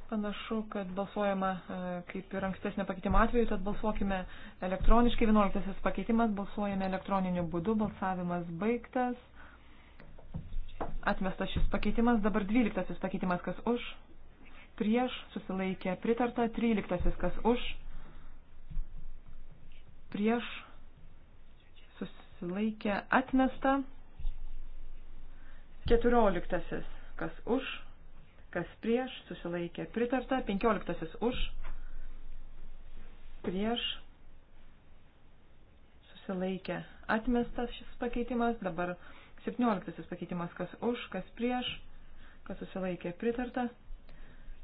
Speaker 5: Panašu, kad balsuojama e, kaip ir ankstesnio pakeitimo atveju, tad balsuokime elektroniškai. 11 pakeitimas, balsuojame elektroniniu būdu, balsavimas baigtas. Atmestas šis pakeitimas, dabar 12 pakeitimas, kas už, prieš, susilaikė, pritarta, 13 kas už, prieš, susilaikė, atmesta, 14 kas už kas prieš, susilaikė pritarta, 15 už, prieš, susilaikė atmestas šis pakeitimas, dabar 17 pakeitimas, kas už, kas prieš, kas susilaikė pritarta,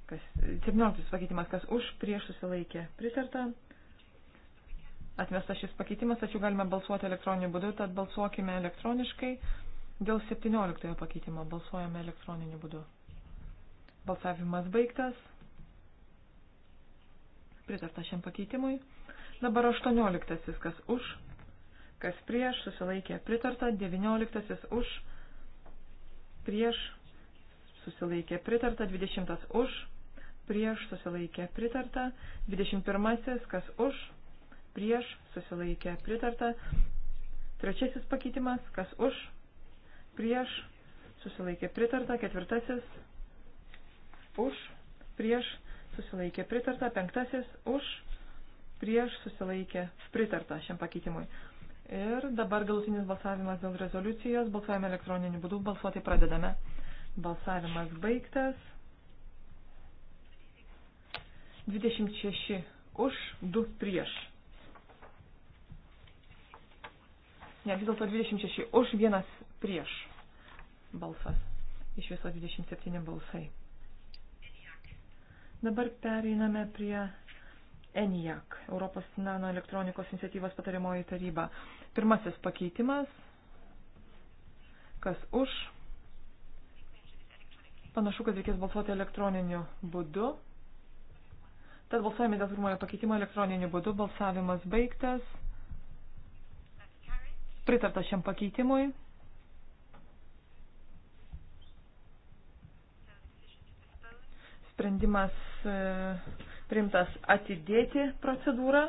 Speaker 5: kas, 17 pakeitimas, kas už, prieš susilaikė pritarta, atmestas šis pakeitimas, tačiau galime balsuoti elektroniniu būdu, tad balsuokime elektroniškai. Dėl 17 pakeitimo balsuojame elektroniniu būdu. Balsavimas baigtas. Pritarta šiam pakeitimui. Dabar 18 viskas už, kas prieš, susilaikė pritarta, 19 už, prieš, susilaikė pritarta, 20 už, prieš, susilaikė pritarta, 21 kas už, prieš, susilaikė pritarta, trečiasis pakeitimas, kas už, prieš, susilaikė pritarta, ketvirtasis už, prieš, susilaikė pritarta, penktasis už, prieš, susilaikė pritarta šiam pakeitimui. Ir dabar galutinis balsavimas dėl rezoliucijos, balsuojame elektroniniu būdu, balsuoti pradedame. Balsavimas baigtas. 26 už, 2 prieš. Ne, vis dėlto 26 už, 1 prieš balsas. Iš viso 27 balsai. Dabar pereiname prie ENIAC, Europos nanoelektronikos iniciatyvos patariamoji taryba. Pirmasis pakeitimas. Kas už? Panašu, kad reikės balsuoti elektroniniu būdu. Tad balsuojame dėl pirmojo pakeitimo elektroniniu būdu. Balsavimas baigtas. Pritarta šiam pakeitimui. Sprendimas E, primtas atidėti procedūrą,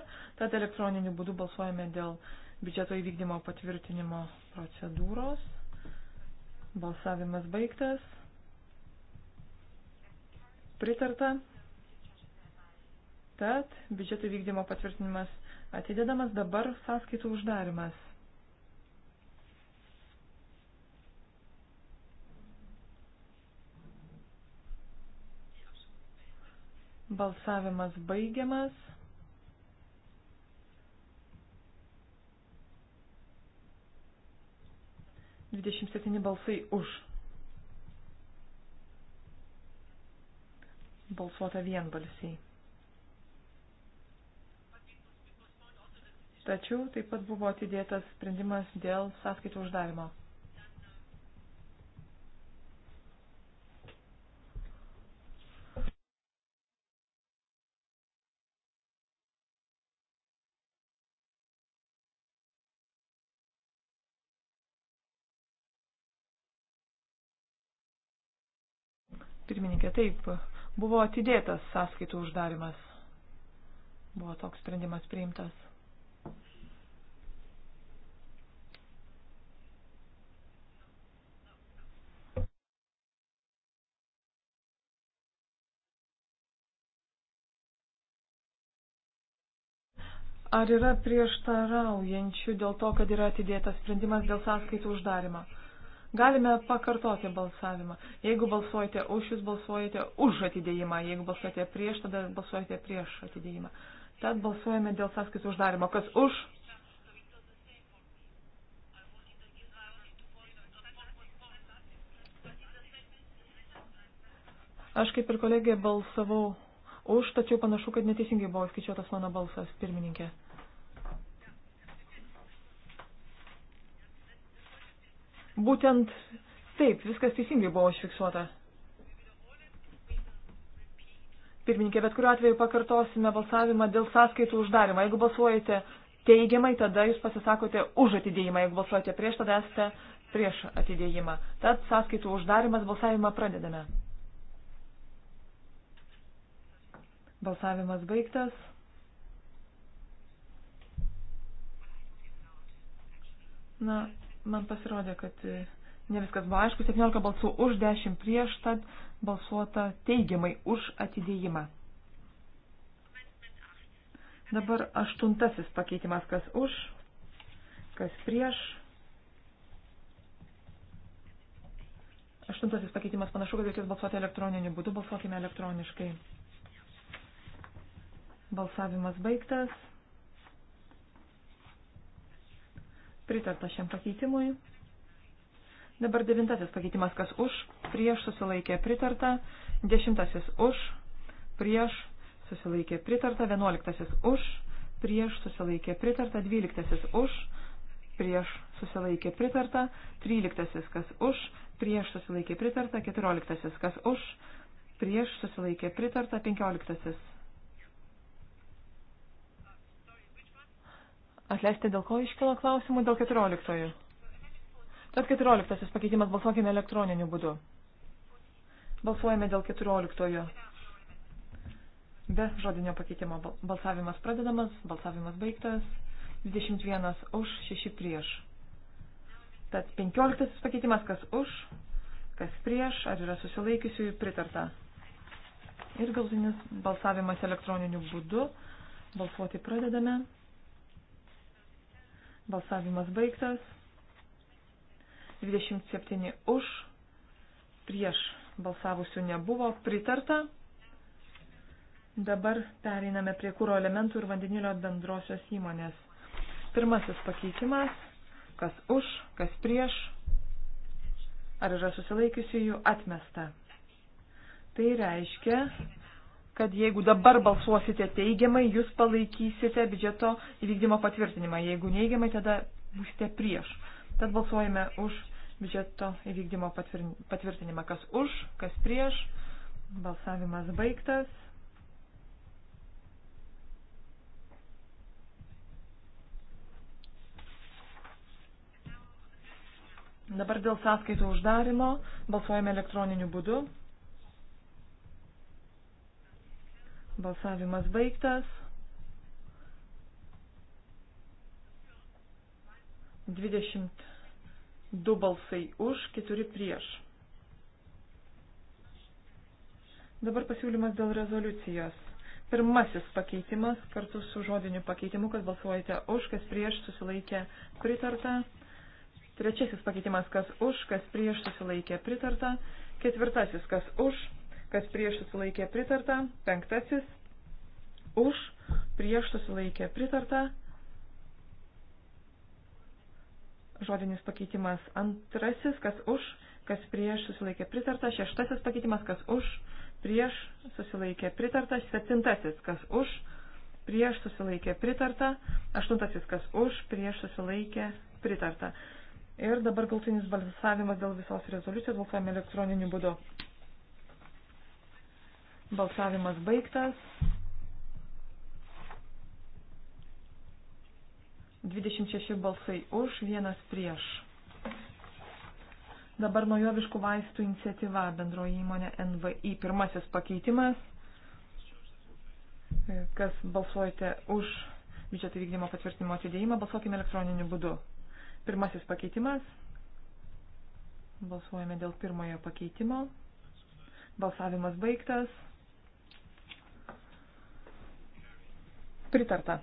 Speaker 5: tad elektroniniu būdu balsuojame dėl biudžeto įvykdymo patvirtinimo procedūros. Balsavimas baigtas. Pritarta. Tad biudžeto įvykdymo patvirtinimas atidedamas dabar sąskaitų uždarimas. Balsavimas baigiamas. Dvidešimt septyni balsai už. Balsuota vienbalsiai. Tačiau taip pat buvo atidėtas sprendimas dėl sąskaitų uždarimo.
Speaker 3: Pirmininkė, taip, buvo atidėtas
Speaker 5: sąskaitų uždarimas. Buvo toks sprendimas priimtas. Ar yra prieštaraujančių dėl to, kad yra atidėtas sprendimas dėl sąskaitų uždarimo? Galime pakartoti balsavimą. Jeigu balsuojate už, jūs balsuojate už atidėjimą. Jeigu balsuojate prieš, tada balsuojate prieš atidėjimą. Tad balsuojame dėl sąskaitų uždarimo. Kas už? Aš kaip ir kolegė balsavau už, tačiau panašu, kad neteisingai buvo skaičiuotas mano balsas, pirmininkė. Būtent taip, viskas teisingai buvo užfiksuota. Pirmininkė, bet kuriuo atveju pakartosime balsavimą dėl sąskaitų uždarimą. Jeigu balsuojate teigiamai, tada jūs pasisakote už atidėjimą. Jeigu balsuojate prieš, tada esate prieš atidėjimą. Tad sąskaitų uždarimas balsavimą pradedame. Balsavimas baigtas. Na, Man pasirodė, kad e, ne viskas buvo aišku. 17 balsų už, 10 prieš, tad balsuota teigiamai už atidėjimą. Dabar aštuntasis pakeitimas, kas už, kas prieš. Aštuntasis pakeitimas panašu, kad reikės balsuoti elektroniniu būdu, balsuokime elektroniškai. Balsavimas baigtas. Pritarta šiam pakeitimui. Dabar devintasis pakeitimas, kas už, prieš susilaikė pritarta, dešimtasis už, prieš susilaikė pritarta, vienuoliktasis už, prieš susilaikė pritarta, dvyliktasis už, prieš susilaikė pritarta, tryliktasis kas už, prieš susilaikė pritarta, keturioliktasis kas už, prieš susilaikė pritarta, penkioliktasis Atleisti, dėl ko iškilo klausimų? Dėl 14. Tad 14 pakeitimas balsuokime elektroniniu būdu. Balsuojame dėl 14. Be žodinio pakeitimo balsavimas pradedamas, balsavimas baigtas, 21 už, 6 prieš. Tad 15 pakeitimas, kas už, kas prieš, ar yra susilaikiusiųjų pritarta. Ir galutinis balsavimas elektroniniu būdu. Balsuoti pradedame. Balsavimas baigtas. 27 už, prieš balsavusių nebuvo, pritarta. Dabar pereiname prie kūro elementų ir vandenilio bendrosios įmonės. Pirmasis pakeitimas, kas už, kas prieš, ar yra susilaikiusiųjų atmesta. Tai reiškia, kad jeigu dabar balsuosite teigiamai, jūs palaikysite biudžeto įvykdymo patvirtinimą. Jeigu neigiamai, tada būsite prieš. Tad balsuojame už biudžeto įvykdymo patvirtinimą. Kas už, kas prieš. Balsavimas baigtas. Dabar dėl sąskaitų uždarimo balsuojame elektroniniu būdu. Balsavimas baigtas. 22 balsai už, 4 prieš. Dabar pasiūlymas dėl rezoliucijos. Pirmasis pakeitimas kartu su žodiniu pakeitimu, kad balsuojate už, kas prieš susilaikė pritarta. Trečiasis pakeitimas, kas už, kas prieš susilaikė pritarta. Ketvirtasis, kas už, kas prieš susilaikė pritarta, penktasis už, prieš susilaikė pritarta, žodinis pakeitimas antrasis, kas už, kas prieš susilaikė pritarta, šeštasis pakeitimas, kas už, prieš susilaikė pritarta, septintasis, kas už, prieš susilaikė pritarta, aštuntasis, kas už, prieš susilaikė pritarta. Ir dabar galtinis balsavimas dėl visos rezoliucijos balsuojame elektroniniu būdu. Balsavimas baigtas. 26 balsai už, vienas prieš. Dabar naujoviškų vaistų iniciatyva bendroji įmonė NVI. Pirmasis pakeitimas. Kas balsuojate už biudžeto vykdymo patvirtinimo atidėjimą, balsuokime elektroniniu būdu. Pirmasis pakeitimas. Balsuojame dėl pirmojo pakeitimo. Balsavimas baigtas. Pritarta.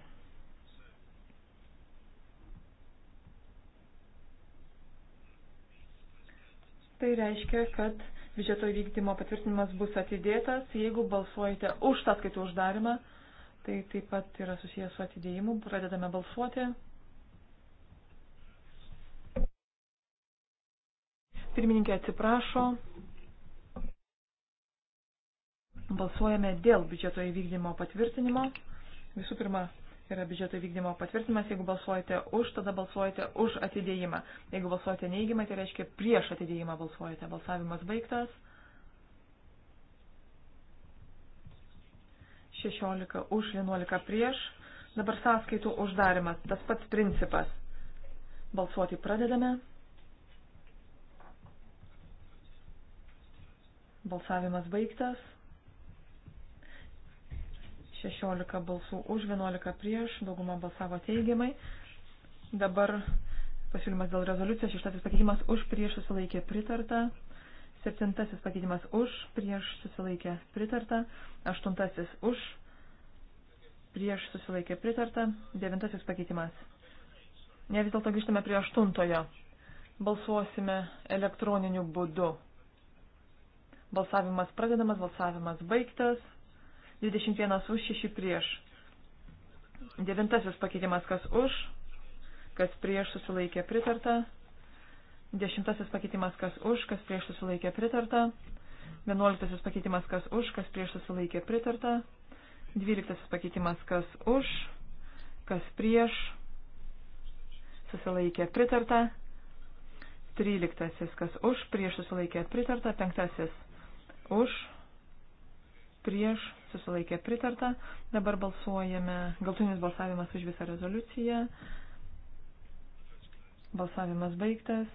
Speaker 5: Tai reiškia, kad biudžeto įvykdymo patvirtinimas bus atidėtas, jeigu balsuojate už sąskaitų uždarimą. Tai taip pat yra susijęs su atidėjimu. Pradedame balsuoti. Pirmininkė atsiprašo. Balsuojame dėl biudžeto įvykdymo patvirtinimo. Visų pirma, yra biudžeto vykdymo patvirtinimas. Jeigu balsuojate už, tada balsuojate už atidėjimą. Jeigu balsuojate neįgimą, tai reiškia prieš atidėjimą balsuojate. Balsavimas baigtas. 16 už, 11 prieš. Dabar sąskaitų uždarimas. Tas pats principas. Balsuoti pradedame. Balsavimas baigtas. 16 balsų už, 11 prieš, dauguma balsavo teigiamai. Dabar pasiūlymas dėl rezoliucijos, šeštasis pakeitimas už, prieš susilaikė pritarta, septintasis pakeitimas už, prieš susilaikė pritarta, aštuntasis už, prieš susilaikė pritarta, devintasis pakeitimas. Ne vis dėlto grįžtame prie aštuntojo. Balsuosime elektroniniu būdu. Balsavimas pradedamas, balsavimas baigtas. 21 už, 6 prieš. Devintasis pakeitimas, kas už, kas prieš susilaikė pritarta. Dešimtasis pakeitimas, kas už, kas prieš susilaikė pritarta. Vienuoliktasis pakeitimas, kas už, kas prieš susilaikė pritarta. Dvyliktasis pakeitimas, kas už, kas prieš susilaikė pritarta. Tryliktasis, kas už, prieš susilaikė pritarta. Penktasis, už, prieš, susilaikė pritarta. Dabar balsuojame, galtinis balsavimas už visą rezoliuciją. Balsavimas baigtas.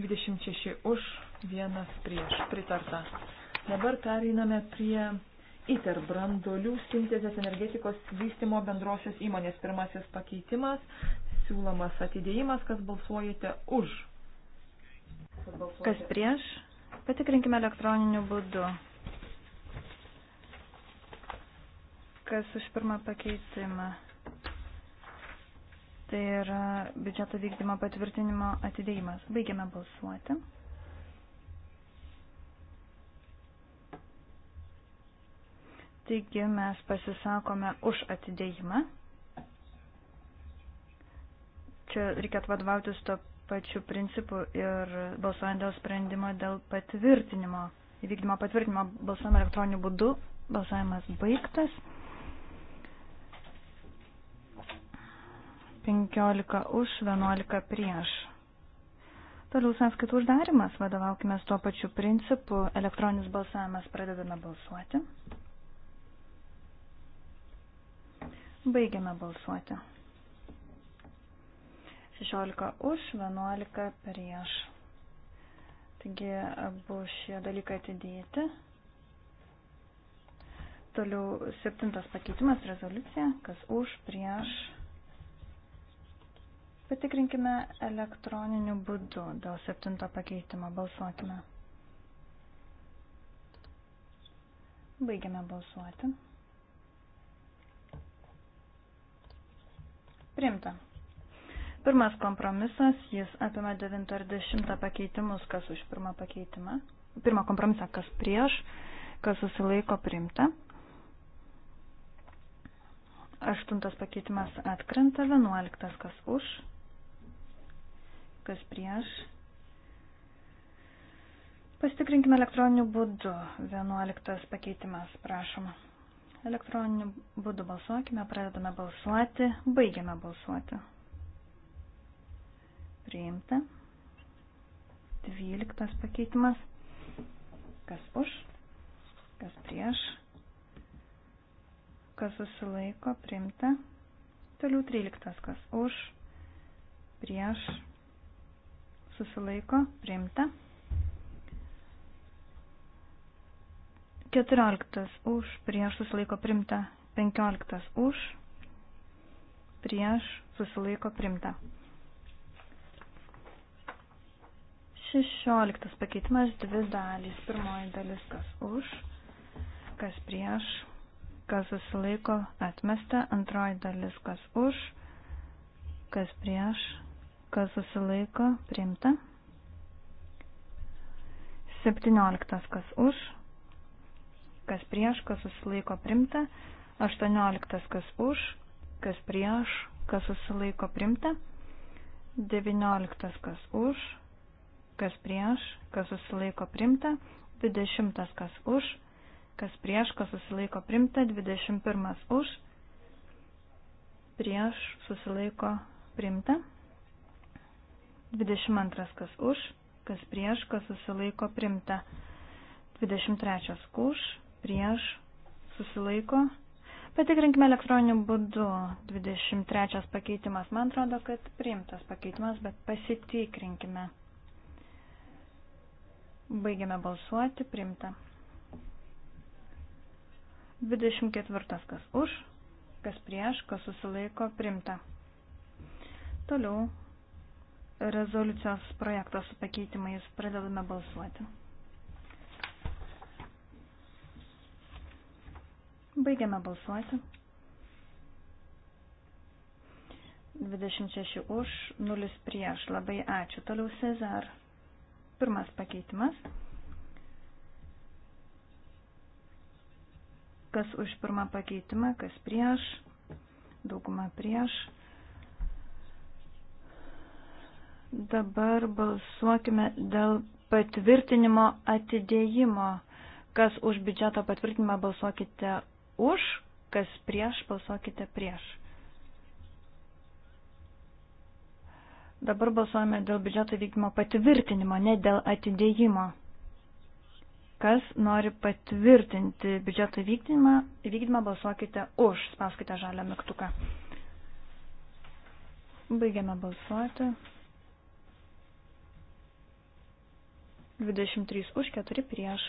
Speaker 5: 26 už, 1 prieš, pritarta. Dabar pereiname prie ITER brandolių sintezės energetikos vystimo bendrosios įmonės pirmasis pakeitimas, siūlomas atidėjimas, kas balsuojate už.
Speaker 4: Kas
Speaker 2: prieš? Patikrinkime elektroniniu būdu. Kas už pirmą pakeitimą? Tai yra biudžeto vykdymo patvirtinimo atidėjimas. Baigiame balsuoti. Taigi mes pasisakome už atidėjimą. Čia reikėtų vadovautis to pačių principų ir balsuojant dėl sprendimo dėl patvirtinimo, įvykdymo patvirtinimo balsuojama elektroniniu būdu, balsavimas baigtas. 15 už, 11 prieš. Toliau sąskaitų uždarimas, vadovaukime tuo pačiu principu, elektroninis balsavimas pradedame balsuoti. Baigiame balsuoti. 16 už, 11 prieš. Taigi abu šie dalykai atidėti. Toliau septintas pakeitimas rezoliucija, kas už, prieš. Patikrinkime elektroniniu būdu dėl septinto pakeitimo. Balsuokime. Baigiame balsuoti. Primta. Pirmas kompromisas, jis apima 9 ir 10 pakeitimus, kas už pirmą pakeitimą. Pirmą kompromisą, kas prieš, kas susilaiko priimta. Aštuntas pakeitimas atkrenta, vienuoliktas kas už, kas prieš. Pasitikrinkime elektroniniu būdu. Vienuoliktas pakeitimas, prašom. Elektroniniu būdu balsuokime, pradedame balsuoti, baigiame balsuoti priimta. Dvyliktas pakeitimas. Kas už, kas prieš, kas susilaiko, priimta. Toliau tryliktas, kas už, prieš, susilaiko, priimta. Keturioliktas už, prieš, susilaiko, priimta. Penkioliktas už, prieš, susilaiko, priimta. Šešioliktas pakeitimas dvi dalys. Pirmoji dalis kas už, kas prieš, kas susilaiko atmesta. Antroji dalis kas už, kas prieš, kas susilaiko priimta. Septynioliktas kas už, kas prieš, kas susilaiko priimta. Aštuonioliktas kas už, kas prieš, kas susilaiko priimta. Devynioliktas kas už, kas prieš, kas susilaiko primta, 20 kas už, kas prieš, kas susilaiko primta, 21 už, prieš susilaiko primta, 22 kas už, kas prieš, kas susilaiko primta, 23 už, prieš susilaiko. Patikrinkime elektroniniu būdu. 23 pakeitimas. Man atrodo, kad priimtas pakeitimas, bet pasitikrinkime. Baigiame balsuoti, primta. 24. Kas už, kas prieš, kas susilaiko, primta. Toliau rezoliucijos projektas su pakeitimais pradedame balsuoti. Baigiame balsuoti. 26 už, 0 prieš. Labai ačiū. Toliau Cezar. Pirmas pakeitimas. Kas už pirmą pakeitimą, kas prieš, dauguma prieš. Dabar balsuokime dėl patvirtinimo atidėjimo. Kas už biudžeto patvirtinimą balsuokite už, kas prieš balsuokite prieš. Dabar balsuojame dėl biudžeto vykdymo patvirtinimo, ne dėl atidėjimo. Kas nori patvirtinti biudžeto vykdymą, vykdymą balsuokite už, spauskite žalią mygtuką. Baigiame balsuoti. 23 už, 4 prieš.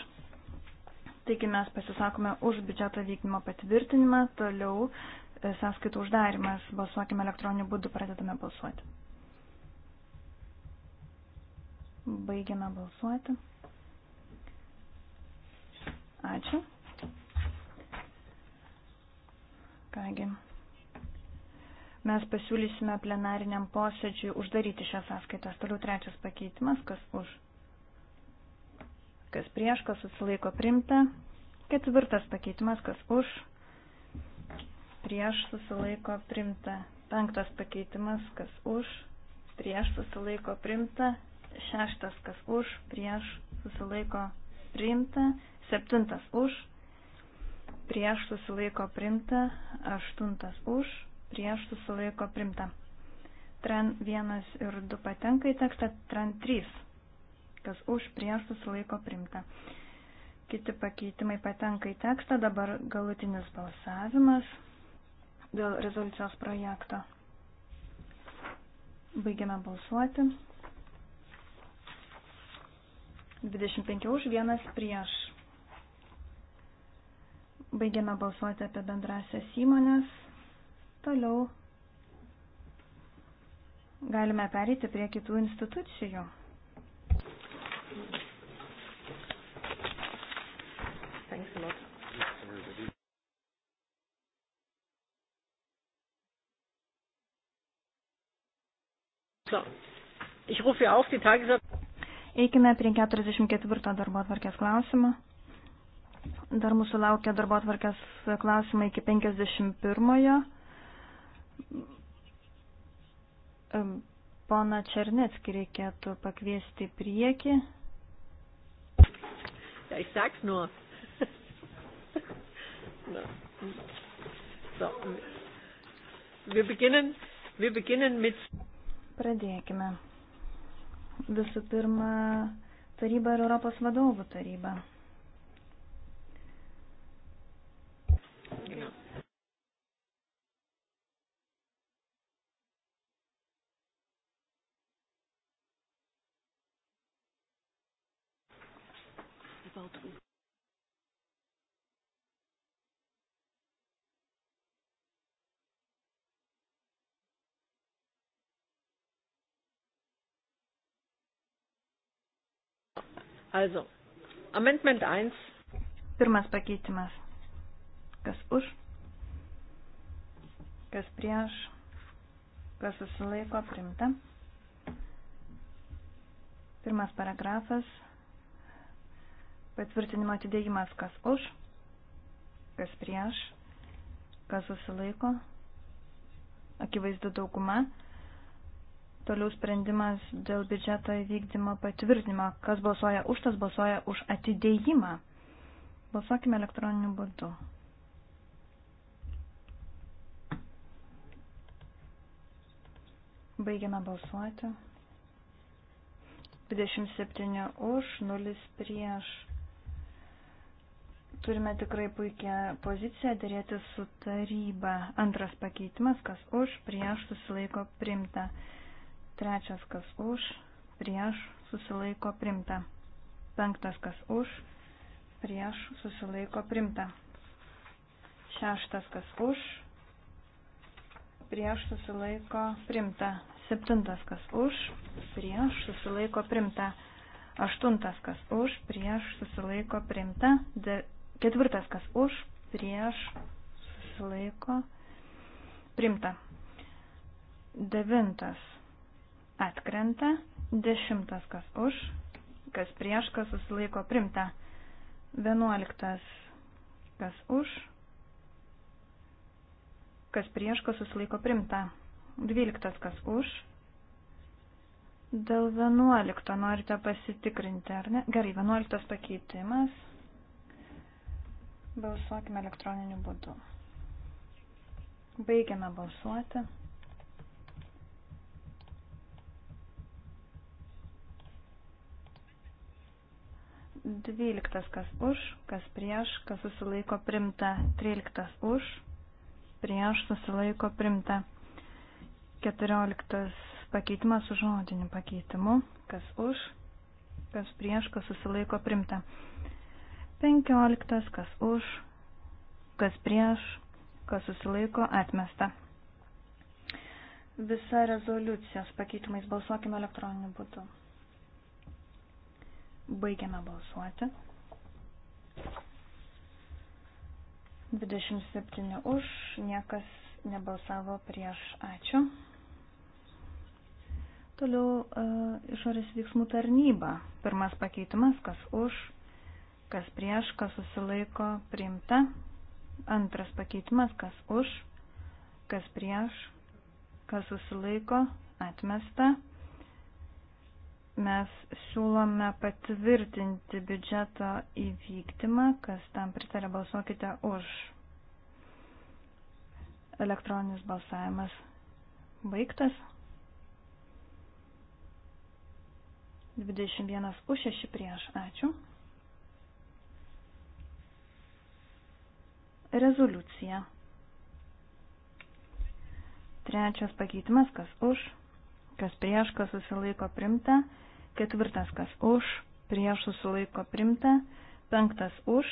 Speaker 2: Taigi mes pasisakome už biudžeto vykdymo patvirtinimą, toliau e, sąskaitų uždarimas. Balsuokime elektroniniu būdu, pradedame balsuoti. Baigiame balsuoti. Ačiū. Kągi, mes pasiūlysime plenariniam posėdžiui uždaryti šią sąskaitą. Toliau trečias pakeitimas, kas už, kas prieš, kas susilaiko primta. Ketvirtas pakeitimas, kas už, prieš susilaiko primta. Penktas pakeitimas, kas už, prieš susilaiko primta. Šeštas, kas už, prieš, susilaiko priimta. Septintas už, prieš, susilaiko priimta. Aštuntas už, prieš, susilaiko priimta. Tren 1 ir 2 patenka į tekstą, tren 3, kas už, prieš, susilaiko priimta. Kiti pakeitimai patenka į tekstą, dabar galutinis balsavimas dėl rezoliucijos projekto. Baigiame balsuoti. 25 už, vienas prieš. Baigiame balsuoti apie bendrasias įmonės. Toliau galime pereiti prie kitų institucijų.
Speaker 4: Thanks a lot.
Speaker 1: So, ich rufe auf die Tagesordnung.
Speaker 2: Eikime prie 44 darbo atvarkės klausimą. Dar mūsų laukia darbo atvarkės klausimai iki 51-ojo. Pona Černetski reikėtų pakviesti prieki.
Speaker 1: Ja, ich sag's nur. so. Wir beginnen, wir beginnen mit.
Speaker 2: Pradėkime. Visų pirma, taryba ir Europos vadovų taryba.
Speaker 1: Also, Amendment 1.
Speaker 2: Pirmas pakeitimas. Kas už? Kas prieš? Kas susilaiko? Primta. Pirmas paragrafas. Patvirtinimo atidėjimas. Kas už? Kas prieš? Kas susilaiko? Akivaizdu dauguma. Toliau sprendimas dėl biudžeto įvykdymo patvirtinimo. Kas balsuoja už, tas balsuoja už atidėjimą. Balsuokime elektroniniu būdu. Baigiame balsuoti. 27 už, 0 prieš. Turime tikrai puikią poziciją dėrėti su taryba. Antras pakeitimas, kas už, prieš, susilaiko primta. Trečias, kas už, prieš, susilaiko primta. Penktas, kas už, prieš, susilaiko primta. Šeštas, kas už, prieš, susilaiko primta. Septintas, kas už, prieš, susilaiko primta. Aštuntas, kas už, prieš, susilaiko primta. De... Ketvirtas, kas už, prieš, susilaiko primta. Devintas, atkrenta, dešimtas kas už, kas prieš, kas susilaiko primta, vienuoliktas kas už, kas prieš, kas susilaiko primta, dvyliktas kas už. Dėl vienuolikto norite pasitikrinti, ar ne? Gerai, vienuoliktas pakeitimas. Balsuokime elektroniniu būdu. Baigiame balsuoti. 12 kas už, kas prieš, kas susilaiko primta. 13 už, prieš susilaiko primta. 14 pakeitimas su žodiniu pakeitimu, kas už, kas prieš, kas susilaiko primta. 15 kas už, kas prieš, kas susilaiko atmesta. Visa rezoliucijos pakeitimais balsuokime elektroniniu būdu. Baigiame balsuoti. 27 už, niekas nebalsavo prieš. Ačiū. Toliau uh, išorės veiksmų tarnyba. Pirmas pakeitimas, kas už, kas prieš, kas susilaiko, priimta. Antras pakeitimas, kas už, kas prieš, kas susilaiko, atmesta mes siūlome patvirtinti biudžeto įvykdymą, kas tam pritarė balsuokite už. Elektroninis balsavimas baigtas. 21 už 6 prieš. Ačiū. Rezoliucija. Trečias pakeitimas, kas už, kas prieš, kas susilaiko primta. Ketvirtas, kas už, prieš susilaiko primta. Penktas už,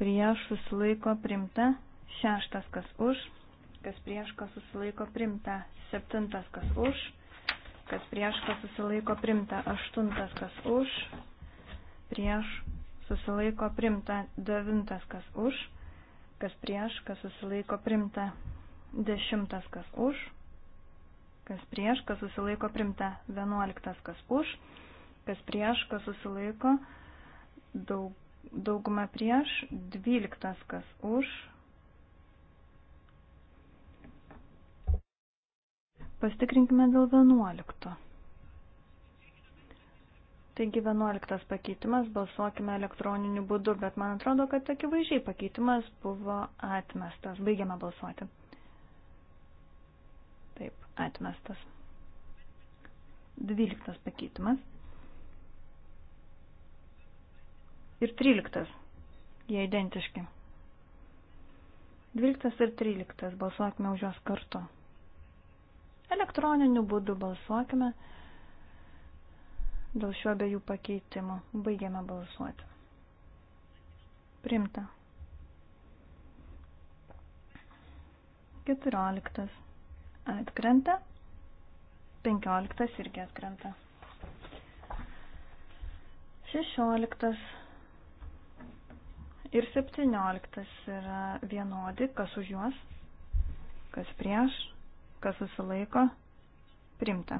Speaker 2: prieš susilaiko primta. Šeštas, kas už, kas prieš, kas susilaiko primta. Septintas, kas už, kas prieš, kas susilaiko primta. Aštuntas, kas už, prieš susilaiko primta. Devintas, kas už, kas prieš, kas susilaiko primta. Dešimtas, kas už, kas prieš, kas susilaiko primta 11, kas už, kas prieš, kas susilaiko daug, dauguma prieš 12, kas už. Pastikrinkime dėl 11. Taigi 11 pakeitimas, balsuokime elektroniniu būdu, bet man atrodo, kad akivaizdžiai pakeitimas buvo atmestas. Baigiame balsuoti. Taip. Atmestas. Dvyliktas pakeitimas. Ir tryliktas. Jie identiški. Dvyliktas ir tryliktas. Balsuokime už juos kartu. Elektroniniu būdu balsuokime dėl šių abiejų pakeitimų. Baigiame balsuoti. Primta. Keturioliktas atkrenta, 15 irgi atkrenta. 16 ir 17 yra vienodi, kas už juos, kas prieš, kas susilaiko, primta.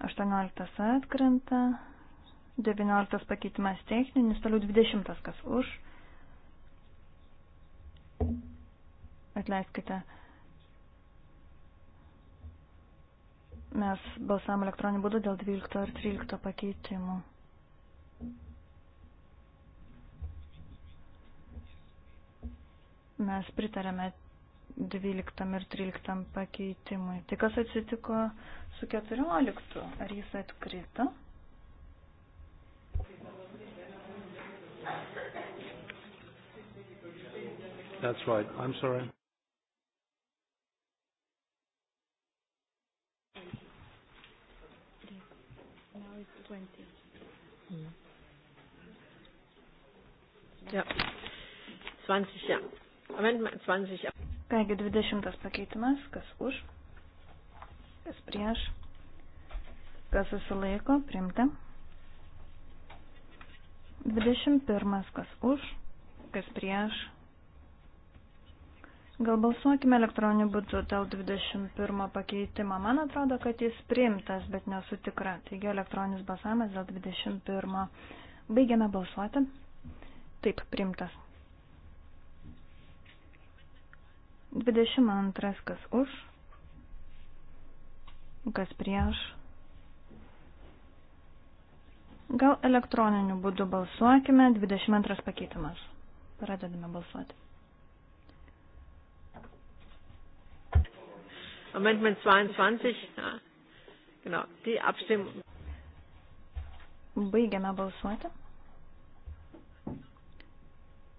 Speaker 2: 18 atkrenta, 19 pakeitimas techninis, toliau 20 kas už. Atleiskite. Mes balsavom elektroniniu būdu dėl 12 ir 13 pakeitimų. Mes pritarėme 12 ir 13 pakeitimui. Tai kas atsitiko su 14? Ar jis atkrito?
Speaker 4: That's right. I'm
Speaker 2: sorry. 20.
Speaker 1: Mm. Ja. 20, ja. Amendment 20.
Speaker 2: Kągi 20 pakeitimas, kas už, kas prieš, kas susilaiko, primta. 21, kas už, kas prieš, Gal balsuokime elektroniniu būdu dėl 21 pakeitimo. Man atrodo, kad jis priimtas, bet nesu tikra. Taigi elektroninis balsavimas dėl 21. Baigiame balsuoti. Taip, priimtas. 22. Kas už? Kas prieš? Gal elektroniniu būdu balsuokime. 22 pakeitimas. Pradedame balsuoti.
Speaker 1: Amendment 22. Ja. Genau, die Abstimmung.
Speaker 2: Baigiame balsuoti.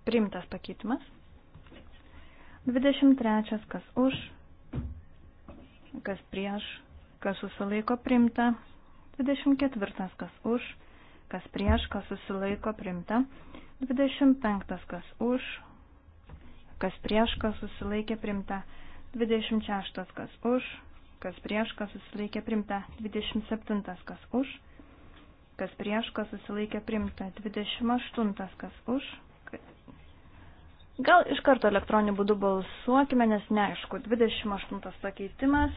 Speaker 2: Primtas pakeitimas. 23. Kas už, kas prieš, kas susilaiko primta. 24. Kas už, kas prieš, kas susilaiko primta. 25. Kas už, kas prieš, kas susilaikė primta. 26 kas už, kas prieš, kas susilaikė primta. 27 kas už, kas prieš, kas susilaikė primta. 28 kas už. Gal iš karto elektroniniu būdu balsuokime, nes neaišku. 28 pakeitimas.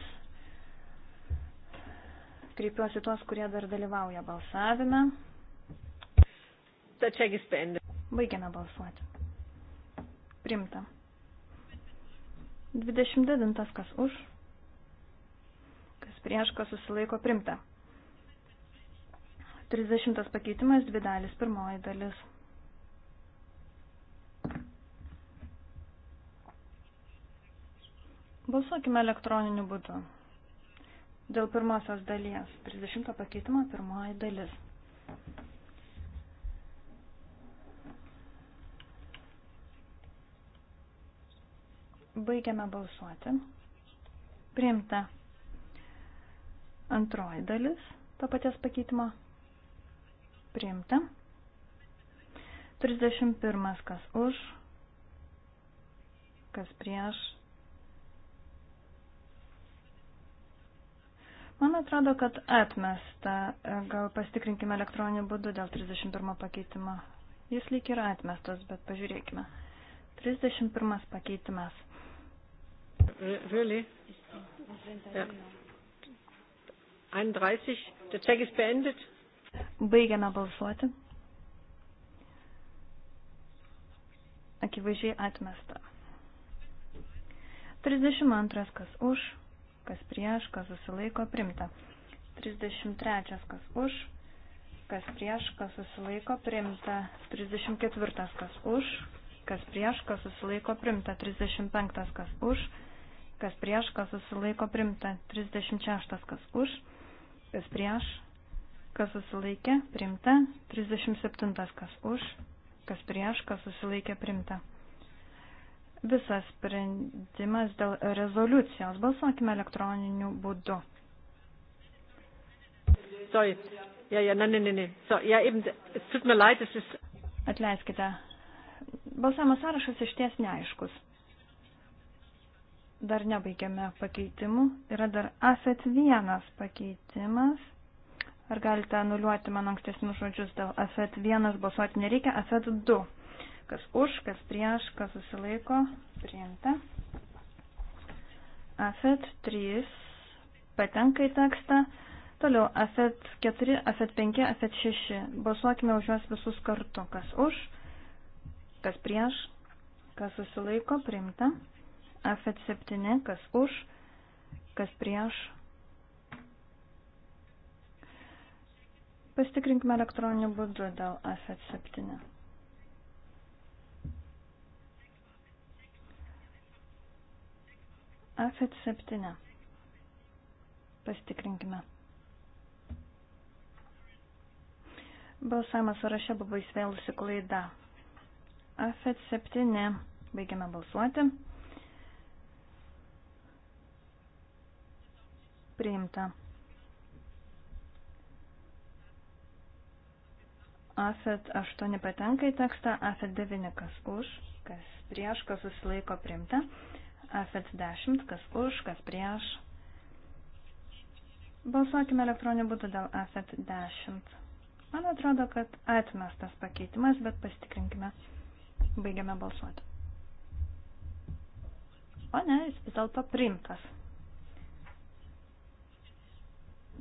Speaker 2: Kreipiuosi tuos, kurie dar dalyvauja balsavime. Tačiagi spendė. Baigiame balsuoti. Primta. 29 kas už, kas prieš, kas susilaiko primta. 30 pakeitimas, dvi dalis, pirmoji dalis. Balsuokime elektroniniu būdu. Dėl pirmosios dalies, 30 pakeitimo pirmoji dalis. Baigiame balsuoti. Priimta antroji dalis to paties pakeitimo. Priimta. 31. Kas už, kas prieš. Man atrodo, kad atmesta. Gal pastikrinkime elektroniniu būdu dėl 31 pakeitimo. Jis lyg yra atmestas, bet pažiūrėkime. 31 pakeitimas.
Speaker 1: Really? Ja. 31. Der Check ist beendet.
Speaker 2: Baigiame balsuoti. Akivaizdžiai atmesta. 32. Kas už, kas prieš, kas susilaiko, primta. 33. Kas už, kas prieš, kas susilaiko, primta. 34. Kas už, kas prieš, kas susilaiko, primta. 35. Kas už, kas prieš, kas susilaiko primta. 36 kas už, kas prieš, kas susilaikė primta. 37 kas už, kas prieš, kas susilaikė primta. Visas sprendimas dėl rezoliucijos. Balsuokime elektroniniu būdu.
Speaker 1: Sorry. Ja, ja, ne, ne, ne, ne. So, ja, eben, es tut mir leid, es ist...
Speaker 2: Atleiskite. Balsavimo sąrašas išties neaiškus dar nebaigiame pakeitimų. Yra dar AFET 1 pakeitimas. Ar galite anuliuoti mano ankstesnius žodžius dėl AFET 1 balsuoti nereikia, AFET 2. Kas už, kas prieš, kas susilaiko, priimta. AFET 3 patenka į tekstą. Toliau AFET 4, AFET 5, AFET 6. Balsuokime už juos visus kartu. Kas už, kas prieš, kas susilaiko, priimta. AFET 7, kas už, kas prieš. Pastikrinkime elektroniniu būdu dėl AFET 7. AFET 7. Pastikrinkime. Balsavimo sąraše buvo įsvėlusi klaida. AFET 7. Baigiame balsuoti. Priimta. AFET 8 patenka į tekstą, AFET 9 kas už, kas prieš, kas susilaiko priimta, AFET 10 kas už, kas prieš. Balsuokime elektroniniu būdu dėl AFET 10. Man atrodo, kad atmestas pakeitimas, bet pasitikrinkime. Baigiame balsuoti. O ne, jis vis dėlto priimtas.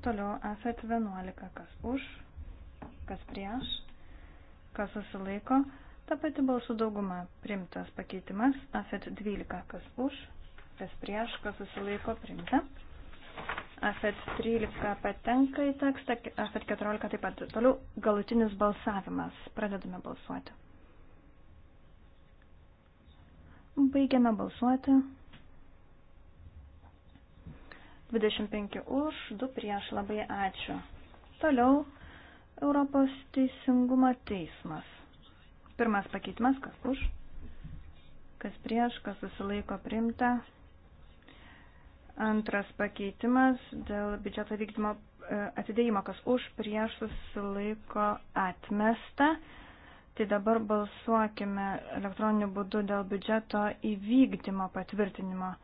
Speaker 2: Toliau AFET 11. Kas už, kas prieš, kas susilaiko. Ta pati balsų dauguma primtas pakeitimas. AFET 12. Kas už, kas prieš, kas susilaiko primta. AFET 13 patenka į tekstą, AFET e 14 taip pat. Toliau galutinis balsavimas. Pradedame balsuoti. Baigiame balsuoti. 25 už, 2 prieš, labai ačiū. Toliau Europos teisingumo teismas. Pirmas pakeitimas, kas už, kas prieš, kas susilaiko primta. Antras pakeitimas dėl biudžeto vykdymo e, atidėjimo, kas už, prieš, susilaiko atmesta. Tai dabar balsuokime elektroniniu būdu dėl biudžeto įvykdymo patvirtinimo.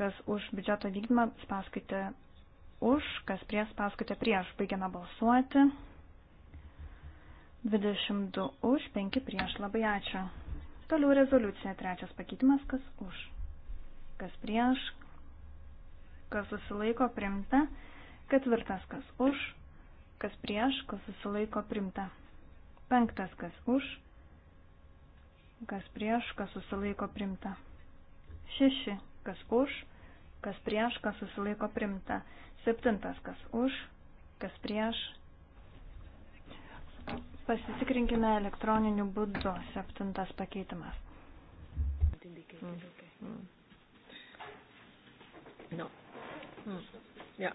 Speaker 2: Kas už biudžeto vykdymą spauskite už, kas prie spauskite prieš. Baigiame balsuoti. 22 už, 5 prieš. Labai ačiū. Toliau rezoliucija. Trečias pakeitimas. Kas už, kas prieš, kas susilaiko primta. Ketvirtas. Kas už, kas prieš, kas susilaiko primta. Penktas. Kas už, kas prieš, kas susilaiko primta. Šeši kas už, kas prieš, kas susilaiko primta. Septintas, kas už, kas prieš. Pasitikrinkime elektroniniu būdu. Septintas pakeitimas.
Speaker 4: Mm.
Speaker 2: No. Mm. Ja.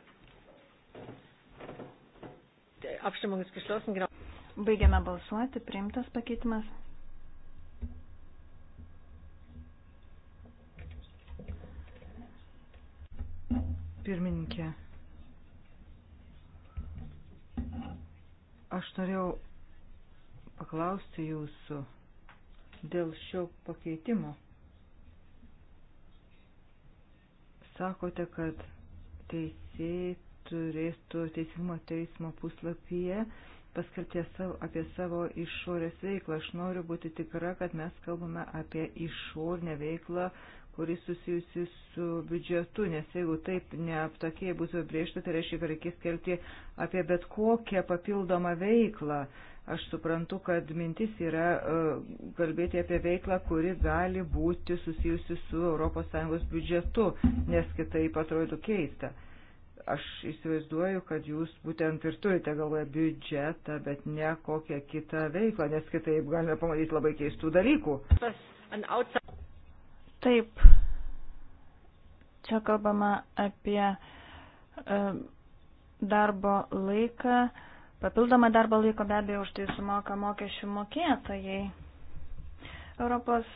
Speaker 2: Abstimmung ist geschlossen. Genau. Baigiame balsuoti. Priimtas pakeitimas.
Speaker 3: Pirmininkė. Aš norėjau paklausti jūsų dėl šio pakeitimo. Sakote, kad teisėjai turėtų teisingumo teismo puslapyje paskelbti apie savo išorės veiklą. Aš noriu būti tikra, kad mes kalbame apie išorinę veiklą, kuris susijusi su biudžetu, nes jeigu taip neaptakiai būtų apibrėžta, tai reiškia, kad reikės kelti apie bet kokią papildomą veiklą. Aš suprantu, kad mintis yra e, kalbėti apie veiklą, kuri gali būti susijusi su ES biudžetu, nes kitaip atrodo keista. Aš įsivaizduoju, kad jūs būtent ir turite galvoje biudžetą, bet ne kokią kitą veiklą, nes kitaip galime pamatyti labai keistų dalykų.
Speaker 1: An outside
Speaker 2: Taip, čia kalbama apie e, darbo laiką, papildomą darbo laiko be abejo už tai sumoka mokesčių mokėtojai. Europos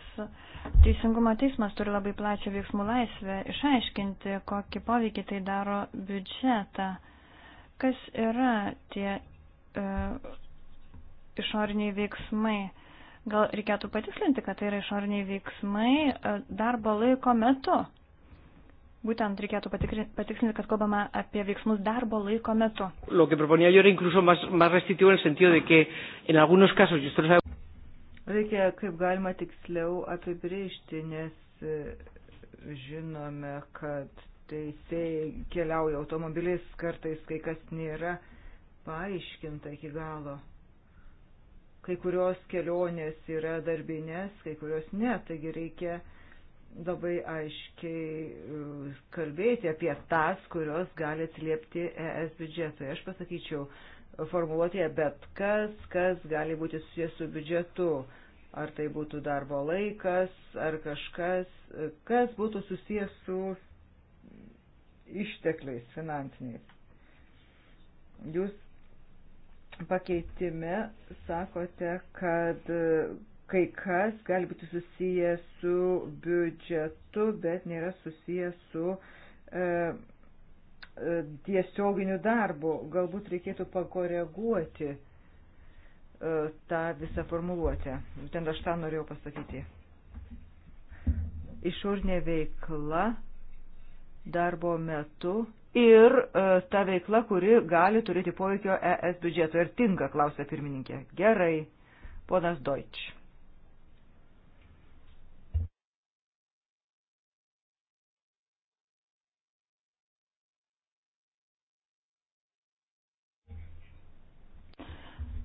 Speaker 2: teisingumo teismas turi labai plačią veiksmų laisvę išaiškinti, kokį poveikį tai daro biudžetą. Kas yra tie e, išoriniai veiksmai? Gal reikėtų patikslinti, kad tai yra išoriniai veiksmai e, darbo laiko metu. Būtent reikėtų patikslinti, kad kalbame apie veiksmus darbo laiko metu.
Speaker 1: Lo que proponía yo era incluso más, más restrictivo en el sentido de que en algunos casos, y usted lo sabe.
Speaker 2: Reikia
Speaker 3: kaip galima tiksliau apibrėžti, nes e, žinome, kad teisėjai keliauja automobiliais kartais, kai kas nėra paaiškinta iki galo. Kai kurios kelionės yra darbinės, kai kurios ne, taigi reikia labai aiškiai uh, kalbėti apie tas, kurios gali atsiliepti ES biudžetui. Aš pasakyčiau formuluotėje bet kas, kas gali būti susijęs su biudžetu, ar tai būtų darbo laikas, ar kažkas, kas būtų susijęs su ištekliais finansiniais. Jūs pakeitime sakote, kad e, kai kas gali būti susiję su biudžetu, bet nėra susiję su e, e, tiesioginiu darbu. Galbūt reikėtų pakoreguoti e, tą visą formuluotę. Būtent aš tą norėjau pasakyti. Išorinė veikla darbo metu ir e, ta veikla, kuri gali turėti poveikio ES biudžeto. Ir tinka, klausia pirmininkė. Gerai, ponas Deutsch.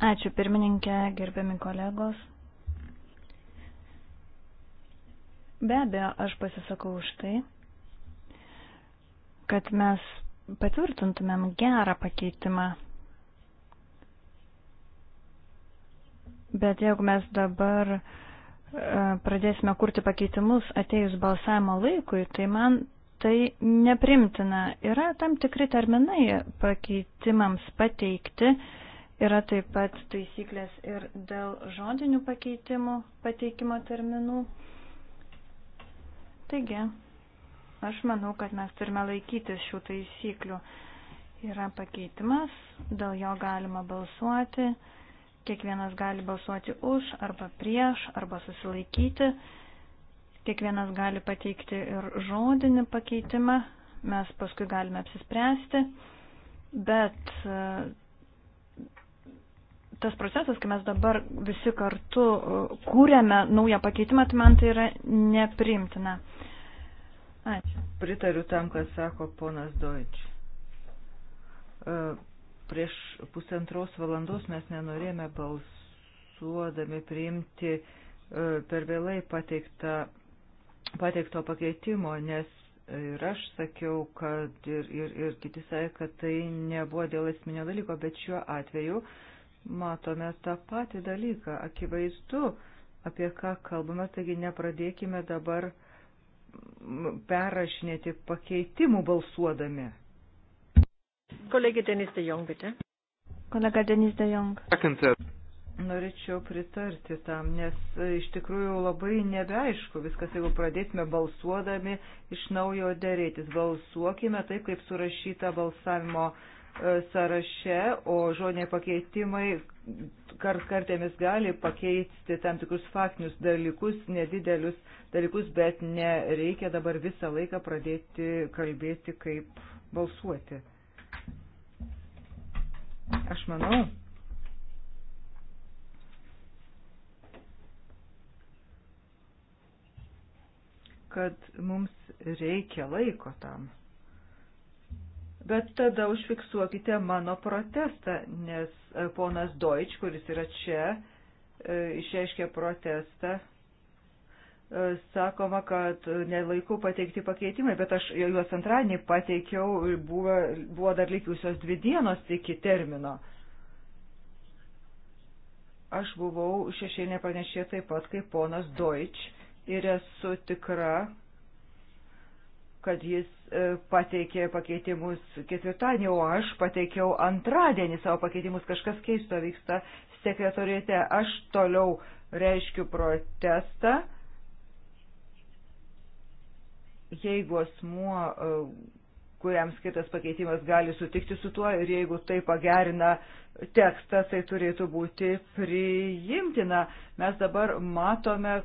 Speaker 2: Ačiū pirmininkė, gerbiami kolegos. Be abejo, aš pasisakau už tai, kad mes patvirtintumėm gerą pakeitimą. Bet jeigu mes dabar e, pradėsime kurti pakeitimus atėjus balsavimo laikui, tai man tai neprimtina. Yra tam tikri terminai pakeitimams pateikti, yra taip pat taisyklės ir dėl žodinių pakeitimų pateikimo terminų. Taigi, Aš manau, kad mes turime laikyti šių taisyklių. Yra pakeitimas, dėl jo galima balsuoti. Kiekvienas gali balsuoti už arba prieš arba susilaikyti. Kiekvienas gali pateikti ir žodinį pakeitimą. Mes paskui galime apsispręsti. Bet e, tas procesas, kai mes dabar visi kartu e, kūrėme naują pakeitimą, tai man tai yra neprimtina. Ačiū.
Speaker 3: Pritariu tam, kas sako ponas Deutsch. E, prieš pusantros valandos mes nenorėjome balsuodami priimti e, per vėlai pateiktą, pateikto pakeitimo, nes ir aš sakiau, kad ir, ir, ir kiti sakė, kad tai nebuvo dėl esminio dalyko, bet šiuo atveju matome tą patį dalyką. Akivaizdu, apie ką kalbame, taigi nepradėkime dabar perrašinėti pakeitimų balsuodami.
Speaker 1: Kolegė Denis de Jong, bitė.
Speaker 2: Kolega Denis de
Speaker 3: Jong. Uh, Norėčiau pritarti tam, nes e, iš tikrųjų labai nebeaišku viskas, jeigu pradėsime balsuodami iš naujo dėrėtis. Balsuokime taip, kaip surašyta balsavimo uh, E, sąraše, o žodiniai pakeitimai kart kartėmis gali pakeisti tam tikrus faktinius dalykus, nedidelius dalykus, bet nereikia dabar visą laiką pradėti kalbėti, kaip balsuoti. Aš manau. kad mums reikia laiko tam. Bet tada užfiksuokite mano protestą, nes e, ponas Deutsch, kuris yra čia, e, išreiškė protestą. E, sakoma, kad nelaiku pateikti pakeitimai, bet aš juos antradienį pateikiau ir buvo, buvo dar likusios dvi dienos iki termino. Aš buvau šešėlinė pranešė taip pat kaip ponas Deutsch ir esu tikra, kad jis e, pateikė pakeitimus ketvirtadienį, o aš pateikiau antradienį savo pakeitimus, kažkas keisto vyksta sekretorėte. Aš toliau reiškiu protestą. Jeigu asmuo, e, kuriam skirtas pakeitimas, gali sutikti su tuo ir jeigu tai pagerina tekstą, tai turėtų būti priimtina. Mes dabar matome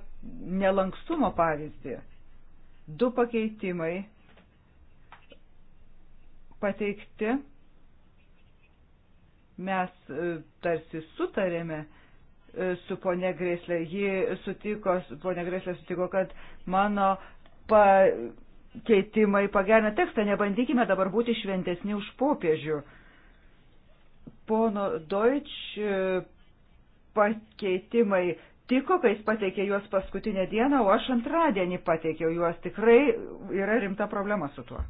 Speaker 3: nelankstumo pavyzdį. Du pakeitimai pateikti. Mes e, tarsi sutarėme e, su ponė Greslė. Ji sutiko, ponė Greslė sutiko, kad mano pa, keitimai pagerina tekstą. Nebandykime dabar būti šventesni už popiežių. Pono Deutsch e, pakeitimai nutiko, kai jis pateikė juos paskutinę dieną, o aš antradienį pateikiau juos. Tikrai yra rimta problema su tuo.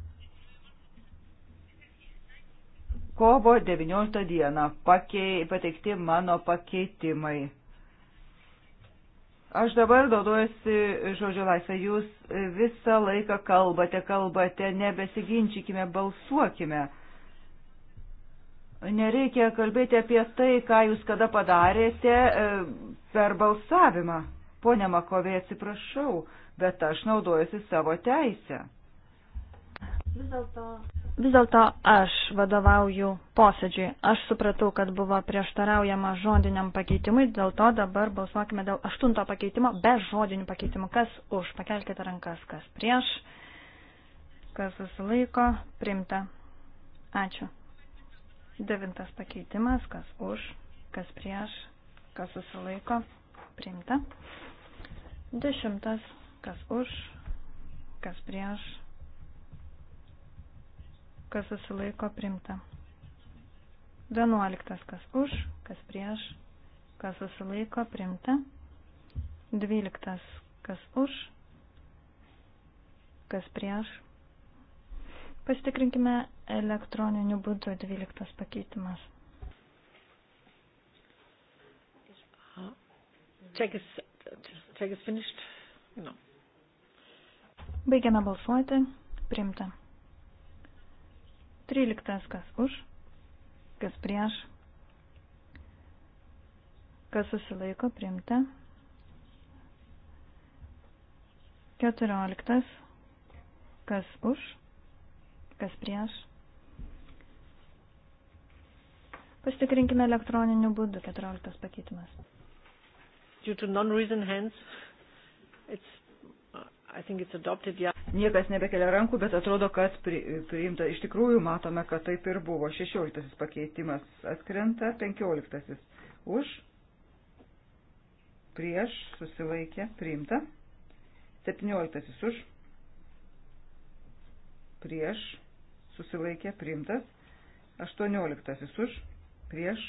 Speaker 3: Kovo 19 dieną pakei, pateikti mano pakeitimai. Aš dabar naudojuosi žodžio laisvę. Jūs visą laiką kalbate, kalbate, nebesiginčykime, balsuokime. Nereikia kalbėti apie tai, ką jūs kada padarėte e, per balsavimą. Pone
Speaker 2: Makovė, atsiprašau, bet aš naudojusi savo teisę. Vis dėlto vis dėlto aš vadovauju posėdžiui. Aš supratau, kad buvo prieštaraujama žodiniam pakeitimui, dėl to dabar balsuokime dėl aštunto pakeitimo be žodinių pakeitimų. Kas už? Pakelkite rankas, kas prieš, kas susilaiko, primta. Ačiū. Devintas pakeitimas, kas už, kas prieš, kas susilaiko, priimta. Dešimtas, kas už, kas prieš, kas susilaiko, priimta. Vienuoliktas, kas už, kas prieš, kas susilaiko, priimta. Dvyliktas, kas už, kas prieš, Pasitikrinkime elektroniniu būdu 12 pakeitimas. Check is, check is finished. No. Baigiame balsuoti. Primta. 13. Kas už, kas prieš, kas susilaiko, primta. 14. Kas už, kas prieš. Pasitikrinkime elektroniniu būdu, 14 pakeitimas.
Speaker 1: Due to non-reason hands, it's, I think it's adopted, yeah. Niekas nebekelia rankų, bet atrodo,
Speaker 3: kad pri, priimta. Iš tikrųjų, matome, kad taip ir buvo. 16 pakeitimas atkrenta, 15 už, prieš, susilaikė, priimta. 17 už, prieš, susilaikė priimtas, 18 už, prieš,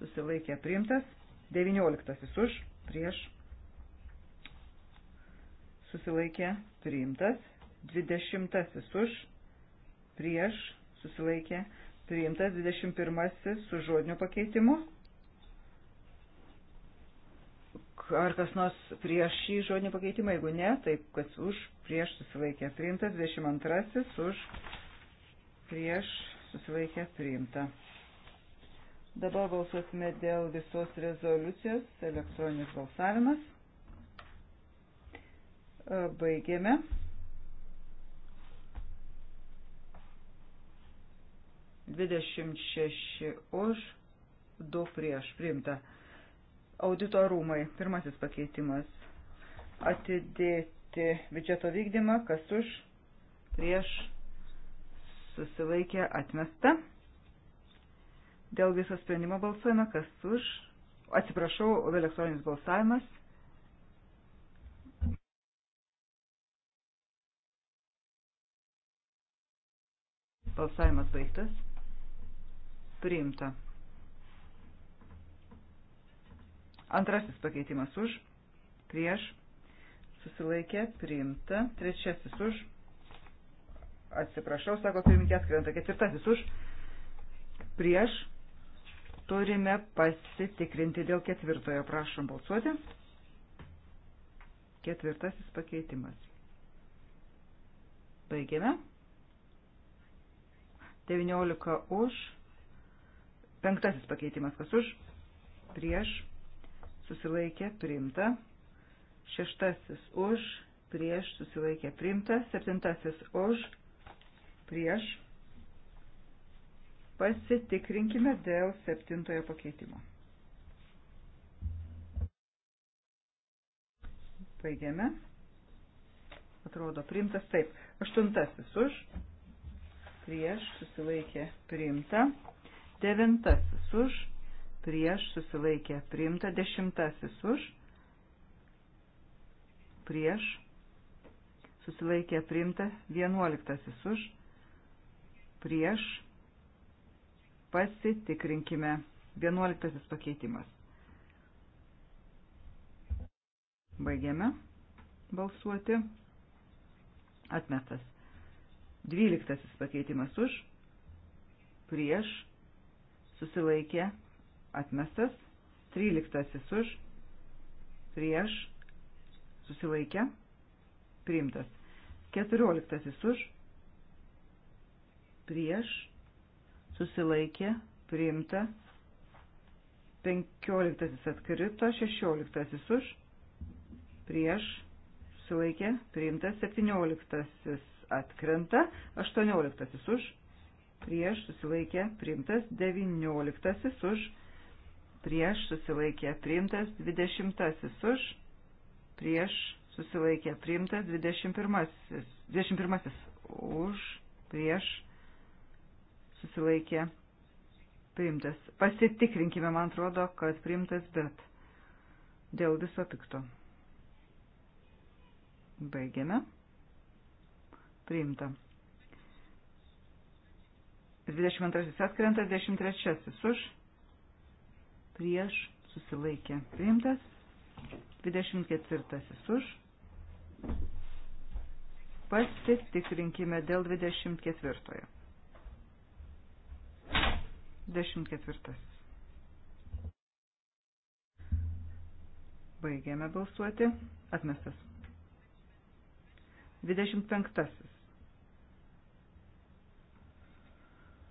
Speaker 3: susilaikė priimtas, 19 už, prieš, susilaikė priimtas, 20 už, prieš, susilaikė priimtas, 21 su žodiniu pakeitimu. Ar kas nors prieš šį žodinį pakeitimą, jeigu ne, taip kas už, prieš susilaikė priimtas, 22 už prieš susilaikė priimta. Dabar balsuosime dėl visos rezoliucijos, elektroninis balsavimas. E, baigėme. Dvidešimt šeši už, du prieš priimta. Audito rūmai, pirmasis pakeitimas. Atidėti biudžeto vykdymą, kas už, prieš susilaikė atmesta. Dėl viso sprendimo balsuojame, kas už. Atsiprašau, elektroninis balsavimas. Balsavimas baigtas. Priimta. Antrasis pakeitimas už, prieš, susilaikė, priimta. Trečiasis už, Atsiprašau, sako pirmininkės krenta ketvirtasis už. Prieš turime pasitikrinti dėl ketvirtojo. Prašom balsuoti. Ketvirtasis pakeitimas. Baigėme. 19 už. Penktasis pakeitimas kas už. Prieš. Susilaikė. Priimta. Šeštasis už. Prieš. Susilaikė. Priimta. Septintasis už prieš. Pasitikrinkime dėl septintojo pakeitimo. Baigiame. Atrodo, priimtas taip. Aštuntasis už, prieš, susilaikė, priimta. Devintasis už, prieš, susilaikė, priimta. Dešimtasis už, prieš, susilaikė priimta, vienuoliktasis už, prieš, pasitikrinkime. 11 pakeitimas. Baigiame balsuoti. Atmestas. 12 pakeitimas už, prieš, susilaikė, atmestas. 13 už, prieš, susilaikė, priimtas. 14 už, prieš, susilaikė, priimta. 15 atkrito, 16 už, prieš, susilaikė, priimta. 17 atkrenta, 18 už, prieš, susilaikė, priimtas. 19 už, prieš, susilaikė, priimtas. 20 už, prieš, susilaikė, priimtas. 21 už, prieš, susilaikė priimtas. Pasitikrinkime, man atrodo, kad priimtas, bet dėl viso pikto. Baigiame. Priimta. 22 atkrenta, 23 už, prieš, susilaikė, priimtas, 24 už, pasitikrinkime dėl 24. 14. Baigėme balsuoti. Atmestas. 25.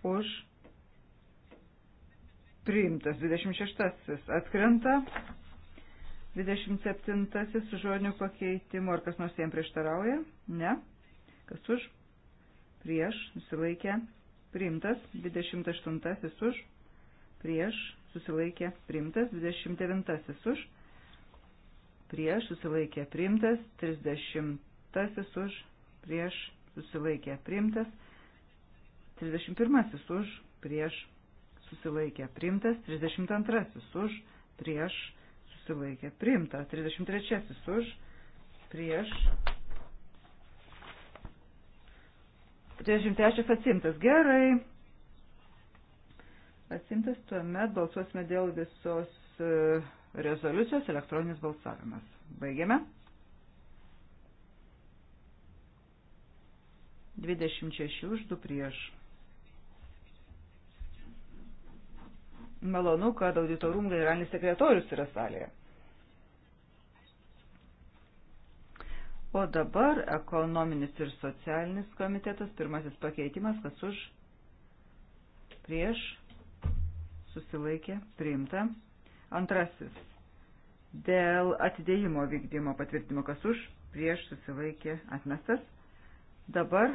Speaker 3: Už. Priimtas. 26. Atkrenta. 27. Su žodiniu pakeitimu. Ar kas nors jiem prieštarauja? Ne. Kas už? Prieš. Nusilaikė priimtas, 28 už, prieš, susilaikė, priimtas, 29 už, prieš, susilaikė, priimtas, 30 už, prieš, susilaikė, priimtas, 31 už, prieš, susilaikė, priimtas, 32 už, prieš, susilaikė, priimta, 33 už, prieš, 73 atsimtas. Gerai. Atsimtas tuomet balsuosime dėl visos e, rezoliucijos elektroninis balsavimas. Baigiame. 26 už 2 prieš. Malonu, kad auditorum generalinis sekretorius yra salėje. O dabar ekonominis ir socialinis komitetas, pirmasis pakeitimas, kas už, prieš, susilaikė, priimta. Antrasis, dėl atidėjimo vykdymo patvirtimo, kas už, prieš, susilaikė, atmestas. Dabar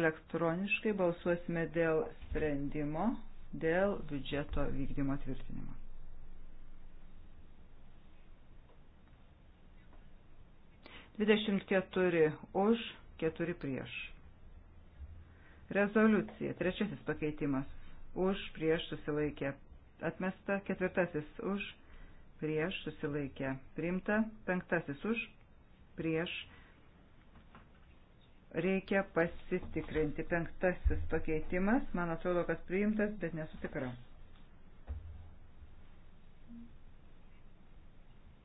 Speaker 3: elektroniškai balsuosime dėl sprendimo, dėl biudžeto vykdymo tvirtinimo. 24 už, 4 prieš. Rezoliucija. Trečiasis pakeitimas. Už, prieš, susilaikė. Atmesta. Ketvirtasis. Už, prieš, susilaikė. Primta. Penktasis. Už, prieš. Reikia pasitikrinti. Penktasis pakeitimas. Man atrodo, kad priimtas, bet nesu tikra.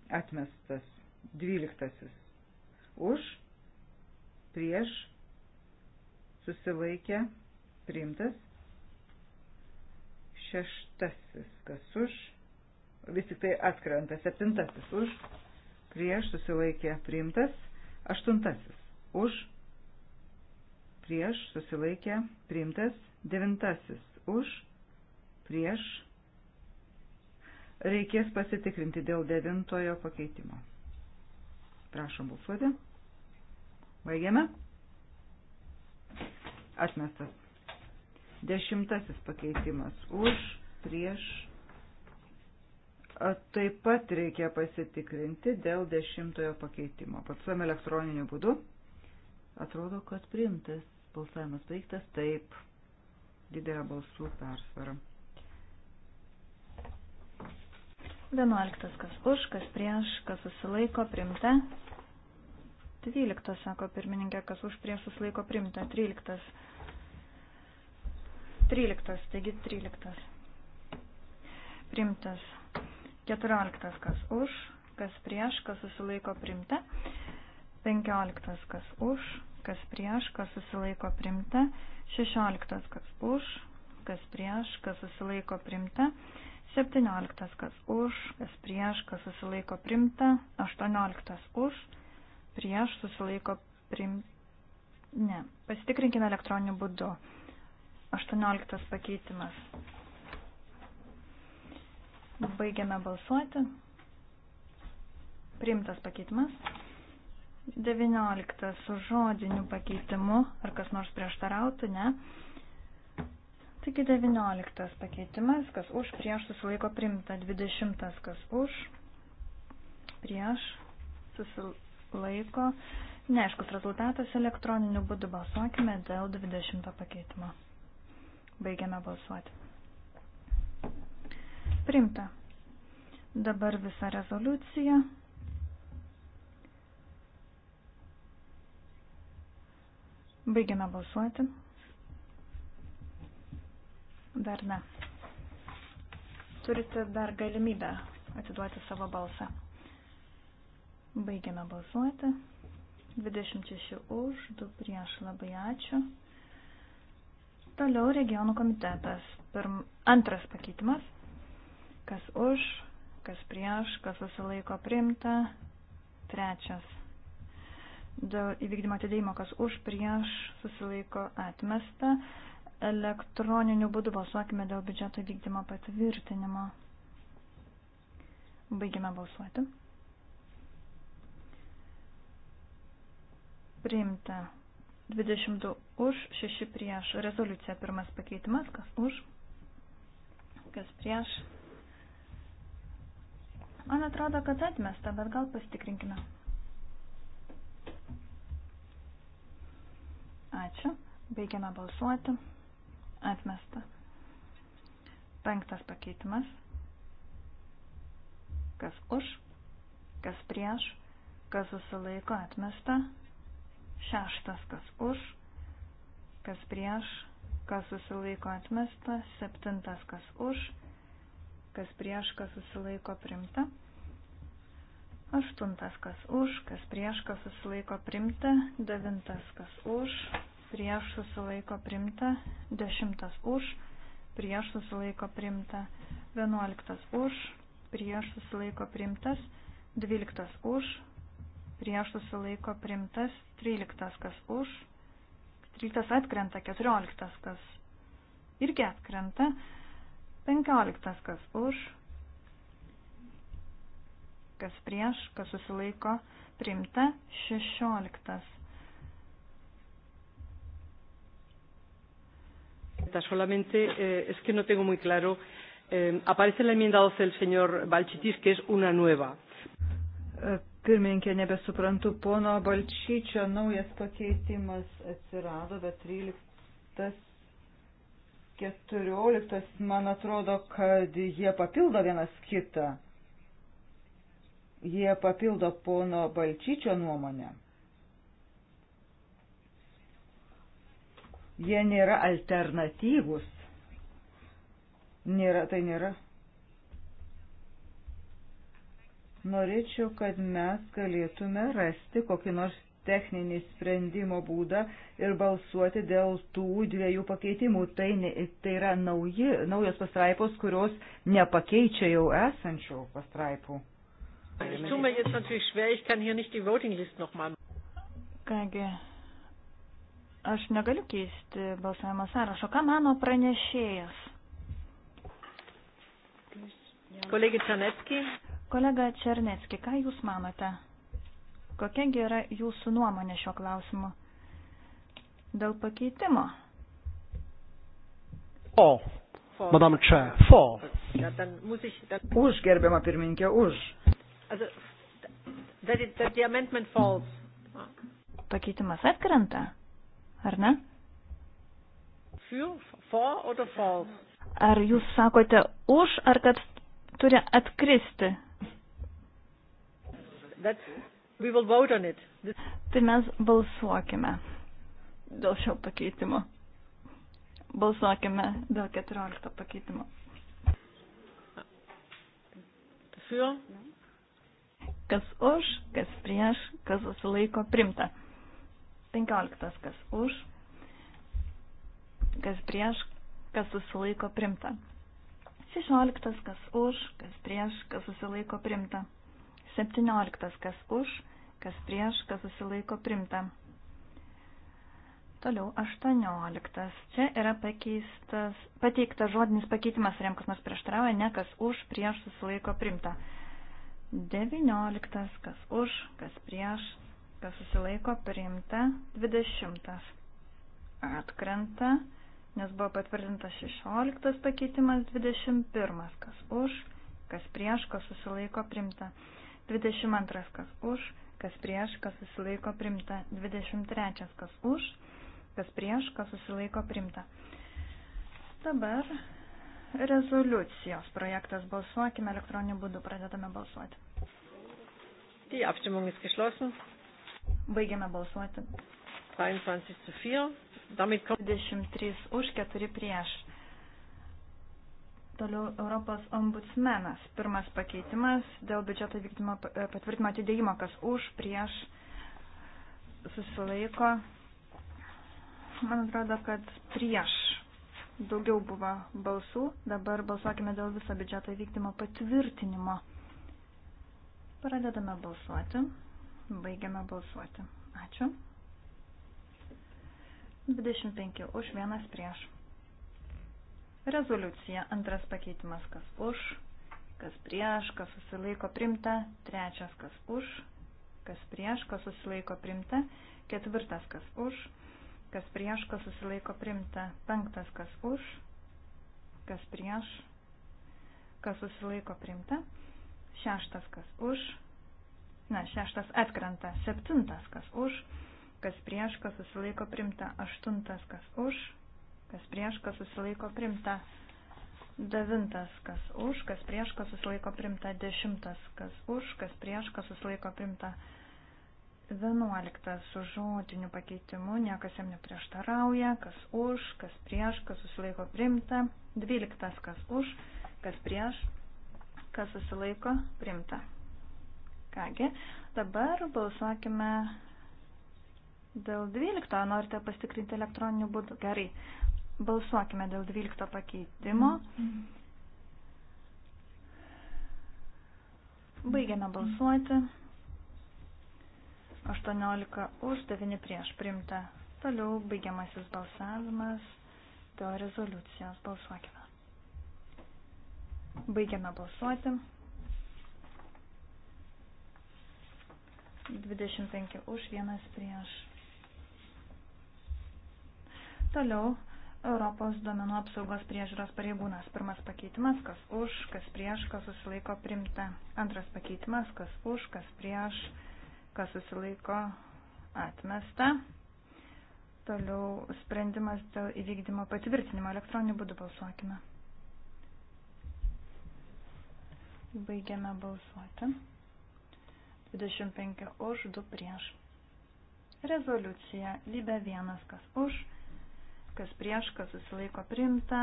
Speaker 3: Atmestas. Dvyliktasis už, prieš, susilaikę, priimtas. Šeštasis, kas už, vis tik tai atkrenta, septintasis už, prieš, susilaikė, priimtas. Aštuntasis, už, prieš, susilaikė, priimtas. Devintasis, už, prieš, reikės pasitikrinti dėl devintojo pakeitimo. Prašom balsuoti. Baigiame. Atmestas. Dešimtasis pakeitimas už, prieš. Taip pat reikia pasitikrinti dėl dešimtojo pakeitimo. Patsuojame elektroniniu būdu. Atrodo, kad priimtas balsavimas baigtas taip. Didelė balsų persvara.
Speaker 2: Vienuoliktas, kas už, kas prieš, kas susilaiko, primta. Dvyliktas, sako pirmininkė, kas už, prieš, susilaiko, primta. Tryliktas. Tryliktas, taigi tryliktas. Primtas. Keturioliktas, kas už, kas prieš, kas susilaiko, primta. Penkioliktas, kas už, kas prieš, kas susilaiko, primta. Šešioliktas, kas už, kas prieš, kas susilaiko, primta. 16, 17 kas už, kas prieš, kas susilaiko primta, 18 už, prieš susilaiko primta. Ne, pasitikrinkime elektroniniu būdu. 18 pakeitimas. Baigiame balsuoti. Primtas pakeitimas. 19 su žodiniu pakeitimu. Ar kas nors prieštarautų? Ne. Taigi 19 pakeitimas, kas už, prieš susilaiko primta, 20 kas už, prieš susilaiko, neaiškus rezultatas elektroniniu būdu balsuokime dėl 20 pakeitimo. Baigiame balsuoti. Primta. Dabar visa rezoliucija. Baigiame balsuoti. Dar ne. Turite dar galimybę atiduoti savo balsą. Baigiame balsuoti. 26 už, 2 prieš, labai ačiū. Toliau regionų komitetas. Pirm, antras pakeitimas. Kas už, kas prieš, kas susilaiko primta. Trečias. Dėl įvykdymo atidėjimo, kas už, prieš, susilaiko atmesta. Elektroniniu būdu balsuokime dėl biudžeto vykdymo patvirtinimo. Baigime balsuoti. Priimta 22 už, 6 prieš. Rezoliucija pirmas pakeitimas, kas už, kas prieš. Man atrodo, kad atmesta, bet gal pasitikrinkime. Ačiū. Baigiame balsuoti. Atmesta. Penktas pakeitimas. Kas už, kas prieš, kas susilaiko atmesta. Šeštas, kas už, kas prieš, kas susilaiko atmesta. Septintas, kas už, kas prieš, kas susilaiko primta. Aštuntas, kas už, kas prieš, kas susilaiko primta. Devintas, kas už, prieš susilaiko primta, 10 už, prieš susilaiko primta, 11 už, prieš susilaiko primtas, 12 už, prieš susilaiko primtas, 13 kas už, 13 atkrenta, 14 kas irgi atkrenta, 15 kas už, kas prieš, kas susilaiko primta, 16
Speaker 1: Presidenta. Solamente eh, es que no tengo muy claro. Eh, aparece en la enmienda 12 el señor Balchitis, que es una nueva.
Speaker 3: Eh, pirmininkė, nebesuprantu, pono Balčyčio naujas pakeitimas atsirado, bet 13, 14, man atrodo, kad jie papildo vienas kitą. Jie papildo pono Balčyčio nuomonę. Jie nėra alternatyvus. Nėra, tai nėra. Norėčiau, kad mes galėtume rasti kokį nors techninį sprendimo būdą ir balsuoti dėl tų dviejų pakeitimų. Tai, ne, tai yra nauji, naujos pastraipos, kurios nepakeičia jau esančių pastraipų.
Speaker 2: Kągi, Aš negaliu keisti balsavimo sąrašo. Ką mano pranešėjas?
Speaker 1: Kolegė Černetski.
Speaker 2: Kolega Černetski, ką Jūs manote? Kokiagi yra Jūsų nuomonė šio klausimu? Dėl pakeitimo.
Speaker 1: O. Madam Čia. Fo.
Speaker 2: Už, gerbiama pirmininkė, už. Pakeitimas atkrenta ar ne? Ar jūs sakote už, ar kad turi atkristi? Tai mes balsuokime dėl šio pakeitimo. Balsuokime dėl 14 pakeitimo. Kas už, kas prieš, kas susilaiko primta. 15. Kas už, kas prieš, kas susilaiko primta. 16. Kas už, kas prieš, kas susilaiko primta. 17. Kas už, kas prieš, kas susilaiko primta. Toliau 18. Čia yra pakeistas, pateiktas žodinis pakeitimas, ar jam kas nors prieštarauja, ne kas už, prieš susilaiko primta. 19. Kas už, kas prieš kas susilaiko priimta 20. Atkrenta, nes buvo patvirtintas 16 pakeitimas 21. Kas už, kas prieš, kas susilaiko priimta 22. Kas už, kas prieš, kas susilaiko priimta 23. Kas už, kas prieš, kas susilaiko priimta. Dabar rezoliucijos projektas balsuokime elektroniniu būdu, pradedame balsuoti. Die Abstimmung ist geschlossen. Baigiame balsuoti. 23 už, 4 prieš. Toliau Europos ombudsmenas. Pirmas pakeitimas dėl biudžeto vykdymo e, patvirtimo atidėjimo, kas už, prieš, susilaiko. Man atrodo, kad prieš daugiau buvo balsų. Dabar balsuokime dėl viso biudžeto vykdymo patvirtinimo. Pradedame balsuoti. Baigiame balsuoti. Ačiū. 25 už, vienas prieš. Rezoliucija. Antras pakeitimas, kas už, kas prieš, kas susilaiko primta. Trečias, kas už, kas prieš, kas susilaiko primta. Ketvirtas, kas už, kas prieš, kas susilaiko primta. Penktas, kas už, kas prieš, kas susilaiko primta. Šeštas, kas už, ne, šeštas atkrenta, septintas kas už, kas prieš, kas susilaiko primta, aštuntas kas už, kas prieš, kas susilaiko primta, devintas kas už, kas prieš, kas susilaiko primta, dešimtas kas už, kas prieš, kas susilaiko primta, vienuoliktas su žodiniu pakeitimu, niekas jam neprieštarauja, kas už, kas prieš, kas susilaiko primta, dvyliktas kas už, kas prieš, kas susilaiko primta. Kągi, dabar balsuokime dėl 12. Norite pastikrinti elektroniniu būdu? Gerai. Balsuokime dėl 12 pakeitimo. Baigiame balsuoti. 18 už, 9 prieš primta. Toliau baigiamasis balsavimas dėl rezoliucijos. Balsuokime. Baigiame balsuoti. 25 už, 1 prieš. Toliau Europos duomenų apsaugos priežiūros pareigūnas. Pirmas pakeitimas, kas už, kas prieš, kas susilaiko primta. Antras pakeitimas, kas už, kas prieš, kas susilaiko atmesta. Toliau sprendimas dėl įvykdymo patvirtinimo elektroniniu būdu balsuokime. Baigiame balsuoti. 25 už, 2 prieš. Rezoliucija lybė 1, kas už, kas prieš, kas susilaiko primta.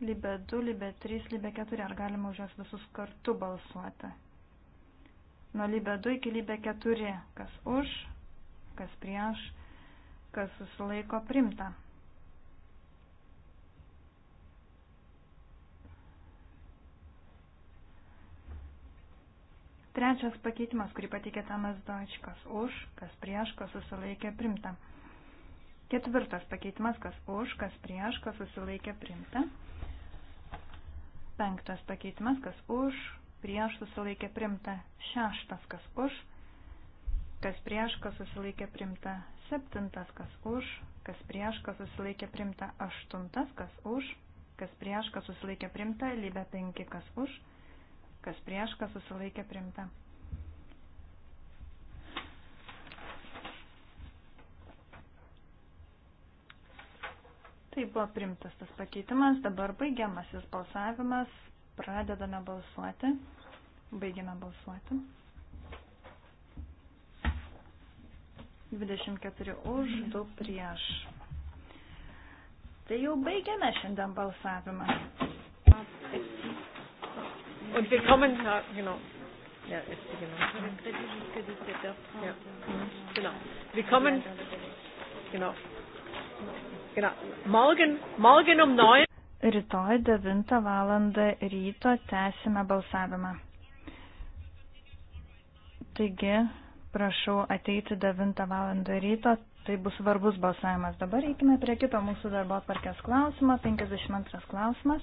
Speaker 2: Lybė 2, lybė 3, lybė 4, ar galima už juos visus kartu balsuoti? Nuo lybė 2 iki lybė 4, kas už, kas prieš, kas susilaiko primta. Trečias pakeitimas, kurį pateikė Tamas Dočkas už, kas prieš, kas susilaikė primta. Ketvirtas pakeitimas, kas už, kas prieš, kas susilaikė primta. Penktas pakeitimas, kas už, prieš susilaikė primta. Šeštas, kas už, kas prieš, kas susilaikė primta. Septintas, kas už, kas prieš, kas susilaikė primta. Aštuntas, kas už, kas prieš, kas susilaikė primta. Lybė penki, kas už kas prieš, kas susilaikė primta. Tai buvo primtas tas pakeitimas, dabar baigiamasis balsavimas, pradedame balsuoti, baigiame balsuoti. 24 už, 2 prieš. Tai jau baigiame šiandien balsavimą.
Speaker 1: Und wir kommen, na, genau. Ja, ist sie genau. Ja. Genau. Wir kommen, genau. Genau. Morgen, morgen um 9.
Speaker 2: Rytoj 9 val. ryto tęsime balsavimą. Taigi, prašau ateiti 9 val. ryto, tai bus svarbus balsavimas. Dabar eikime prie kito mūsų darbo atvarkės klausimo, 52 klausimas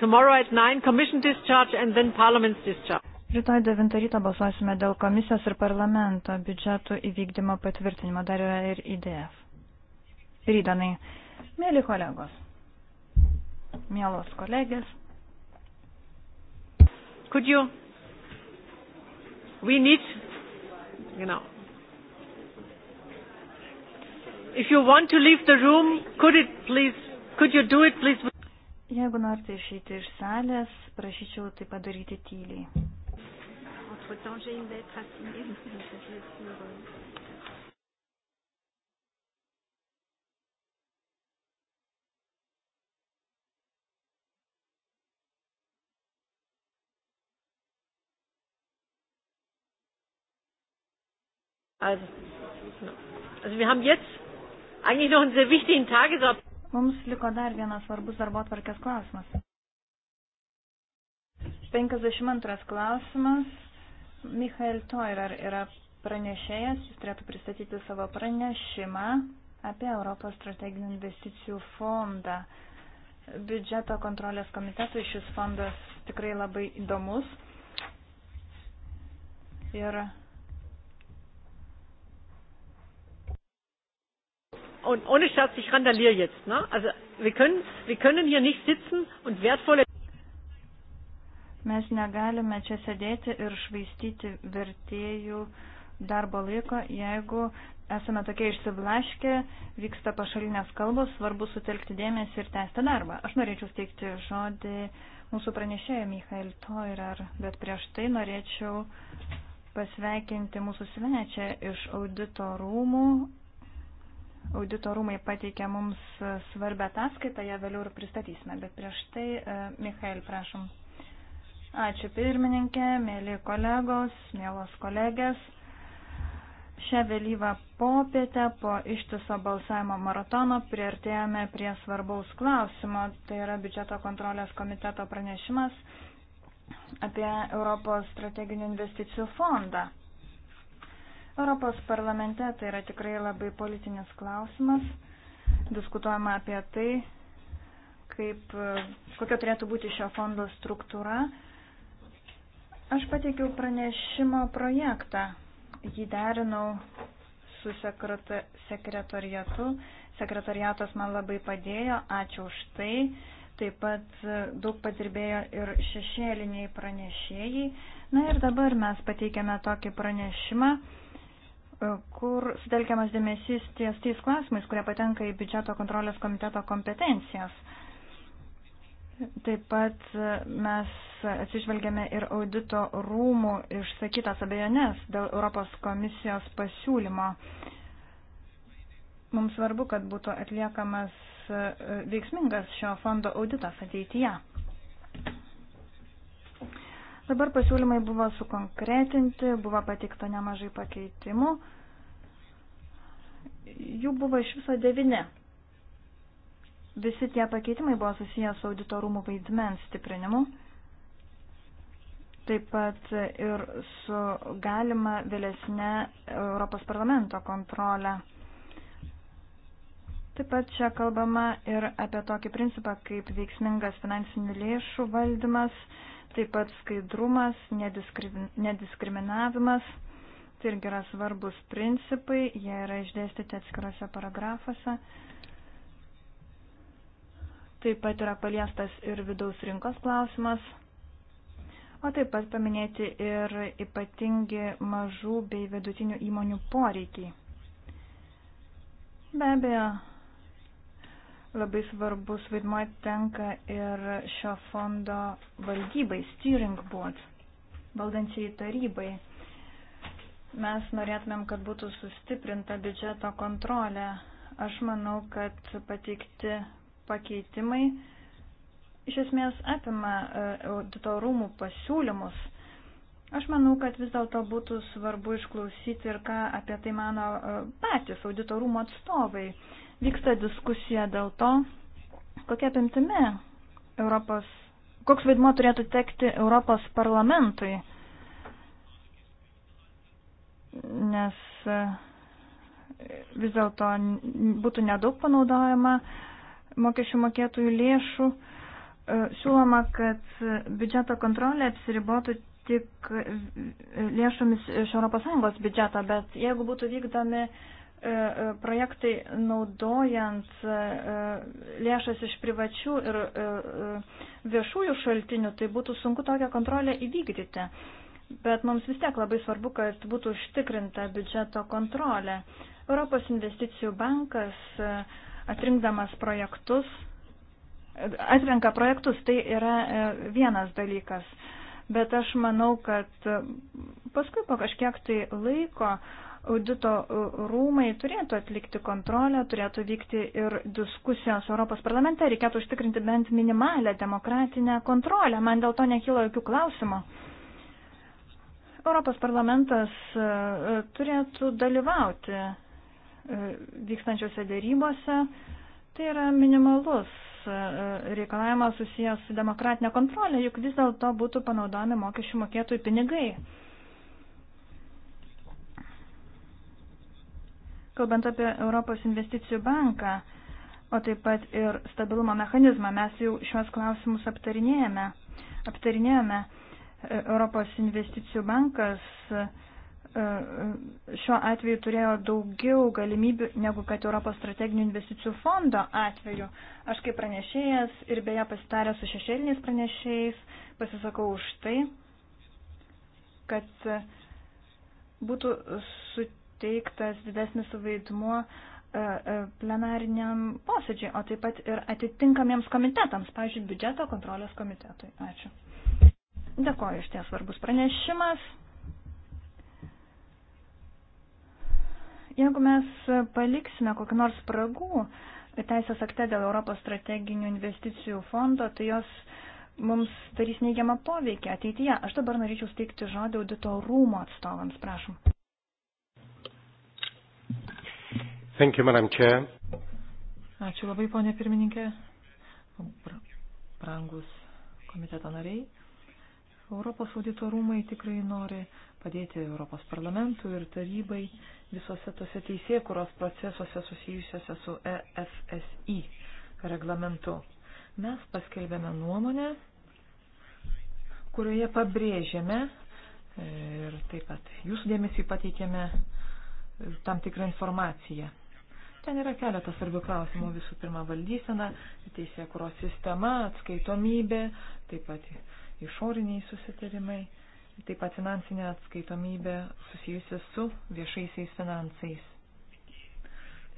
Speaker 2: tomorrow at 9 commission discharge and then
Speaker 1: parliament's discharge.
Speaker 2: Rytoj 9 ryto balsuosime dėl komisijos ir parlamento biudžeto įvykdymo patvirtinimo, dar yra ir IDF. Rydanai, mėly kolegos, mielos kolegės. Could you? We need, you know.
Speaker 1: If you want to leave the room, could it please,
Speaker 2: could you do it please? Jeigu norite išeiti iš salės, prašyčiau tai padaryti tyliai.
Speaker 1: Entre-temps, j'ai une lettre à signer, donc je vais sur... Euh... Also, also wir haben jetzt eigentlich noch einen sehr wichtigen Tagesordnungspunkt.
Speaker 2: Mums liko dar vienas svarbus darbo tvarkės klausimas. 52 klausimas. Michael Toirer yra pranešėjas, jis turėtų pristatyti savo pranešimą apie Europos strateginių investicijų fondą. Biudžeto kontrolės komitetui šis fondas tikrai labai įdomus. Ir
Speaker 1: und ohne Scherz, ich randaliere jetzt. Ne? Also wir können, wir können hier nicht sitzen und wertvolle.
Speaker 2: Mes negalime čia sėdėti ir švaistyti vertėjų darbo laiko, jeigu esame tokie išsiblaškę, vyksta pašalinės kalbos, svarbu sutelkti dėmesį ir tęsti darbą. Aš norėčiau steigti žodį mūsų pranešėjai Michael Toirar, bet prieš tai norėčiau pasveikinti mūsų svečią iš audito rūmų, Auditorumai pateikė mums e, svarbę ataskaitą, ją vėliau ir pristatysime, bet prieš tai, e, Mikhail, prašom. Ačiū pirmininkė, mėly kolegos, mėlos kolegės. Šią vėlyvą popietę po ištiso balsavimo maratono priartėjome prie svarbaus klausimo, tai yra biudžeto kontrolės komiteto pranešimas apie Europos strateginių investicijų fondą. Europos parlamente tai yra tikrai labai politinis klausimas. Diskutuojama apie tai, kaip, kokia turėtų būti šio fondo struktūra. Aš pateikiau pranešimo projektą. Jį derinau su sekretariatu. Sekretariatas man labai padėjo. Ačiū už tai. Taip pat daug padirbėjo ir šešėliniai pranešėjai. Na ir dabar mes pateikėme tokį pranešimą, kur sutelkiamas dėmesys ties tais klausimais, kurie patenka į biudžeto kontrolės komiteto kompetencijas. Taip pat e, mes atsižvelgiame ir audito rūmų išsakytas abejonės dėl Europos komisijos pasiūlymo. Mums svarbu, kad būtų atliekamas e, veiksmingas šio fondo auditas ateityje. Dabar pasiūlymai buvo sukonkretinti, buvo patikta nemažai pakeitimų. Jų buvo iš viso devini. Visi tie pakeitimai buvo susijęs su auditorumų vaidmens stiprinimu, taip pat ir su galima vėlesne Europos parlamento kontrolę. Taip pat čia kalbama ir apie tokį principą kaip veiksmingas finansinių lėšų valdymas taip pat skaidrumas, nediskriminavimas. Tai irgi yra svarbus principai, jie yra išdėstyti atskiruose paragrafuose. Taip pat yra paliestas ir vidaus rinkos klausimas, o taip pat paminėti ir ypatingi mažų bei vidutinių įmonių poreikiai. Be abejo, Labai svarbus vaidmuo tenka ir šio fondo valdybai, steering board, valdančiai tarybai. Mes norėtumėm, kad būtų sustiprinta biudžeto kontrolė. Aš manau, kad pateikti pakeitimai iš esmės apima e, auditorumų pasiūlymus. Aš manau, kad vis dėlto būtų svarbu išklausyti ir ką apie tai mano e, patys auditorumo atstovai. Vyksta diskusija dėl to, kokia apimtimi Europos, koks vaidmo turėtų tekti Europos parlamentui, nes e, vis dėlto būtų nedaug panaudojama mokesčių mokėtojų lėšų. E, siūloma, kad e, biudžeto kontrolė apsiribotų tik lėšomis iš ES biudžeto, bet jeigu būtų vykdomi uh, E, e, projektai naudojant e, lėšas iš privačių ir viešųjų šaltinių, tai būtų sunku tokią kontrolę įvykdyti. Bet mums vis tiek labai svarbu, kad būtų užtikrinta biudžeto kontrolė. Europos investicijų bankas atrinkdamas projektus, atrenka projektus, tai yra vienas dalykas. Bet aš manau, kad paskui po kažkiek tai laiko uh, Audito rūmai turėtų atlikti kontrolę, turėtų vykti ir diskusijos Europos parlamente, reikėtų užtikrinti bent minimalę demokratinę kontrolę. Man dėl to nekyla jokių klausimų. Europos parlamentas e, e, turėtų dalyvauti e, vykstančiose dėrybose. Tai yra minimalus reikalavimas susijęs su demokratinė kontrolė, juk vis dėlto būtų panaudojami mokesčių mokėtojų pinigai. Kalbant apie Europos investicijų banką, o taip pat ir stabilumo mechanizmą, mes jau šios klausimus aptarinėjame. aptarinėjame. E, Europos investicijų bankas e, e, šiuo atveju turėjo daugiau galimybių negu kad Europos strateginių investicijų fondo atveju. Aš kaip pranešėjas ir beje pasitarę su šešėliniais pranešėjais pasisakau už tai, kad būtų su, suteiktas didesnis vaidmuo e, e, plenariniam posėdžiui, o taip pat ir atitinkamiems komitetams, pavyzdžiui, biudžeto kontrolės komitetui. Ačiū. Dėkoju, iš ties svarbus pranešimas. Jeigu mes paliksime kokį nors spragų teisės akte dėl Europos strateginių investicijų fondo, tai jos mums darys neigiamą poveikį ateityje. Aš dabar norėčiau steigti žodį audito rūmo atstovams, prašom.
Speaker 4: Thank you, Madam Chair.
Speaker 2: Ačiū labai, ponė pirmininkė,
Speaker 5: brangus komiteto nariai. Europos audito rūmai tikrai nori padėti Europos parlamentui ir tarybai visose tose teisėkuros procesuose susijusiuose su EFSI reglamentu. Mes paskelbėme nuomonę, kurioje pabrėžėme e, ir taip pat jūsų dėmesį pateikėme tam tikrą informaciją Ten yra keletas svarbių klausimų. Visų pirma, valdysena, teisė kuros sistema, atskaitomybė, taip pat išoriniai susitarimai, taip pat finansinė atskaitomybė susijusi su viešaisiais finansais.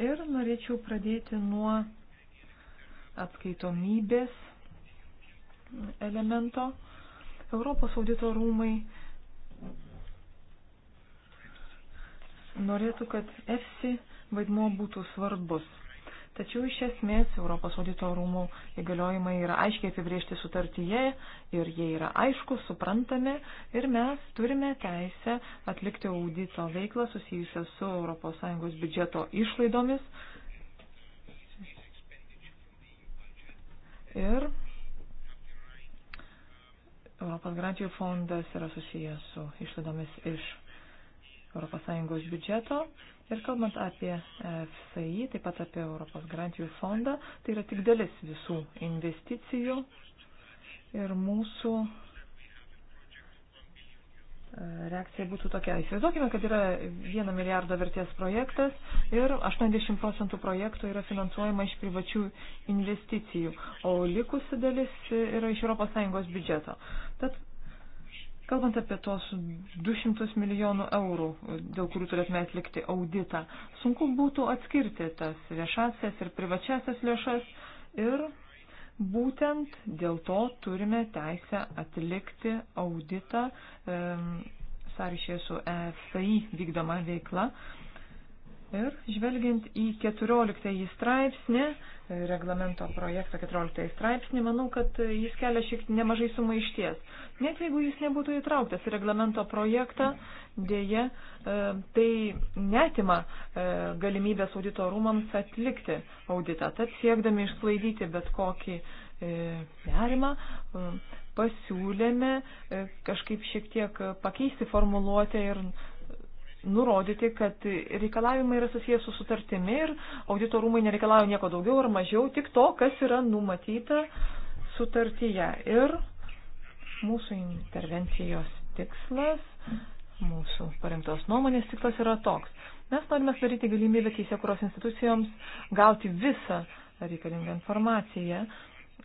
Speaker 5: Ir norėčiau pradėti nuo atskaitomybės elemento. Europos audito rūmai norėtų, kad EFSI vaidmuo būtų svarbus. Tačiau iš esmės Europos audito rūmų įgaliojimai yra aiškiai apibriežti sutartyje ir jie yra aišku, suprantami ir mes turime teisę atlikti audito veiklą susijusią su ES biudžeto išlaidomis. Ir Europos garantijų fondas yra susijęs su išlaidomis iš ES biudžeto. Ir kalbant apie FSI, taip pat apie Europos garantijų fondą, tai yra tik dalis visų investicijų ir mūsų e, reakcija būtų tokia. Įsivaizduokime, kad yra 1 milijardo vertės projektas ir 80 procentų projektų yra finansuojama iš privačių investicijų, o likusi dalis yra iš ES biudžeto. Tad Kalbant apie tos 200 milijonų eurų, dėl kurių turėtume atlikti auditą, sunku būtų atskirti tas viešasias ir privačiasias lėšas ir būtent dėl to turime teisę atlikti auditą e, sąryšėje su EFSI vykdoma veikla. Ir žvelgiant į 14 straipsnį, reglamento projekto 14 straipsnį, manau, kad jis kelia šiek tiek nemažai sumaišties Net jeigu jis nebūtų įtrauktas į reglamento projektą, dėje e, tai netima e, galimybės audito rūmams atlikti auditą. Tad siekdami išsklaidyti bet kokį e, nerimą, pasiūlėme kažkaip šiek tiek pakeisti formuluotę ir nurodyti, kad reikalavimai yra susijęs su sutartimi ir audito rūmai nereikalauja nieko daugiau ar mažiau, tik to, kas yra numatyta sutartyje. Ir Mūsų intervencijos tikslas, mūsų parengtos nuomonės tikslas yra toks. Mes norime sudaryti galimybę teisėkuros institucijoms gauti visą reikalingą informaciją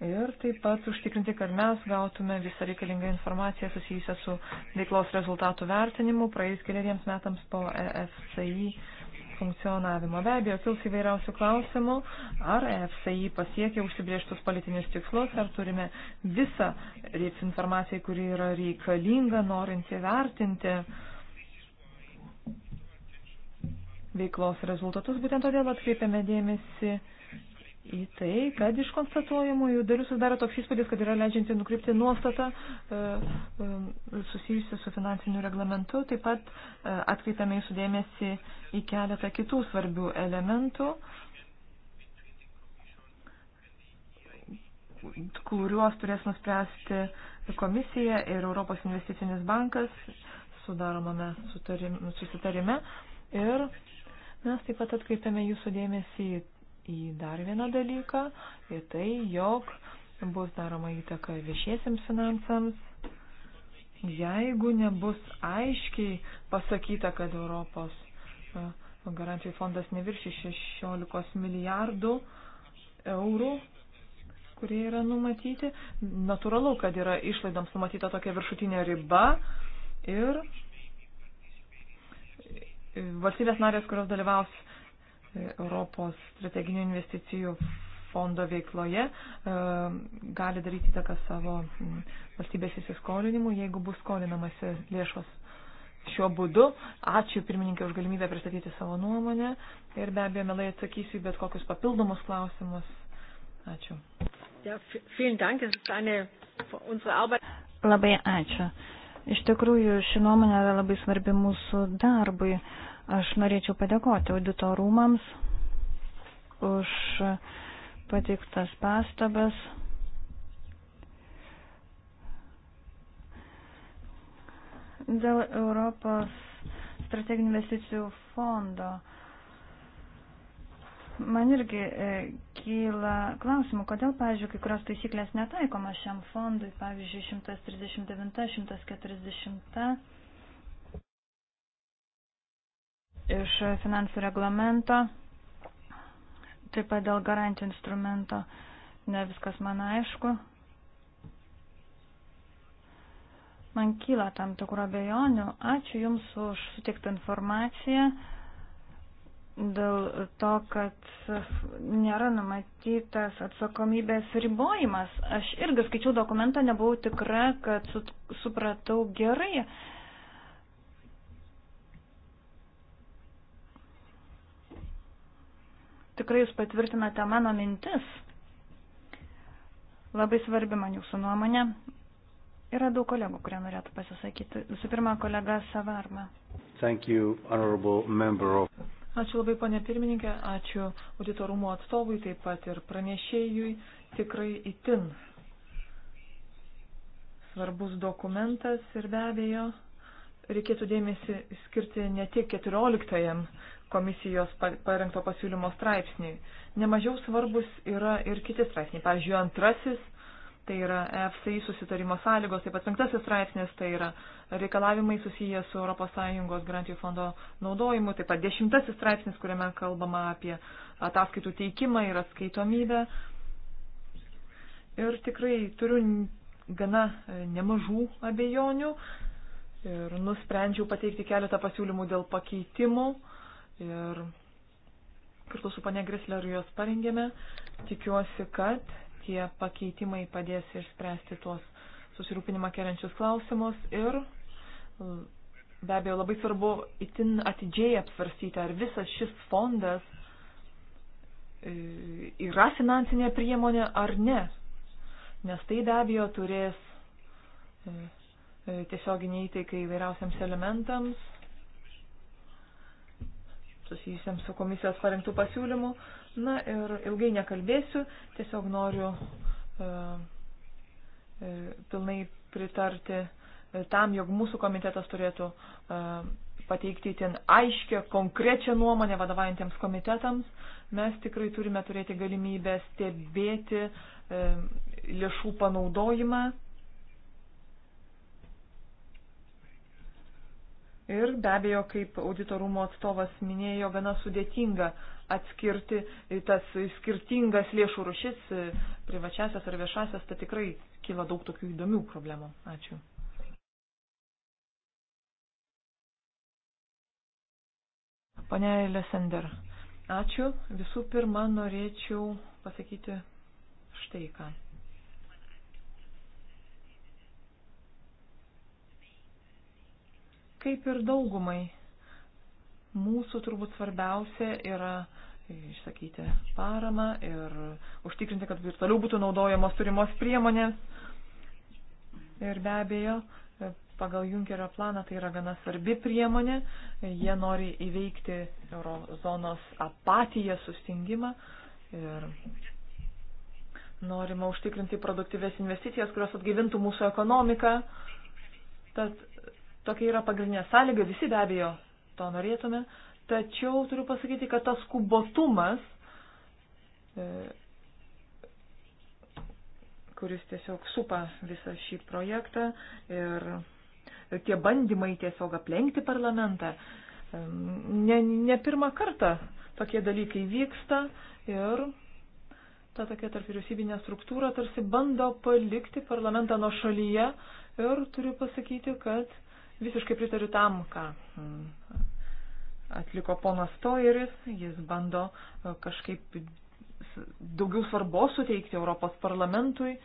Speaker 5: ir taip pat užtikrinti, kad mes gautume visą reikalingą informaciją susijusią su veiklos rezultatų vertinimu praėjus keliariems metams po EFCI funkcionavimo. Be abejo, kils įvairiausių klausimų, ar EFSI pasiekia užsibrieštus politinius tikslus, ar turime visą reiks informaciją, kuri yra reikalinga, norint įvertinti veiklos rezultatus. Būtent todėl atkreipiame dėmesį į tai, kad iš konstatuojamųjų dalių susidaro toks įspūdis, kad yra leidžianti nukrypti nuostatą e, e, susijusią su finansiniu reglamentu. Taip pat e, atkreipiame jūsų dėmesį į keletą kitų svarbių elementų, kuriuos turės nuspręsti komisija ir Europos investicinis bankas sudaromame sutarime, susitarime. Ir mes taip pat atkreipiame jūsų dėmesį į į dar vieną dalyką, į tai, jog bus daroma įtaka viešiesiems finansams. Jeigu nebus aiškiai pasakyta, kad Europos e, garantijų fondas nevirši 16 milijardų eurų, kurie yra numatyti, natūralu, kad yra išlaidoms numatyta tokia viršutinė riba ir e, valstybės narės, kurios dalyvaus Europos strateginių investicijų fondo veikloje e, gali daryti įtaką savo valstybės įsiskolinimu, jeigu bus skolinamasi lėšos šiuo būdu. Ačiū pirmininkė už galimybę pristatyti savo nuomonę ir be abejo, melai atsakysiu bet kokius papildomus klausimus. Ačiū.
Speaker 2: Labai ačiū. Iš tikrųjų, ši nuomonė yra labai svarbi mūsų darbui. Aš norėčiau padėkoti auditorumams už pateiktas pastabas. Dėl Europos strateginių investicijų fondo man irgi e, kyla klausimų, kodėl, pavyzdžiui, kai kurios taisyklės netaikoma šiam fondui, pavyzdžiui, 139, 140 iš finansų reglamento, taip pat dėl garantijų instrumento ne viskas man aišku. Man kyla tam tikro bejonių. Ačiū Jums už sutiktą informaciją dėl to, kad nėra numatytas atsakomybės ribojimas. Aš irgi skaičiau dokumentą, nebuvau tikra, kad supratau gerai tikrai jūs patvirtinate mano mintis. Labai svarbi man jūsų nuomonė. Yra daug kolegų, kurie norėtų pasisakyti. Visų pirma, kolega Savarma.
Speaker 4: Thank you, honorable member of.
Speaker 2: Ačiū labai,
Speaker 5: ponė pirmininkė, ačiū auditorumo atstovui, taip pat ir pranešėjui. Tikrai itin svarbus dokumentas ir be abejo reikėtų dėmesį skirti ne tik 14 komisijos parengto pasiūlymo straipsniui. Nemažiau svarbus yra ir kiti straipsniai. Pavyzdžiui, antrasis, tai yra EFSI susitarimo sąlygos, taip pat penktasis straipsnis, tai yra reikalavimai susiję su ES garantijų fondo naudojimu, taip pat dešimtasis straipsnis, kuriame kalbama apie ataskaitų teikimą ir atskaitomybę. Ir tikrai turiu gana e, nemažų abejonių ir nusprendžiau pateikti keletą pasiūlymų dėl pakeitimų ir kartu su pane Grisler juos parengėme. Tikiuosi, kad tie pakeitimai padės išspręsti tuos susirūpinimą keliančius klausimus ir be abejo labai svarbu itin atidžiai apsvarstyti, ar visas šis fondas e, yra finansinė priemonė ar ne. Nes tai be abejo turės e, e, tiesioginiai įtaikai įvairiausiams elementams susijusiam su komisijos parengtų pasiūlymų. Na ir ilgai nekalbėsiu, tiesiog noriu e, e, pilnai pritarti e, tam, jog mūsų komitetas turėtų e, pateikti ten aiškę, konkrečią nuomonę vadovaujantiems komitetams. Mes tikrai turime turėti galimybę stebėti e, lėšų panaudojimą Ir be abejo, kaip auditorumo atstovas minėjo, gana sudėtinga atskirti tas skirtingas lėšų rušis, e, privačiasias ar viešasias, tai tikrai kyla daug tokių įdomių problemų. Ačiū. Pane Lesender, ačiū. Visų pirma, norėčiau pasakyti štai ką. Kaip ir daugumai, mūsų turbūt svarbiausia yra išsakyti paramą ir užtikrinti, kad ir toliau būtų naudojamos turimos priemonės. Ir be abejo, pagal Junkerio planą tai yra gana svarbi priemonė. Jie nori įveikti eurozonos apatiją, sustingimą ir norima užtikrinti produktyvės investicijas, kurios atgyvintų mūsų ekonomiką. Tad Tokia yra pagrindinė sąlyga, visi be abejo to norėtume, tačiau turiu pasakyti, kad tas skubotumas, e, kuris tiesiog supa visą šį projektą ir tie bandymai tiesiog aplenkti parlamentą, e, ne, ne pirmą kartą tokie dalykai vyksta ir ta tokia tarp vyriausybinė struktūra tarsi bando palikti parlamentą nuo šalyje ir turiu pasakyti, kad Visiškai pritariu tam, ką mm, atliko ponas Toiris. Jis bando e, kažkaip daugiau svarbos suteikti Europos parlamentui,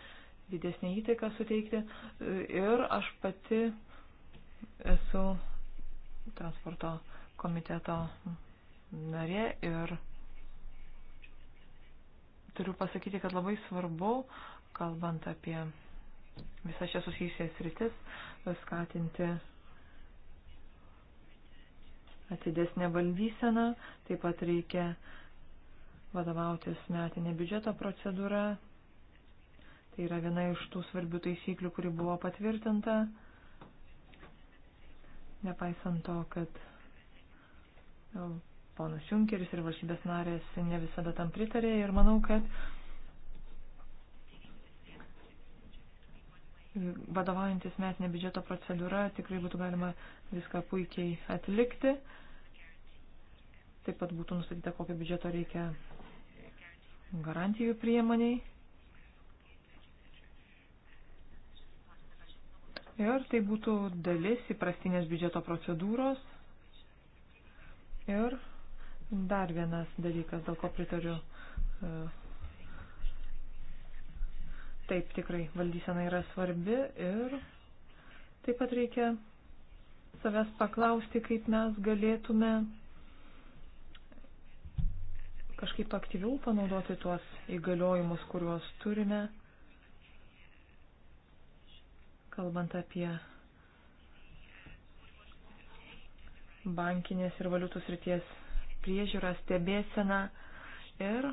Speaker 5: didesnį įtaiką suteikti. E, ir aš pati esu transporto komiteto narė ir turiu pasakyti, kad labai svarbu, kalbant apie visas šias susijusias rytis, skatinti atidesnė valdysena, taip pat reikia vadovautis metinė biudžeto procedūra. Tai yra viena iš tų svarbių taisyklių, kuri buvo patvirtinta. Nepaisant to, kad nu, ponas Junkeris ir valstybės narės ne visada tam pritarė ir manau, kad vadovaujantis metinė biudžeto procedūra tikrai būtų galima viską puikiai atlikti. Taip pat būtų nustatyta, kokio biudžeto reikia garantijų priemoniai. Ir tai būtų dalis įprastinės biudžeto procedūros. Ir dar vienas dalykas, dėl ko pritariu e, Taip, tikrai, valdysena yra svarbi ir taip pat reikia savęs paklausti, kaip mes galėtume kažkaip aktyviau panaudoti tuos įgaliojimus, kuriuos turime, kalbant apie bankinės ir valiutų srities priežiūrą, stebėseną ir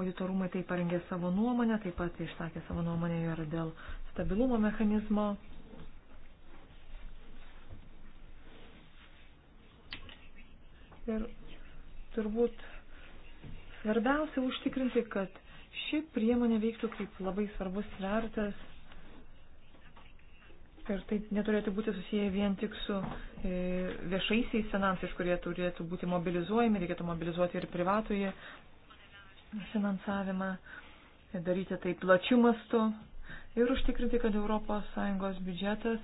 Speaker 5: Auditorumai tai parengė savo nuomonę, taip pat išsakė savo nuomonę ir dėl stabilumo mechanizmo. Ir turbūt svarbiausia užtikrinti, kad ši priemonė veiktų kaip labai svarbus svertas ir tai neturėtų būti susiję vien tik su e, viešaisiais finansais, kurie turėtų būti mobilizuojami, reikėtų mobilizuoti ir privatųjį finansavimą, daryti tai plačių mastų ir užtikrinti, kad ES biudžetas,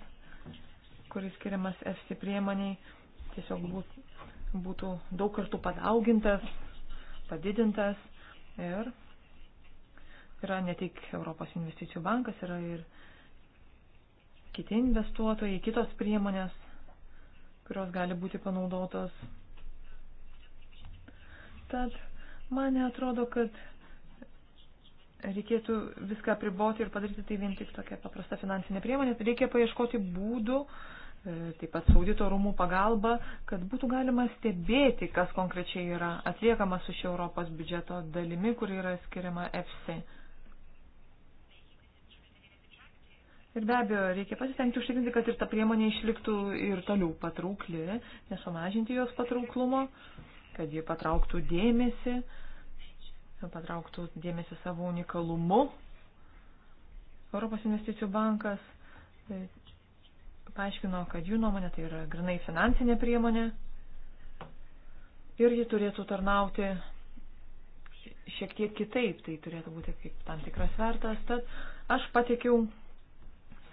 Speaker 5: kuris skiriamas FC priemoniai, tiesiog būtų, būtų daug kartų padaugintas, padidintas ir yra ne tik Europos investicijų bankas, yra ir kiti investuotojai, kitos priemonės, kurios gali būti panaudotos. Tad Man atrodo, kad reikėtų viską priboti ir padaryti tai vien tik tokia paprasta finansinė priemonė. Reikia paieškoti būdų, e, taip pat saudito rūmų pagalba, kad būtų galima stebėti, kas konkrečiai yra atliekama su šio Europos biudžeto dalimi, kuri yra skiriama FC. Ir be abejo, reikia pasistengti užtikrinti, kad ir ta priemonė išliktų ir toliau patraukli, nesumažinti jos patrauklumo. Uh, kad ji patrauktų dėmesį, patrauktų dėmesį savo unikalumu. Europos investicijų bankas e, paaiškino, kad jų nuomonė tai yra grinai finansinė priemonė ir ji turėtų tarnauti šiek tiek kitaip, tai turėtų būti kaip tam tikras vertas. Tad aš patikiau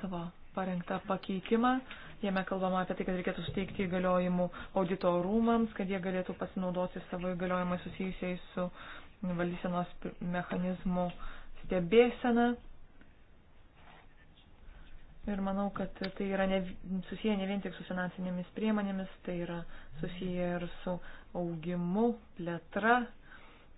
Speaker 5: savo parengtą pakeitimą. Jame kalbama apie tai, kad reikėtų suteikti įgaliojimų audito rūmams, kad jie galėtų pasinaudoti savo įgaliojimą susijusiai su valdysenos mechanizmų stebėsena. Ir manau, kad tai yra ne, susiję ne vien tik su finansinėmis priemonėmis, tai yra susiję ir su augimu, plėtra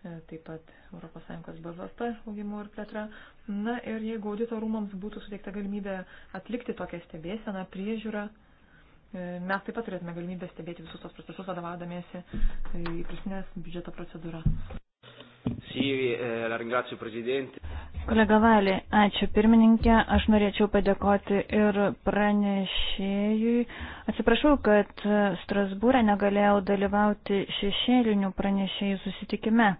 Speaker 5: E, taip pat ES BVP augimo ir plėtra. Na ir jeigu audito rūmams būtų suteikta galimybė atlikti tokią stebėseną, priežiūrą, e, mes taip pat turėtume galimybę stebėti visus tos procesus, vadovaudamiesi
Speaker 2: e, įprastinės biudžeto procedūrą. Eh, Kolega Valė, ačiū pirmininkė, aš norėčiau padėkoti ir pranešėjui. Atsiprašau, kad Strasbūrė negalėjau dalyvauti šešėlinių pranešėjų susitikime.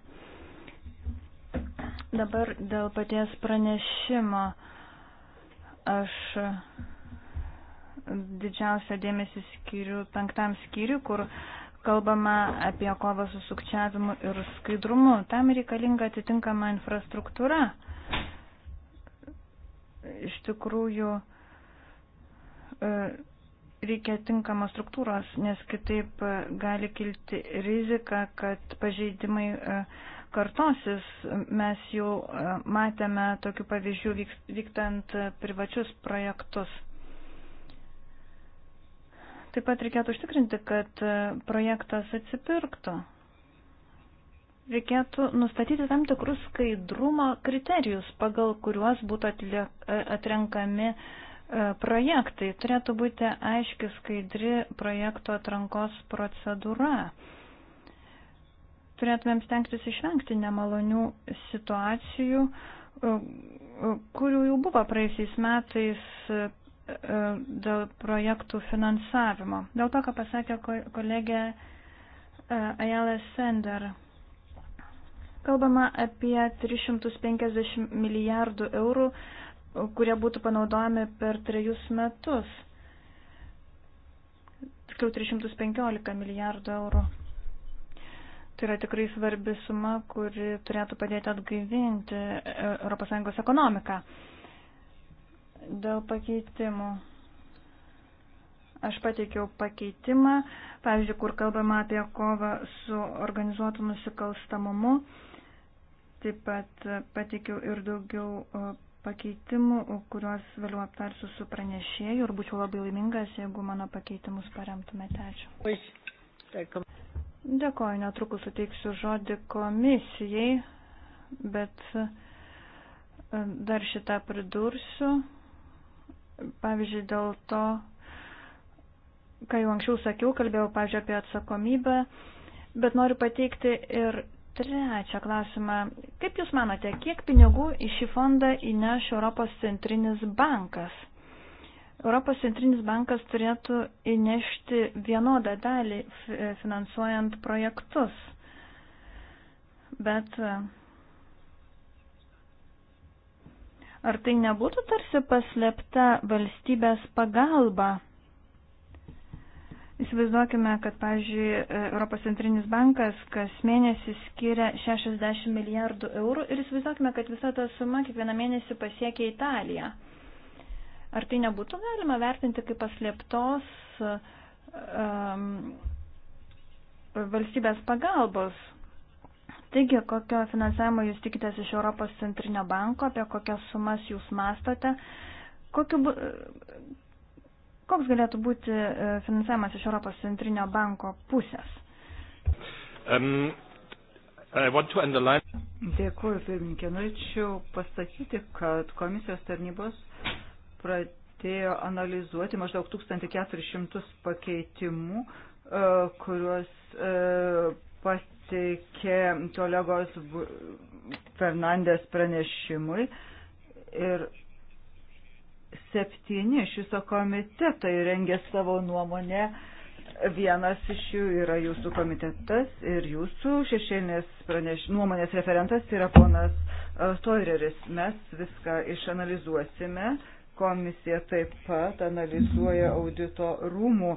Speaker 2: Dabar dėl paties pranešimo aš didžiausią dėmesį skiriu penktam skyriu, kur kalbama apie kovą su sukčiavimu ir skaidrumu. Tam reikalinga atitinkama infrastruktūra. Iš tikrųjų, e, reikia tinkamos struktūros, nes kitaip e, gali kilti rizika, kad pažeidimai e, kartosis. Mes jau e, matėme tokių pavyzdžių vykstant privačius projektus. Taip pat reikėtų užtikrinti, kad e, projektas atsipirktų. Reikėtų nustatyti tam tikrus skaidrumo kriterijus, pagal kuriuos būtų e, atrenkami projektai. Turėtų būti aiški skaidri projekto atrankos procedūra turėtumėm stengtis išvengti nemalonių situacijų, e, e, kurių jau buvo praeisiais metais e, dėl projektų finansavimo. Dėl to, ką pasakė kolegė Ajala Sender. Kalbama apie 350 milijardų eurų, kurie būtų panaudojami per trejus metus. Tiksliau 315 milijardų eurų. Tai yra tikrai svarbi suma, kuri turėtų padėti atgaivinti ES ekonomiką. Dėl pakeitimų. Aš pateikiau pakeitimą, pavyzdžiui, kur kalbama apie kovą su organizuotu nusikalstamumu. Taip pat pateikiau ir daugiau e, pakeitimų, kuriuos vėliau aptarsiu su pranešėju ir būčiau labai laimingas, jeigu mano pakeitimus paremtumėte.
Speaker 1: Ačiū.
Speaker 2: Dėkoju, netrukus suteiksiu žodį komisijai, bet e, dar šitą pridursiu. Pavyzdžiui, dėl to, ką jau anksčiau sakiau, kalbėjau, pavyzdžiui, apie atsakomybę, bet noriu pateikti ir trečią klausimą. Kaip Jūs manote, kiek pinigų į šį fondą įneš Europos centrinis bankas? Europos centrinis bankas turėtų įnešti vienodą dalį e, finansuojant projektus. Bet e, ar tai nebūtų tarsi paslėpta valstybės pagalba? Įsivaizduokime, kad, pavyzdžiui, e, Europos centrinis bankas kas mėnesį skiria 60 milijardų eurų ir įsivaizduokime, kad visa ta suma kiekvieną mėnesį pasiekia Italiją. Ar tai nebūtų galima vertinti kaip paslėptos um, valstybės pagalbos? Taigi, kokio finansavimo jūs tikitės iš Europos centrinio banko, apie kokias sumas jūs mastote, kokiu, koks galėtų būti e, finansavimas iš Europos centrinio banko pusės?
Speaker 3: Um. Dėkuoju, pirmininkė. Norėčiau pasakyti, kad komisijos tarnybos pradėjo analizuoti maždaug 1400 pakeitimų, e, kuriuos e, pateikė kolegos Fernandės pranešimui. Ir septyni iš viso komitetai rengė savo nuomonę. Vienas iš jų yra jūsų komitetas ir jūsų šešėlinės praneš... nuomonės referentas yra ponas e, Toireris. Mes viską išanalizuosime. Uh, Komisija taip pat analizuoja audito rūmų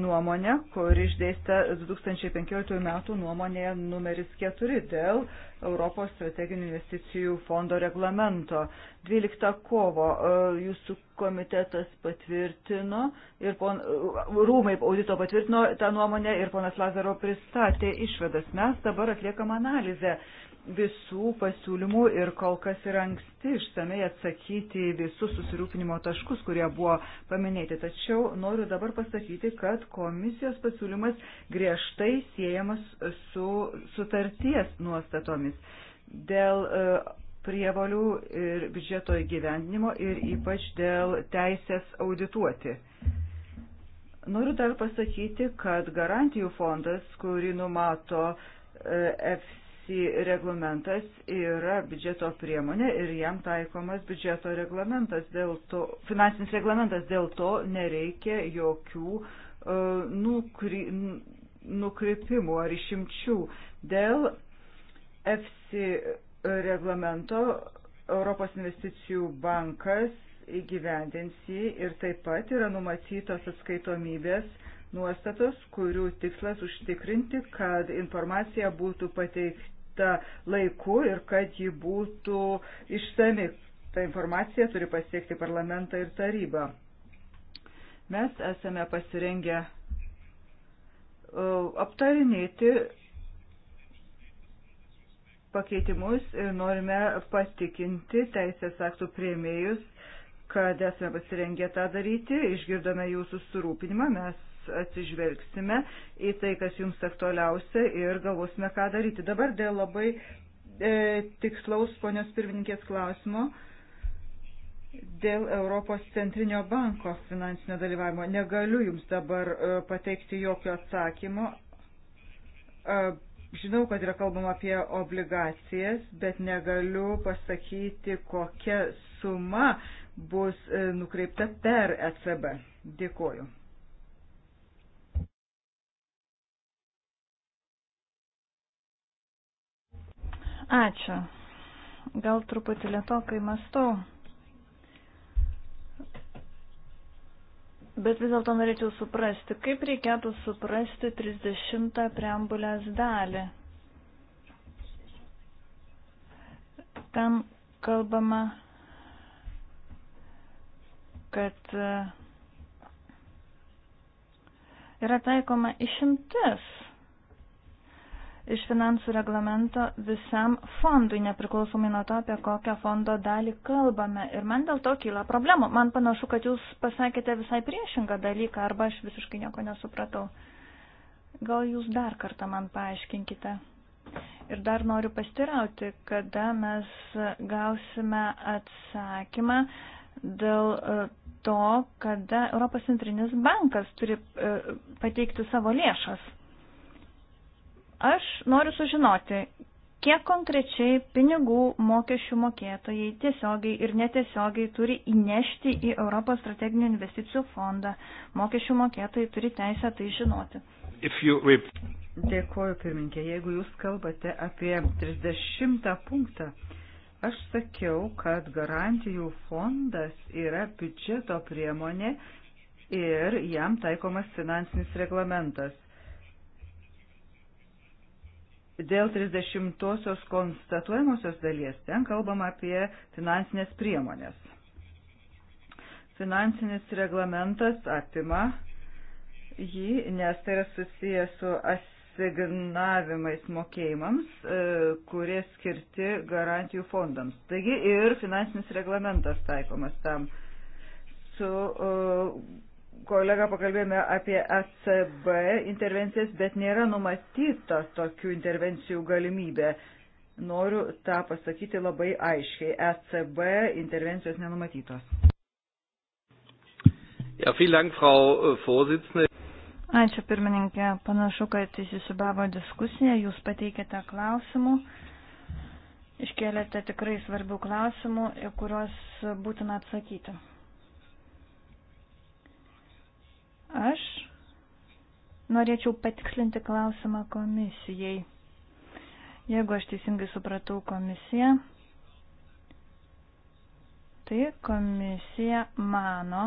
Speaker 3: nuomonę, kur išdėstė 2015 metų nuomonėje numeris 4 dėl Europos strateginių investicijų fondo reglamento. 12 kovo e, jūsų komitetas patvirtino ir pon, e, rūmai audito patvirtino tą nuomonę ir ponas Lazaro pristatė išvadas. Mes dabar atliekam analizę visų pasiūlymų ir kol kas yra anksti išsamei atsakyti visus susirūpinimo taškus, kurie buvo paminėti. Tačiau noriu dabar pasakyti, kad komisijos pasiūlymas griežtai siejamas su sutarties nuostatomis dėl e, prievalių ir biudžeto įgyvendinimo ir ypač dėl teisės audituoti. Noriu dar pasakyti, kad garantijų fondas, kurį numato e, FC, si reglamentas yra biudžeto priemonė ir jam taikomas biudžeto reglamentas, dėl to, finansinis reglamentas, dėl to nereikia jokių uh, nukry, nukrypimų ar išimčių. Dėl EFSI reglamento Europos investicijų bankas įgyvendins jį ir taip pat yra numatytos atskaitomybės nuostatos, kurių tikslas užtikrinti, kad informacija būtų pateikta pateikta laiku ir kad ji būtų išsami. Ta informacija turi pasiekti parlamentą ir tarybą. Mes esame pasirengę e, aptarinėti pakeitimus ir norime patikinti teisės aktų prieimėjus, kad esame pasirengę tą daryti, išgirdome jūsų surūpinimą, mes atsižvelgsime į tai, kas jums aktualiausia ir galvosime, ką daryti. Dabar dėl labai e, tikslaus ponios pirmininkės klausimo. Dėl Europos centrinio banko finansinio dalyvavimo negaliu jums dabar e, pateikti jokio atsakymo. E, žinau, kad yra kalbama apie obligacijas, bet negaliu pasakyti, kokia suma bus e, nukreipta per ECB. Dėkoju.
Speaker 2: Ačiū. Gal truputį lietokai mastau. Bet vis dėlto norėčiau suprasti, kaip reikėtų suprasti 30 preambulės dalį. Ten kalbama, kad e, yra taikoma išimtis iš finansų reglamento visam fondui, nepriklausomai nuo to, apie kokią fondo dalį kalbame. Ir man dėl to kyla problemų. Man panašu, kad jūs pasakėte visai priešingą dalyką arba aš visiškai nieko nesupratau. Gal jūs dar kartą man paaiškinkite. Ir dar noriu pastirauti, kada mes gausime atsakymą dėl e, to, kada Europos centrinis bankas turi e, pateikti savo lėšas. Aš noriu sužinoti, kiek konkrečiai pinigų mokesčių mokėtojai tiesiogiai ir netiesiogiai turi įnešti į Europos strateginių investicijų fondą. Mokesčių mokėtojai turi teisę tai žinoti.
Speaker 4: You...
Speaker 3: Dėkuoju, pirminkė. Jeigu jūs kalbate apie 30 punktą, aš sakiau, kad garantijų fondas yra biudžeto priemonė ir jam taikomas finansinis reglamentas. Dėl 30-osios konstatuojamosios dalies ten kalbama apie finansinės priemonės. Finansinis reglamentas apima jį, nes tai yra susijęs su asignavimais mokėjimams, e, kurie skirti garantijų fondams. Taigi ir finansinis reglamentas taikomas tam su e, kolega pakalbėjome apie ECB intervencijas, bet nėra numatyta tokių intervencijų galimybė. Noriu tą pasakyti labai aiškiai. ECB intervencijos nenumatytos.
Speaker 1: Ja, Dank, Frau äh,
Speaker 2: Ačiū pirmininkė. Panašu, kad įsisubavo diskusija, jūs pateikėte klausimų. Iškėlėte tikrai svarbių klausimų, į kuriuos būtina atsakyti. Aš norėčiau patikslinti klausimą komisijai. Jeigu aš teisingai supratau komisiją, tai komisija mano,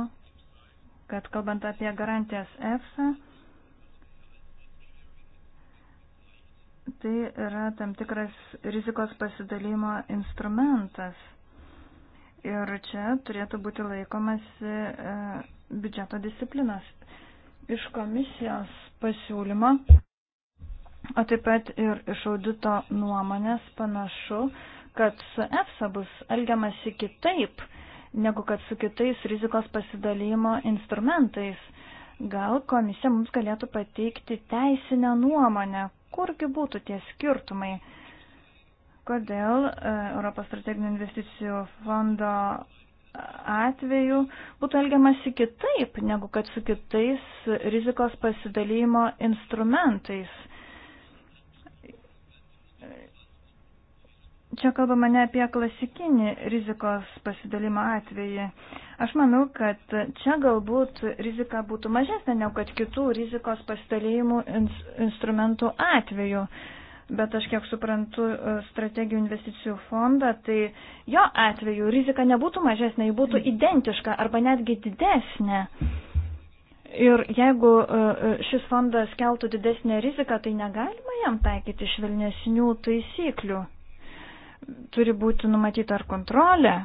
Speaker 2: kad kalbant apie garantijas EFSA, tai yra tam tikras rizikos pasidalymo instrumentas. Ir čia turėtų būti laikomasi e, biudžeto disciplinos. Iš komisijos pasiūlymo, o taip pat ir iš audito nuomonės panašu, kad su EFSA bus elgiamasi kitaip, negu kad su kitais rizikos pasidalymo instrumentais. Gal komisija mums galėtų pateikti teisinę nuomonę, kurgi būtų tie skirtumai kodėl e, Europos strateginių investicijų fondo atveju būtų elgiamasi kitaip, negu kad su kitais rizikos pasidalymo instrumentais. Čia kalbama ne apie klasikinį rizikos pasidalimo atvejį. Aš manau, kad čia galbūt rizika būtų mažesnė negu kad kitų rizikos pasidalymų ins instrumentų atveju. Uh, bet aš kiek suprantu e, strategijų investicijų fondą, tai jo atveju rizika nebūtų mažesnė, ji būtų identiška arba netgi didesnė. Ir jeigu e, e, šis fondas keltų didesnę riziką, tai negalima jam taikyti švelnesnių taisyklių. Turi būti numatyta ar kontrolė.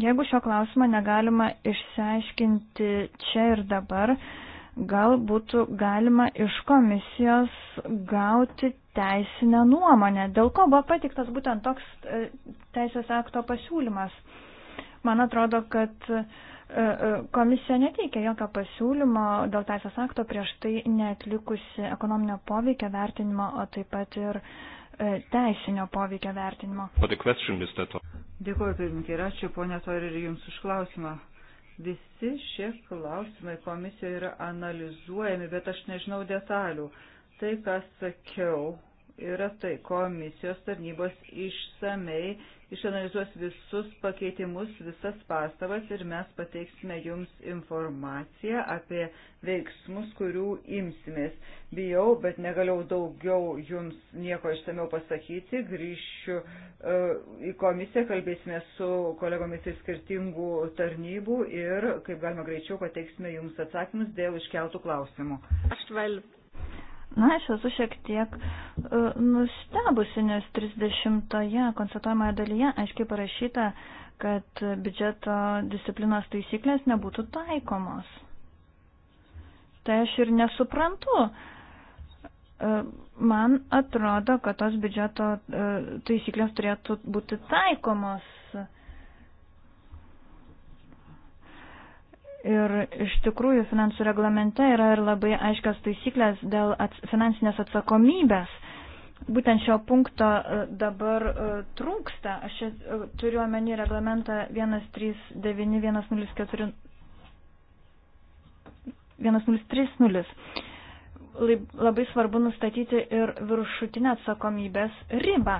Speaker 2: Jeigu šio klausimo negalima išsiaiškinti čia ir dabar, gal būtų galima iš komisijos gauti teisinę nuomonę, dėl ko buvo patiktas būtent toks e, teisės akto pasiūlymas. Man atrodo, kad e, e, komisija neteikia jokio pasiūlymo dėl teisės akto prieš tai netlikusi ekonominio poveikio vertinimo, o taip pat ir teisinio poveikio vertinimo. Dėkuoju, pirmininkė, ir ačiū, ponė Tori, ir jums už klausimą. Visi šie klausimai
Speaker 3: komisijoje yra analizuojami, bet aš nežinau detalių. Tai, ką sakiau, yra tai, komisijos tarnybos išsamei išanalizuos visus pakeitimus, visas pastabas ir mes pateiksime jums informaciją apie veiksmus, kurių imsimės. Bijau, bet negaliu daugiau jums nieko išsameu pasakyti. Grįšiu uh, į komisiją, kalbėsime su kolegomis iš skirtingų tarnybų ir kaip galima greičiau pateiksime jums atsakymus dėl iškeltų klausimų.
Speaker 2: Aš vėl Na, aš esu šiek tiek uh, nustebusi, nes 30-oje konstatuojamoje dalyje aiškiai parašyta, kad biudžeto disciplinos taisyklės nebūtų taikomos. Tai aš ir nesuprantu. Uh, man atrodo, kad tos biudžeto uh, taisyklės turėtų būti taikomos Ir iš tikrųjų finansų reglamente yra ir labai aiškios taisyklės dėl ats finansinės atsakomybės. Būtent šio punkto e, dabar e, trūksta. Aš e, turiu omeny reglamentą 139-104-1030 labai svarbu nustatyti ir viršutinę atsakomybės ribą.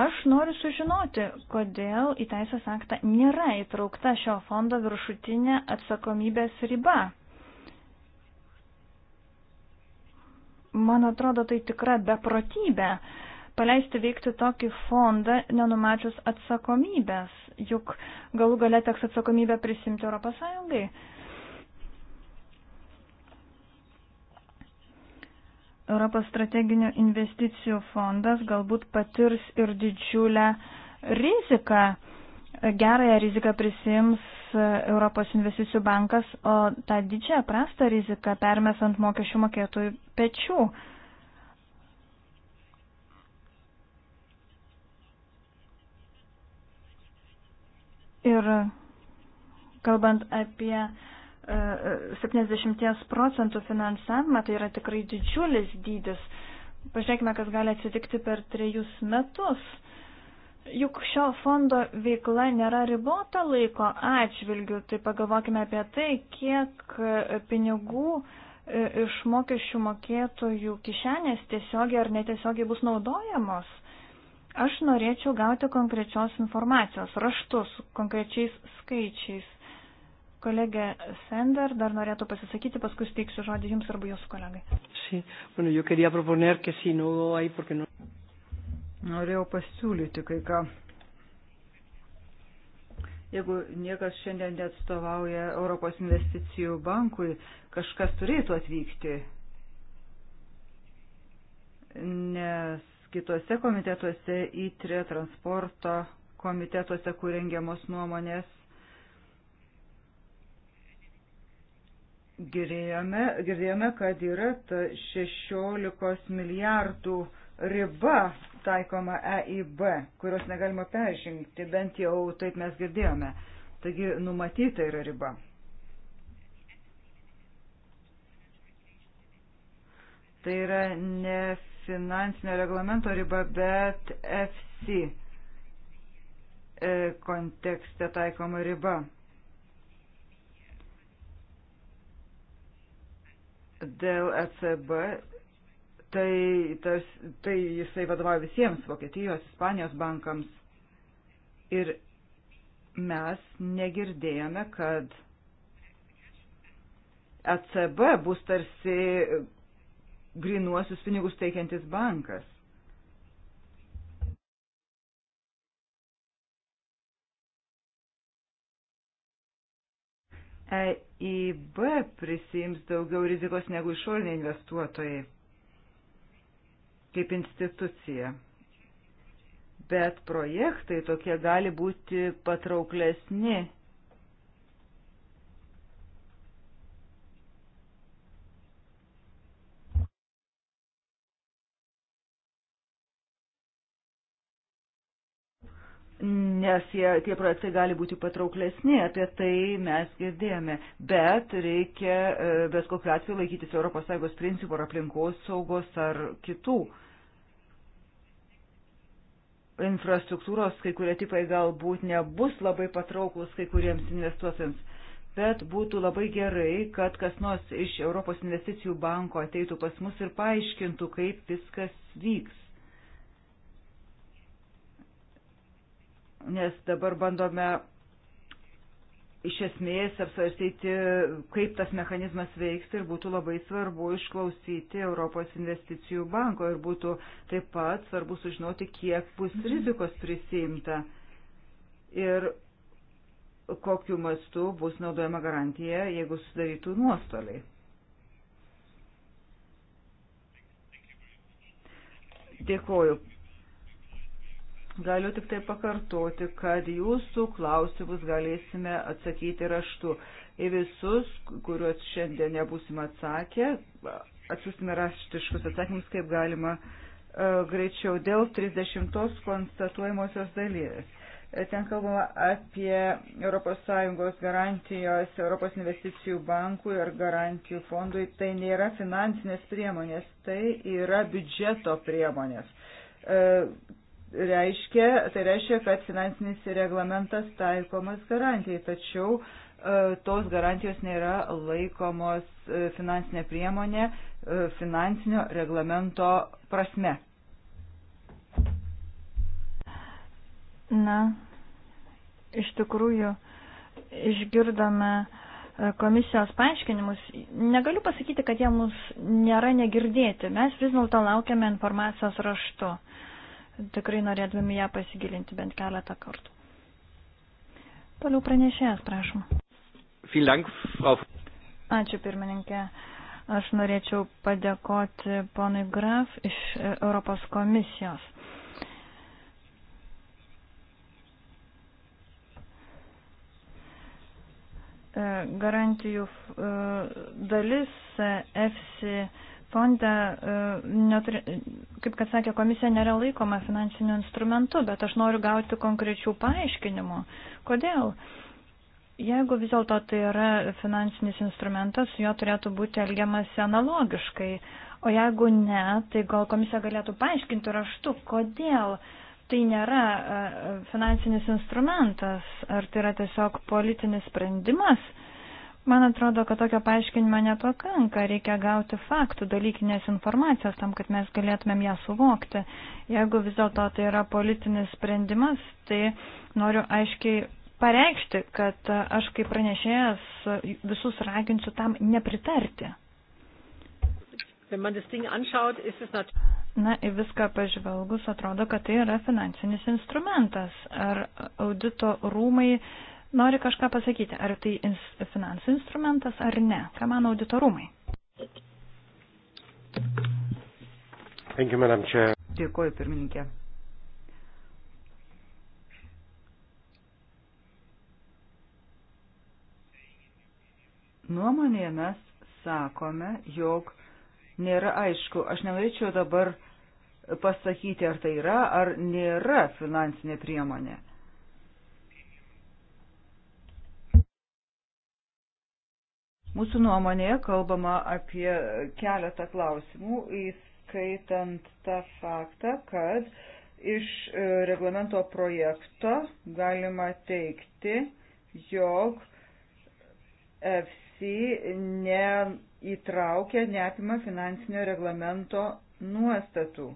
Speaker 2: Aš noriu sužinoti, kodėl į teisės aktą nėra įtraukta šio fondo viršutinė atsakomybės riba. Man atrodo, tai tikra beprotybė paleisti veikti tokį fondą, nenumačius atsakomybės, juk galų gale teks atsakomybę prisimti ES. Europos strateginių investicijų fondas galbūt patirs ir didžiulę riziką. Gerąją riziką prisims Europos investicijų bankas, o tą didžiąją prastą riziką permes ant mokesčių mokėtojų pečių. Ir kalbant apie uh, 70 e, e, procentų finansavimą, tai yra tikrai didžiulis dydis. Pažiūrėkime, kas gali atsitikti per trejus metus. Juk šio fondo veikla nėra ribota laiko atžvilgių, tai pagalvokime apie tai, kiek e, pinigų iš mokesčių mokėtojų kišenės tiesiogiai ar netiesiogiai bus naudojamos. Aš norėčiau gauti konkrečios informacijos, raštus, konkrečiais skaičiais. Kolegė Sender dar norėtų pasisakyti, paskui steiksiu žodį jums arba jūsų kolegai.
Speaker 1: Sí. Bueno, yo quería proponer que si no
Speaker 3: hay, porque no... Norėjau pasiūlyti kai ką. Jeigu niekas šiandien neatstovauja Europos investicijų bankui, kažkas turėtų atvykti. Nes kitose komitetuose įtrė e, transporto komitetuose, kur rengiamos nuomonės Girdėjome, girdėjome, kad yra ta 16 milijardų riba taikoma EIB, kurios negalima peržengti, bent jau taip mes girdėjome. Taigi numatyta yra riba. Tai yra ne finansinio reglamento riba, bet FC e, kontekste taikoma riba. dėl ECB, tai, tas, tai jisai vadovauja visiems Vokietijos, Ispanijos bankams. Ir mes negirdėjome, kad ECB bus tarsi grinuosius pinigus teikiantis bankas. E- EIB prisims daugiau rizikos negu išoriniai investuotojai kaip institucija. Bet projektai tokie gali būti patrauklesni nes jie, tie projektai gali būti patrauklesni, apie tai mes girdėjome. Bet reikia e, bet kokiu atveju laikytis ES principų ar aplinkos saugos ar kitų. Infrastruktūros kai kurie tipai galbūt nebus labai patrauklus kai kuriems investuotojams, bet būtų labai gerai, kad kas nors iš Europos investicijų banko ateitų pas mus ir paaiškintų, kaip viskas vyks nes dabar bandome iš esmės apsvarstyti, kaip tas mechanizmas veiks ir būtų labai svarbu išklausyti Europos investicijų banko ir būtų taip pat svarbu sužinoti, kiek bus mhm. rizikos prisimta ir kokiu mastu bus naudojama garantija, jeigu sudarytų nuostoliai. Dėkoju. Galiu tik tai pakartoti, kad jūsų klausimus galėsime atsakyti raštu. Į visus, kuriuos šiandien nebūsim atsakę, atsiusime raštiškus atsakymus, kaip galima uh, greičiau dėl 30 konstatuojamosios dalies. E, ten kalbama apie ES garantijos Europos investicijų bankui ar garantijų fondui. Tai nėra finansinės priemonės, tai yra biudžeto priemonės. Uh, reiškia, tai reiškia, kad finansinis reglamentas taikomas garantijai, tačiau e, tos garantijos nėra laikomos e, finansinė priemonė e, finansinio reglamento prasme.
Speaker 2: Na, iš tikrųjų, išgirdome komisijos paaiškinimus. Negaliu pasakyti, kad jie mus nėra negirdėti. Mes vis dėlto laukiame informacijos raštu. Uh, tikrai norėdami ją pasigilinti bent keletą kartų. Toliau pranešėjas, prašom. Ačiū pirmininkė. Aš norėčiau padėkoti ponui Graf iš Europos komisijos. E, garantijų e, dalis EFSI fonde, e, neturi, kaip kad sakė komisija, nėra laikoma finansiniu instrumentu, bet aš noriu gauti konkrečių paaiškinimų. Kodėl? Jeigu vis dėlto tai yra finansinis instrumentas, su juo turėtų būti elgiamasi analogiškai, o jeigu ne, tai gal komisija galėtų paaiškinti raštu, kodėl tai nėra e, e, finansinis instrumentas, ar tai yra tiesiog politinis sprendimas Man atrodo, kad tokio paaiškinimo nepakanka, reikia gauti faktų, dalykinės informacijos tam, kad mes galėtumėm ją suvokti. Jeigu vis dėlto tai yra politinis sprendimas, tai noriu aiškiai pareikšti, kad aš kaip pranešėjas visus raginsiu tam nepritarti. Na, į viską pažvelgus atrodo, kad tai yra finansinis instrumentas. Ar audito rūmai nori kažką pasakyti, ar tai ins, finansų instrumentas ar ne. Ką mano auditorumai?
Speaker 4: Thank you, Madam Chair.
Speaker 3: Dėkuoju, pirmininkė. Nuomonėje mes sakome, jog nėra aišku, aš nenorėčiau dabar pasakyti, ar tai yra, ar nėra finansinė priemonė. Mūsų nuomonėje kalbama apie keletą klausimų, įskaitant tą faktą, kad iš e, reglamento projekto galima teikti, jog FC neįtraukia, neapima finansinio reglamento nuostatų.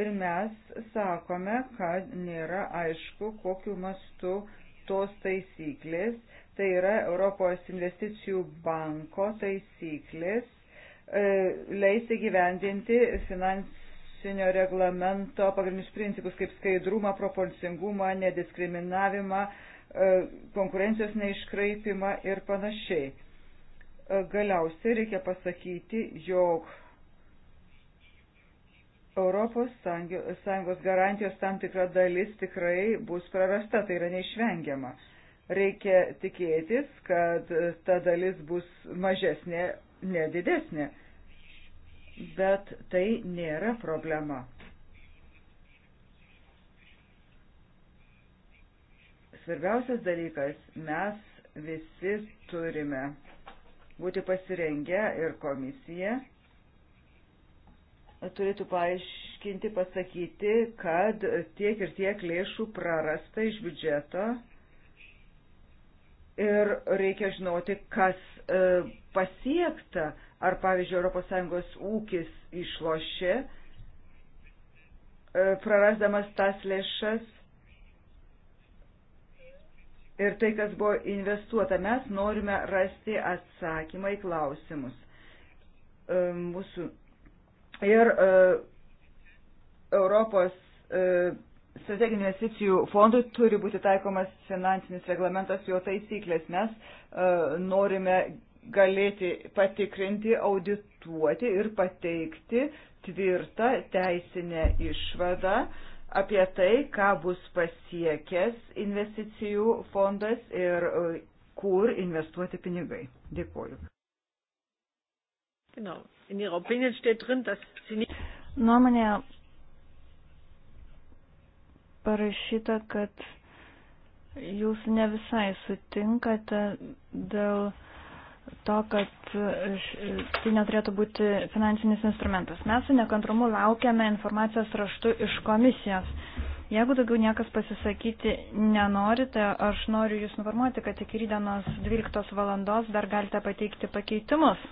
Speaker 3: Ir mes sakome, kad nėra aišku, kokiu mastu tos taisyklės tai yra Europos investicijų banko taisyklės, e, leis įgyvendinti finansinio reglamento pagrindinius principus kaip skaidrumą, proporcingumą, nediskriminavimą, e, konkurencijos neiškraipimą ir panašiai. E, galiausiai reikia pasakyti, jog Europos Sąjungos garantijos tam tikra dalis tikrai bus prarasta, tai yra neišvengiama. Reikia tikėtis, kad ta dalis bus mažesnė, nedidesnė. Bet tai nėra problema. Svarbiausias dalykas, mes visi turime būti pasirengę ir komisija turėtų paaiškinti, pasakyti, kad tiek ir tiek lėšų prarasta iš biudžeto ir reikia žinoti, kas e, pasiekta, ar pavyzdžiui ES ūkis išlošė, e, prarasdamas tas lėšas ir tai, kas buvo investuota. Mes norime rasti atsakymą į klausimus. E, mūsų ir e, Europos e, strateginių investicijų fondui turi būti taikomas finansinis reglamentas, jo taisyklės. Mes uh, norime galėti patikrinti, audituoti ir pateikti tvirtą teisinę išvadą apie tai, ką bus pasiekęs investicijų fondas ir uh, kur investuoti pinigai. Dėkuoju.
Speaker 1: Genau. In Ihrer Opinion steht drin, dass Sie nicht.
Speaker 2: Nuomonė parašyta, kad jūs ne visai sutinkate dėl to, kad tai neturėtų būti finansinis instrumentas. Mes su nekantrumu laukiame informacijos raštu iš komisijos. Jeigu daugiau niekas pasisakyti nenorite, aš noriu Jūs informuoti, kad iki rydienos 12 valandos dar galite pateikti pakeitimus.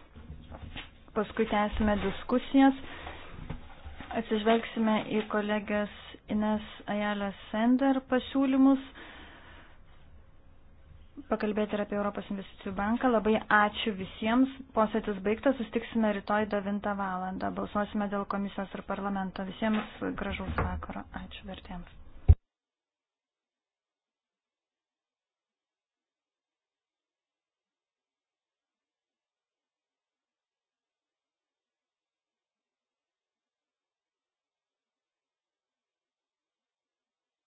Speaker 2: Paskui tęsime diskusijas, atsižvelgsime į kolegės Ines Ajalės Sender pasiūlymus, pakalbėti ir apie Europos investicijų banką. Labai ačiū visiems. Posėdis baigtas, sustiksime rytoj 9 valandą. Balsuosime dėl komisijos ir parlamento. Visiems gražaus vakaro. Ačiū vertėms.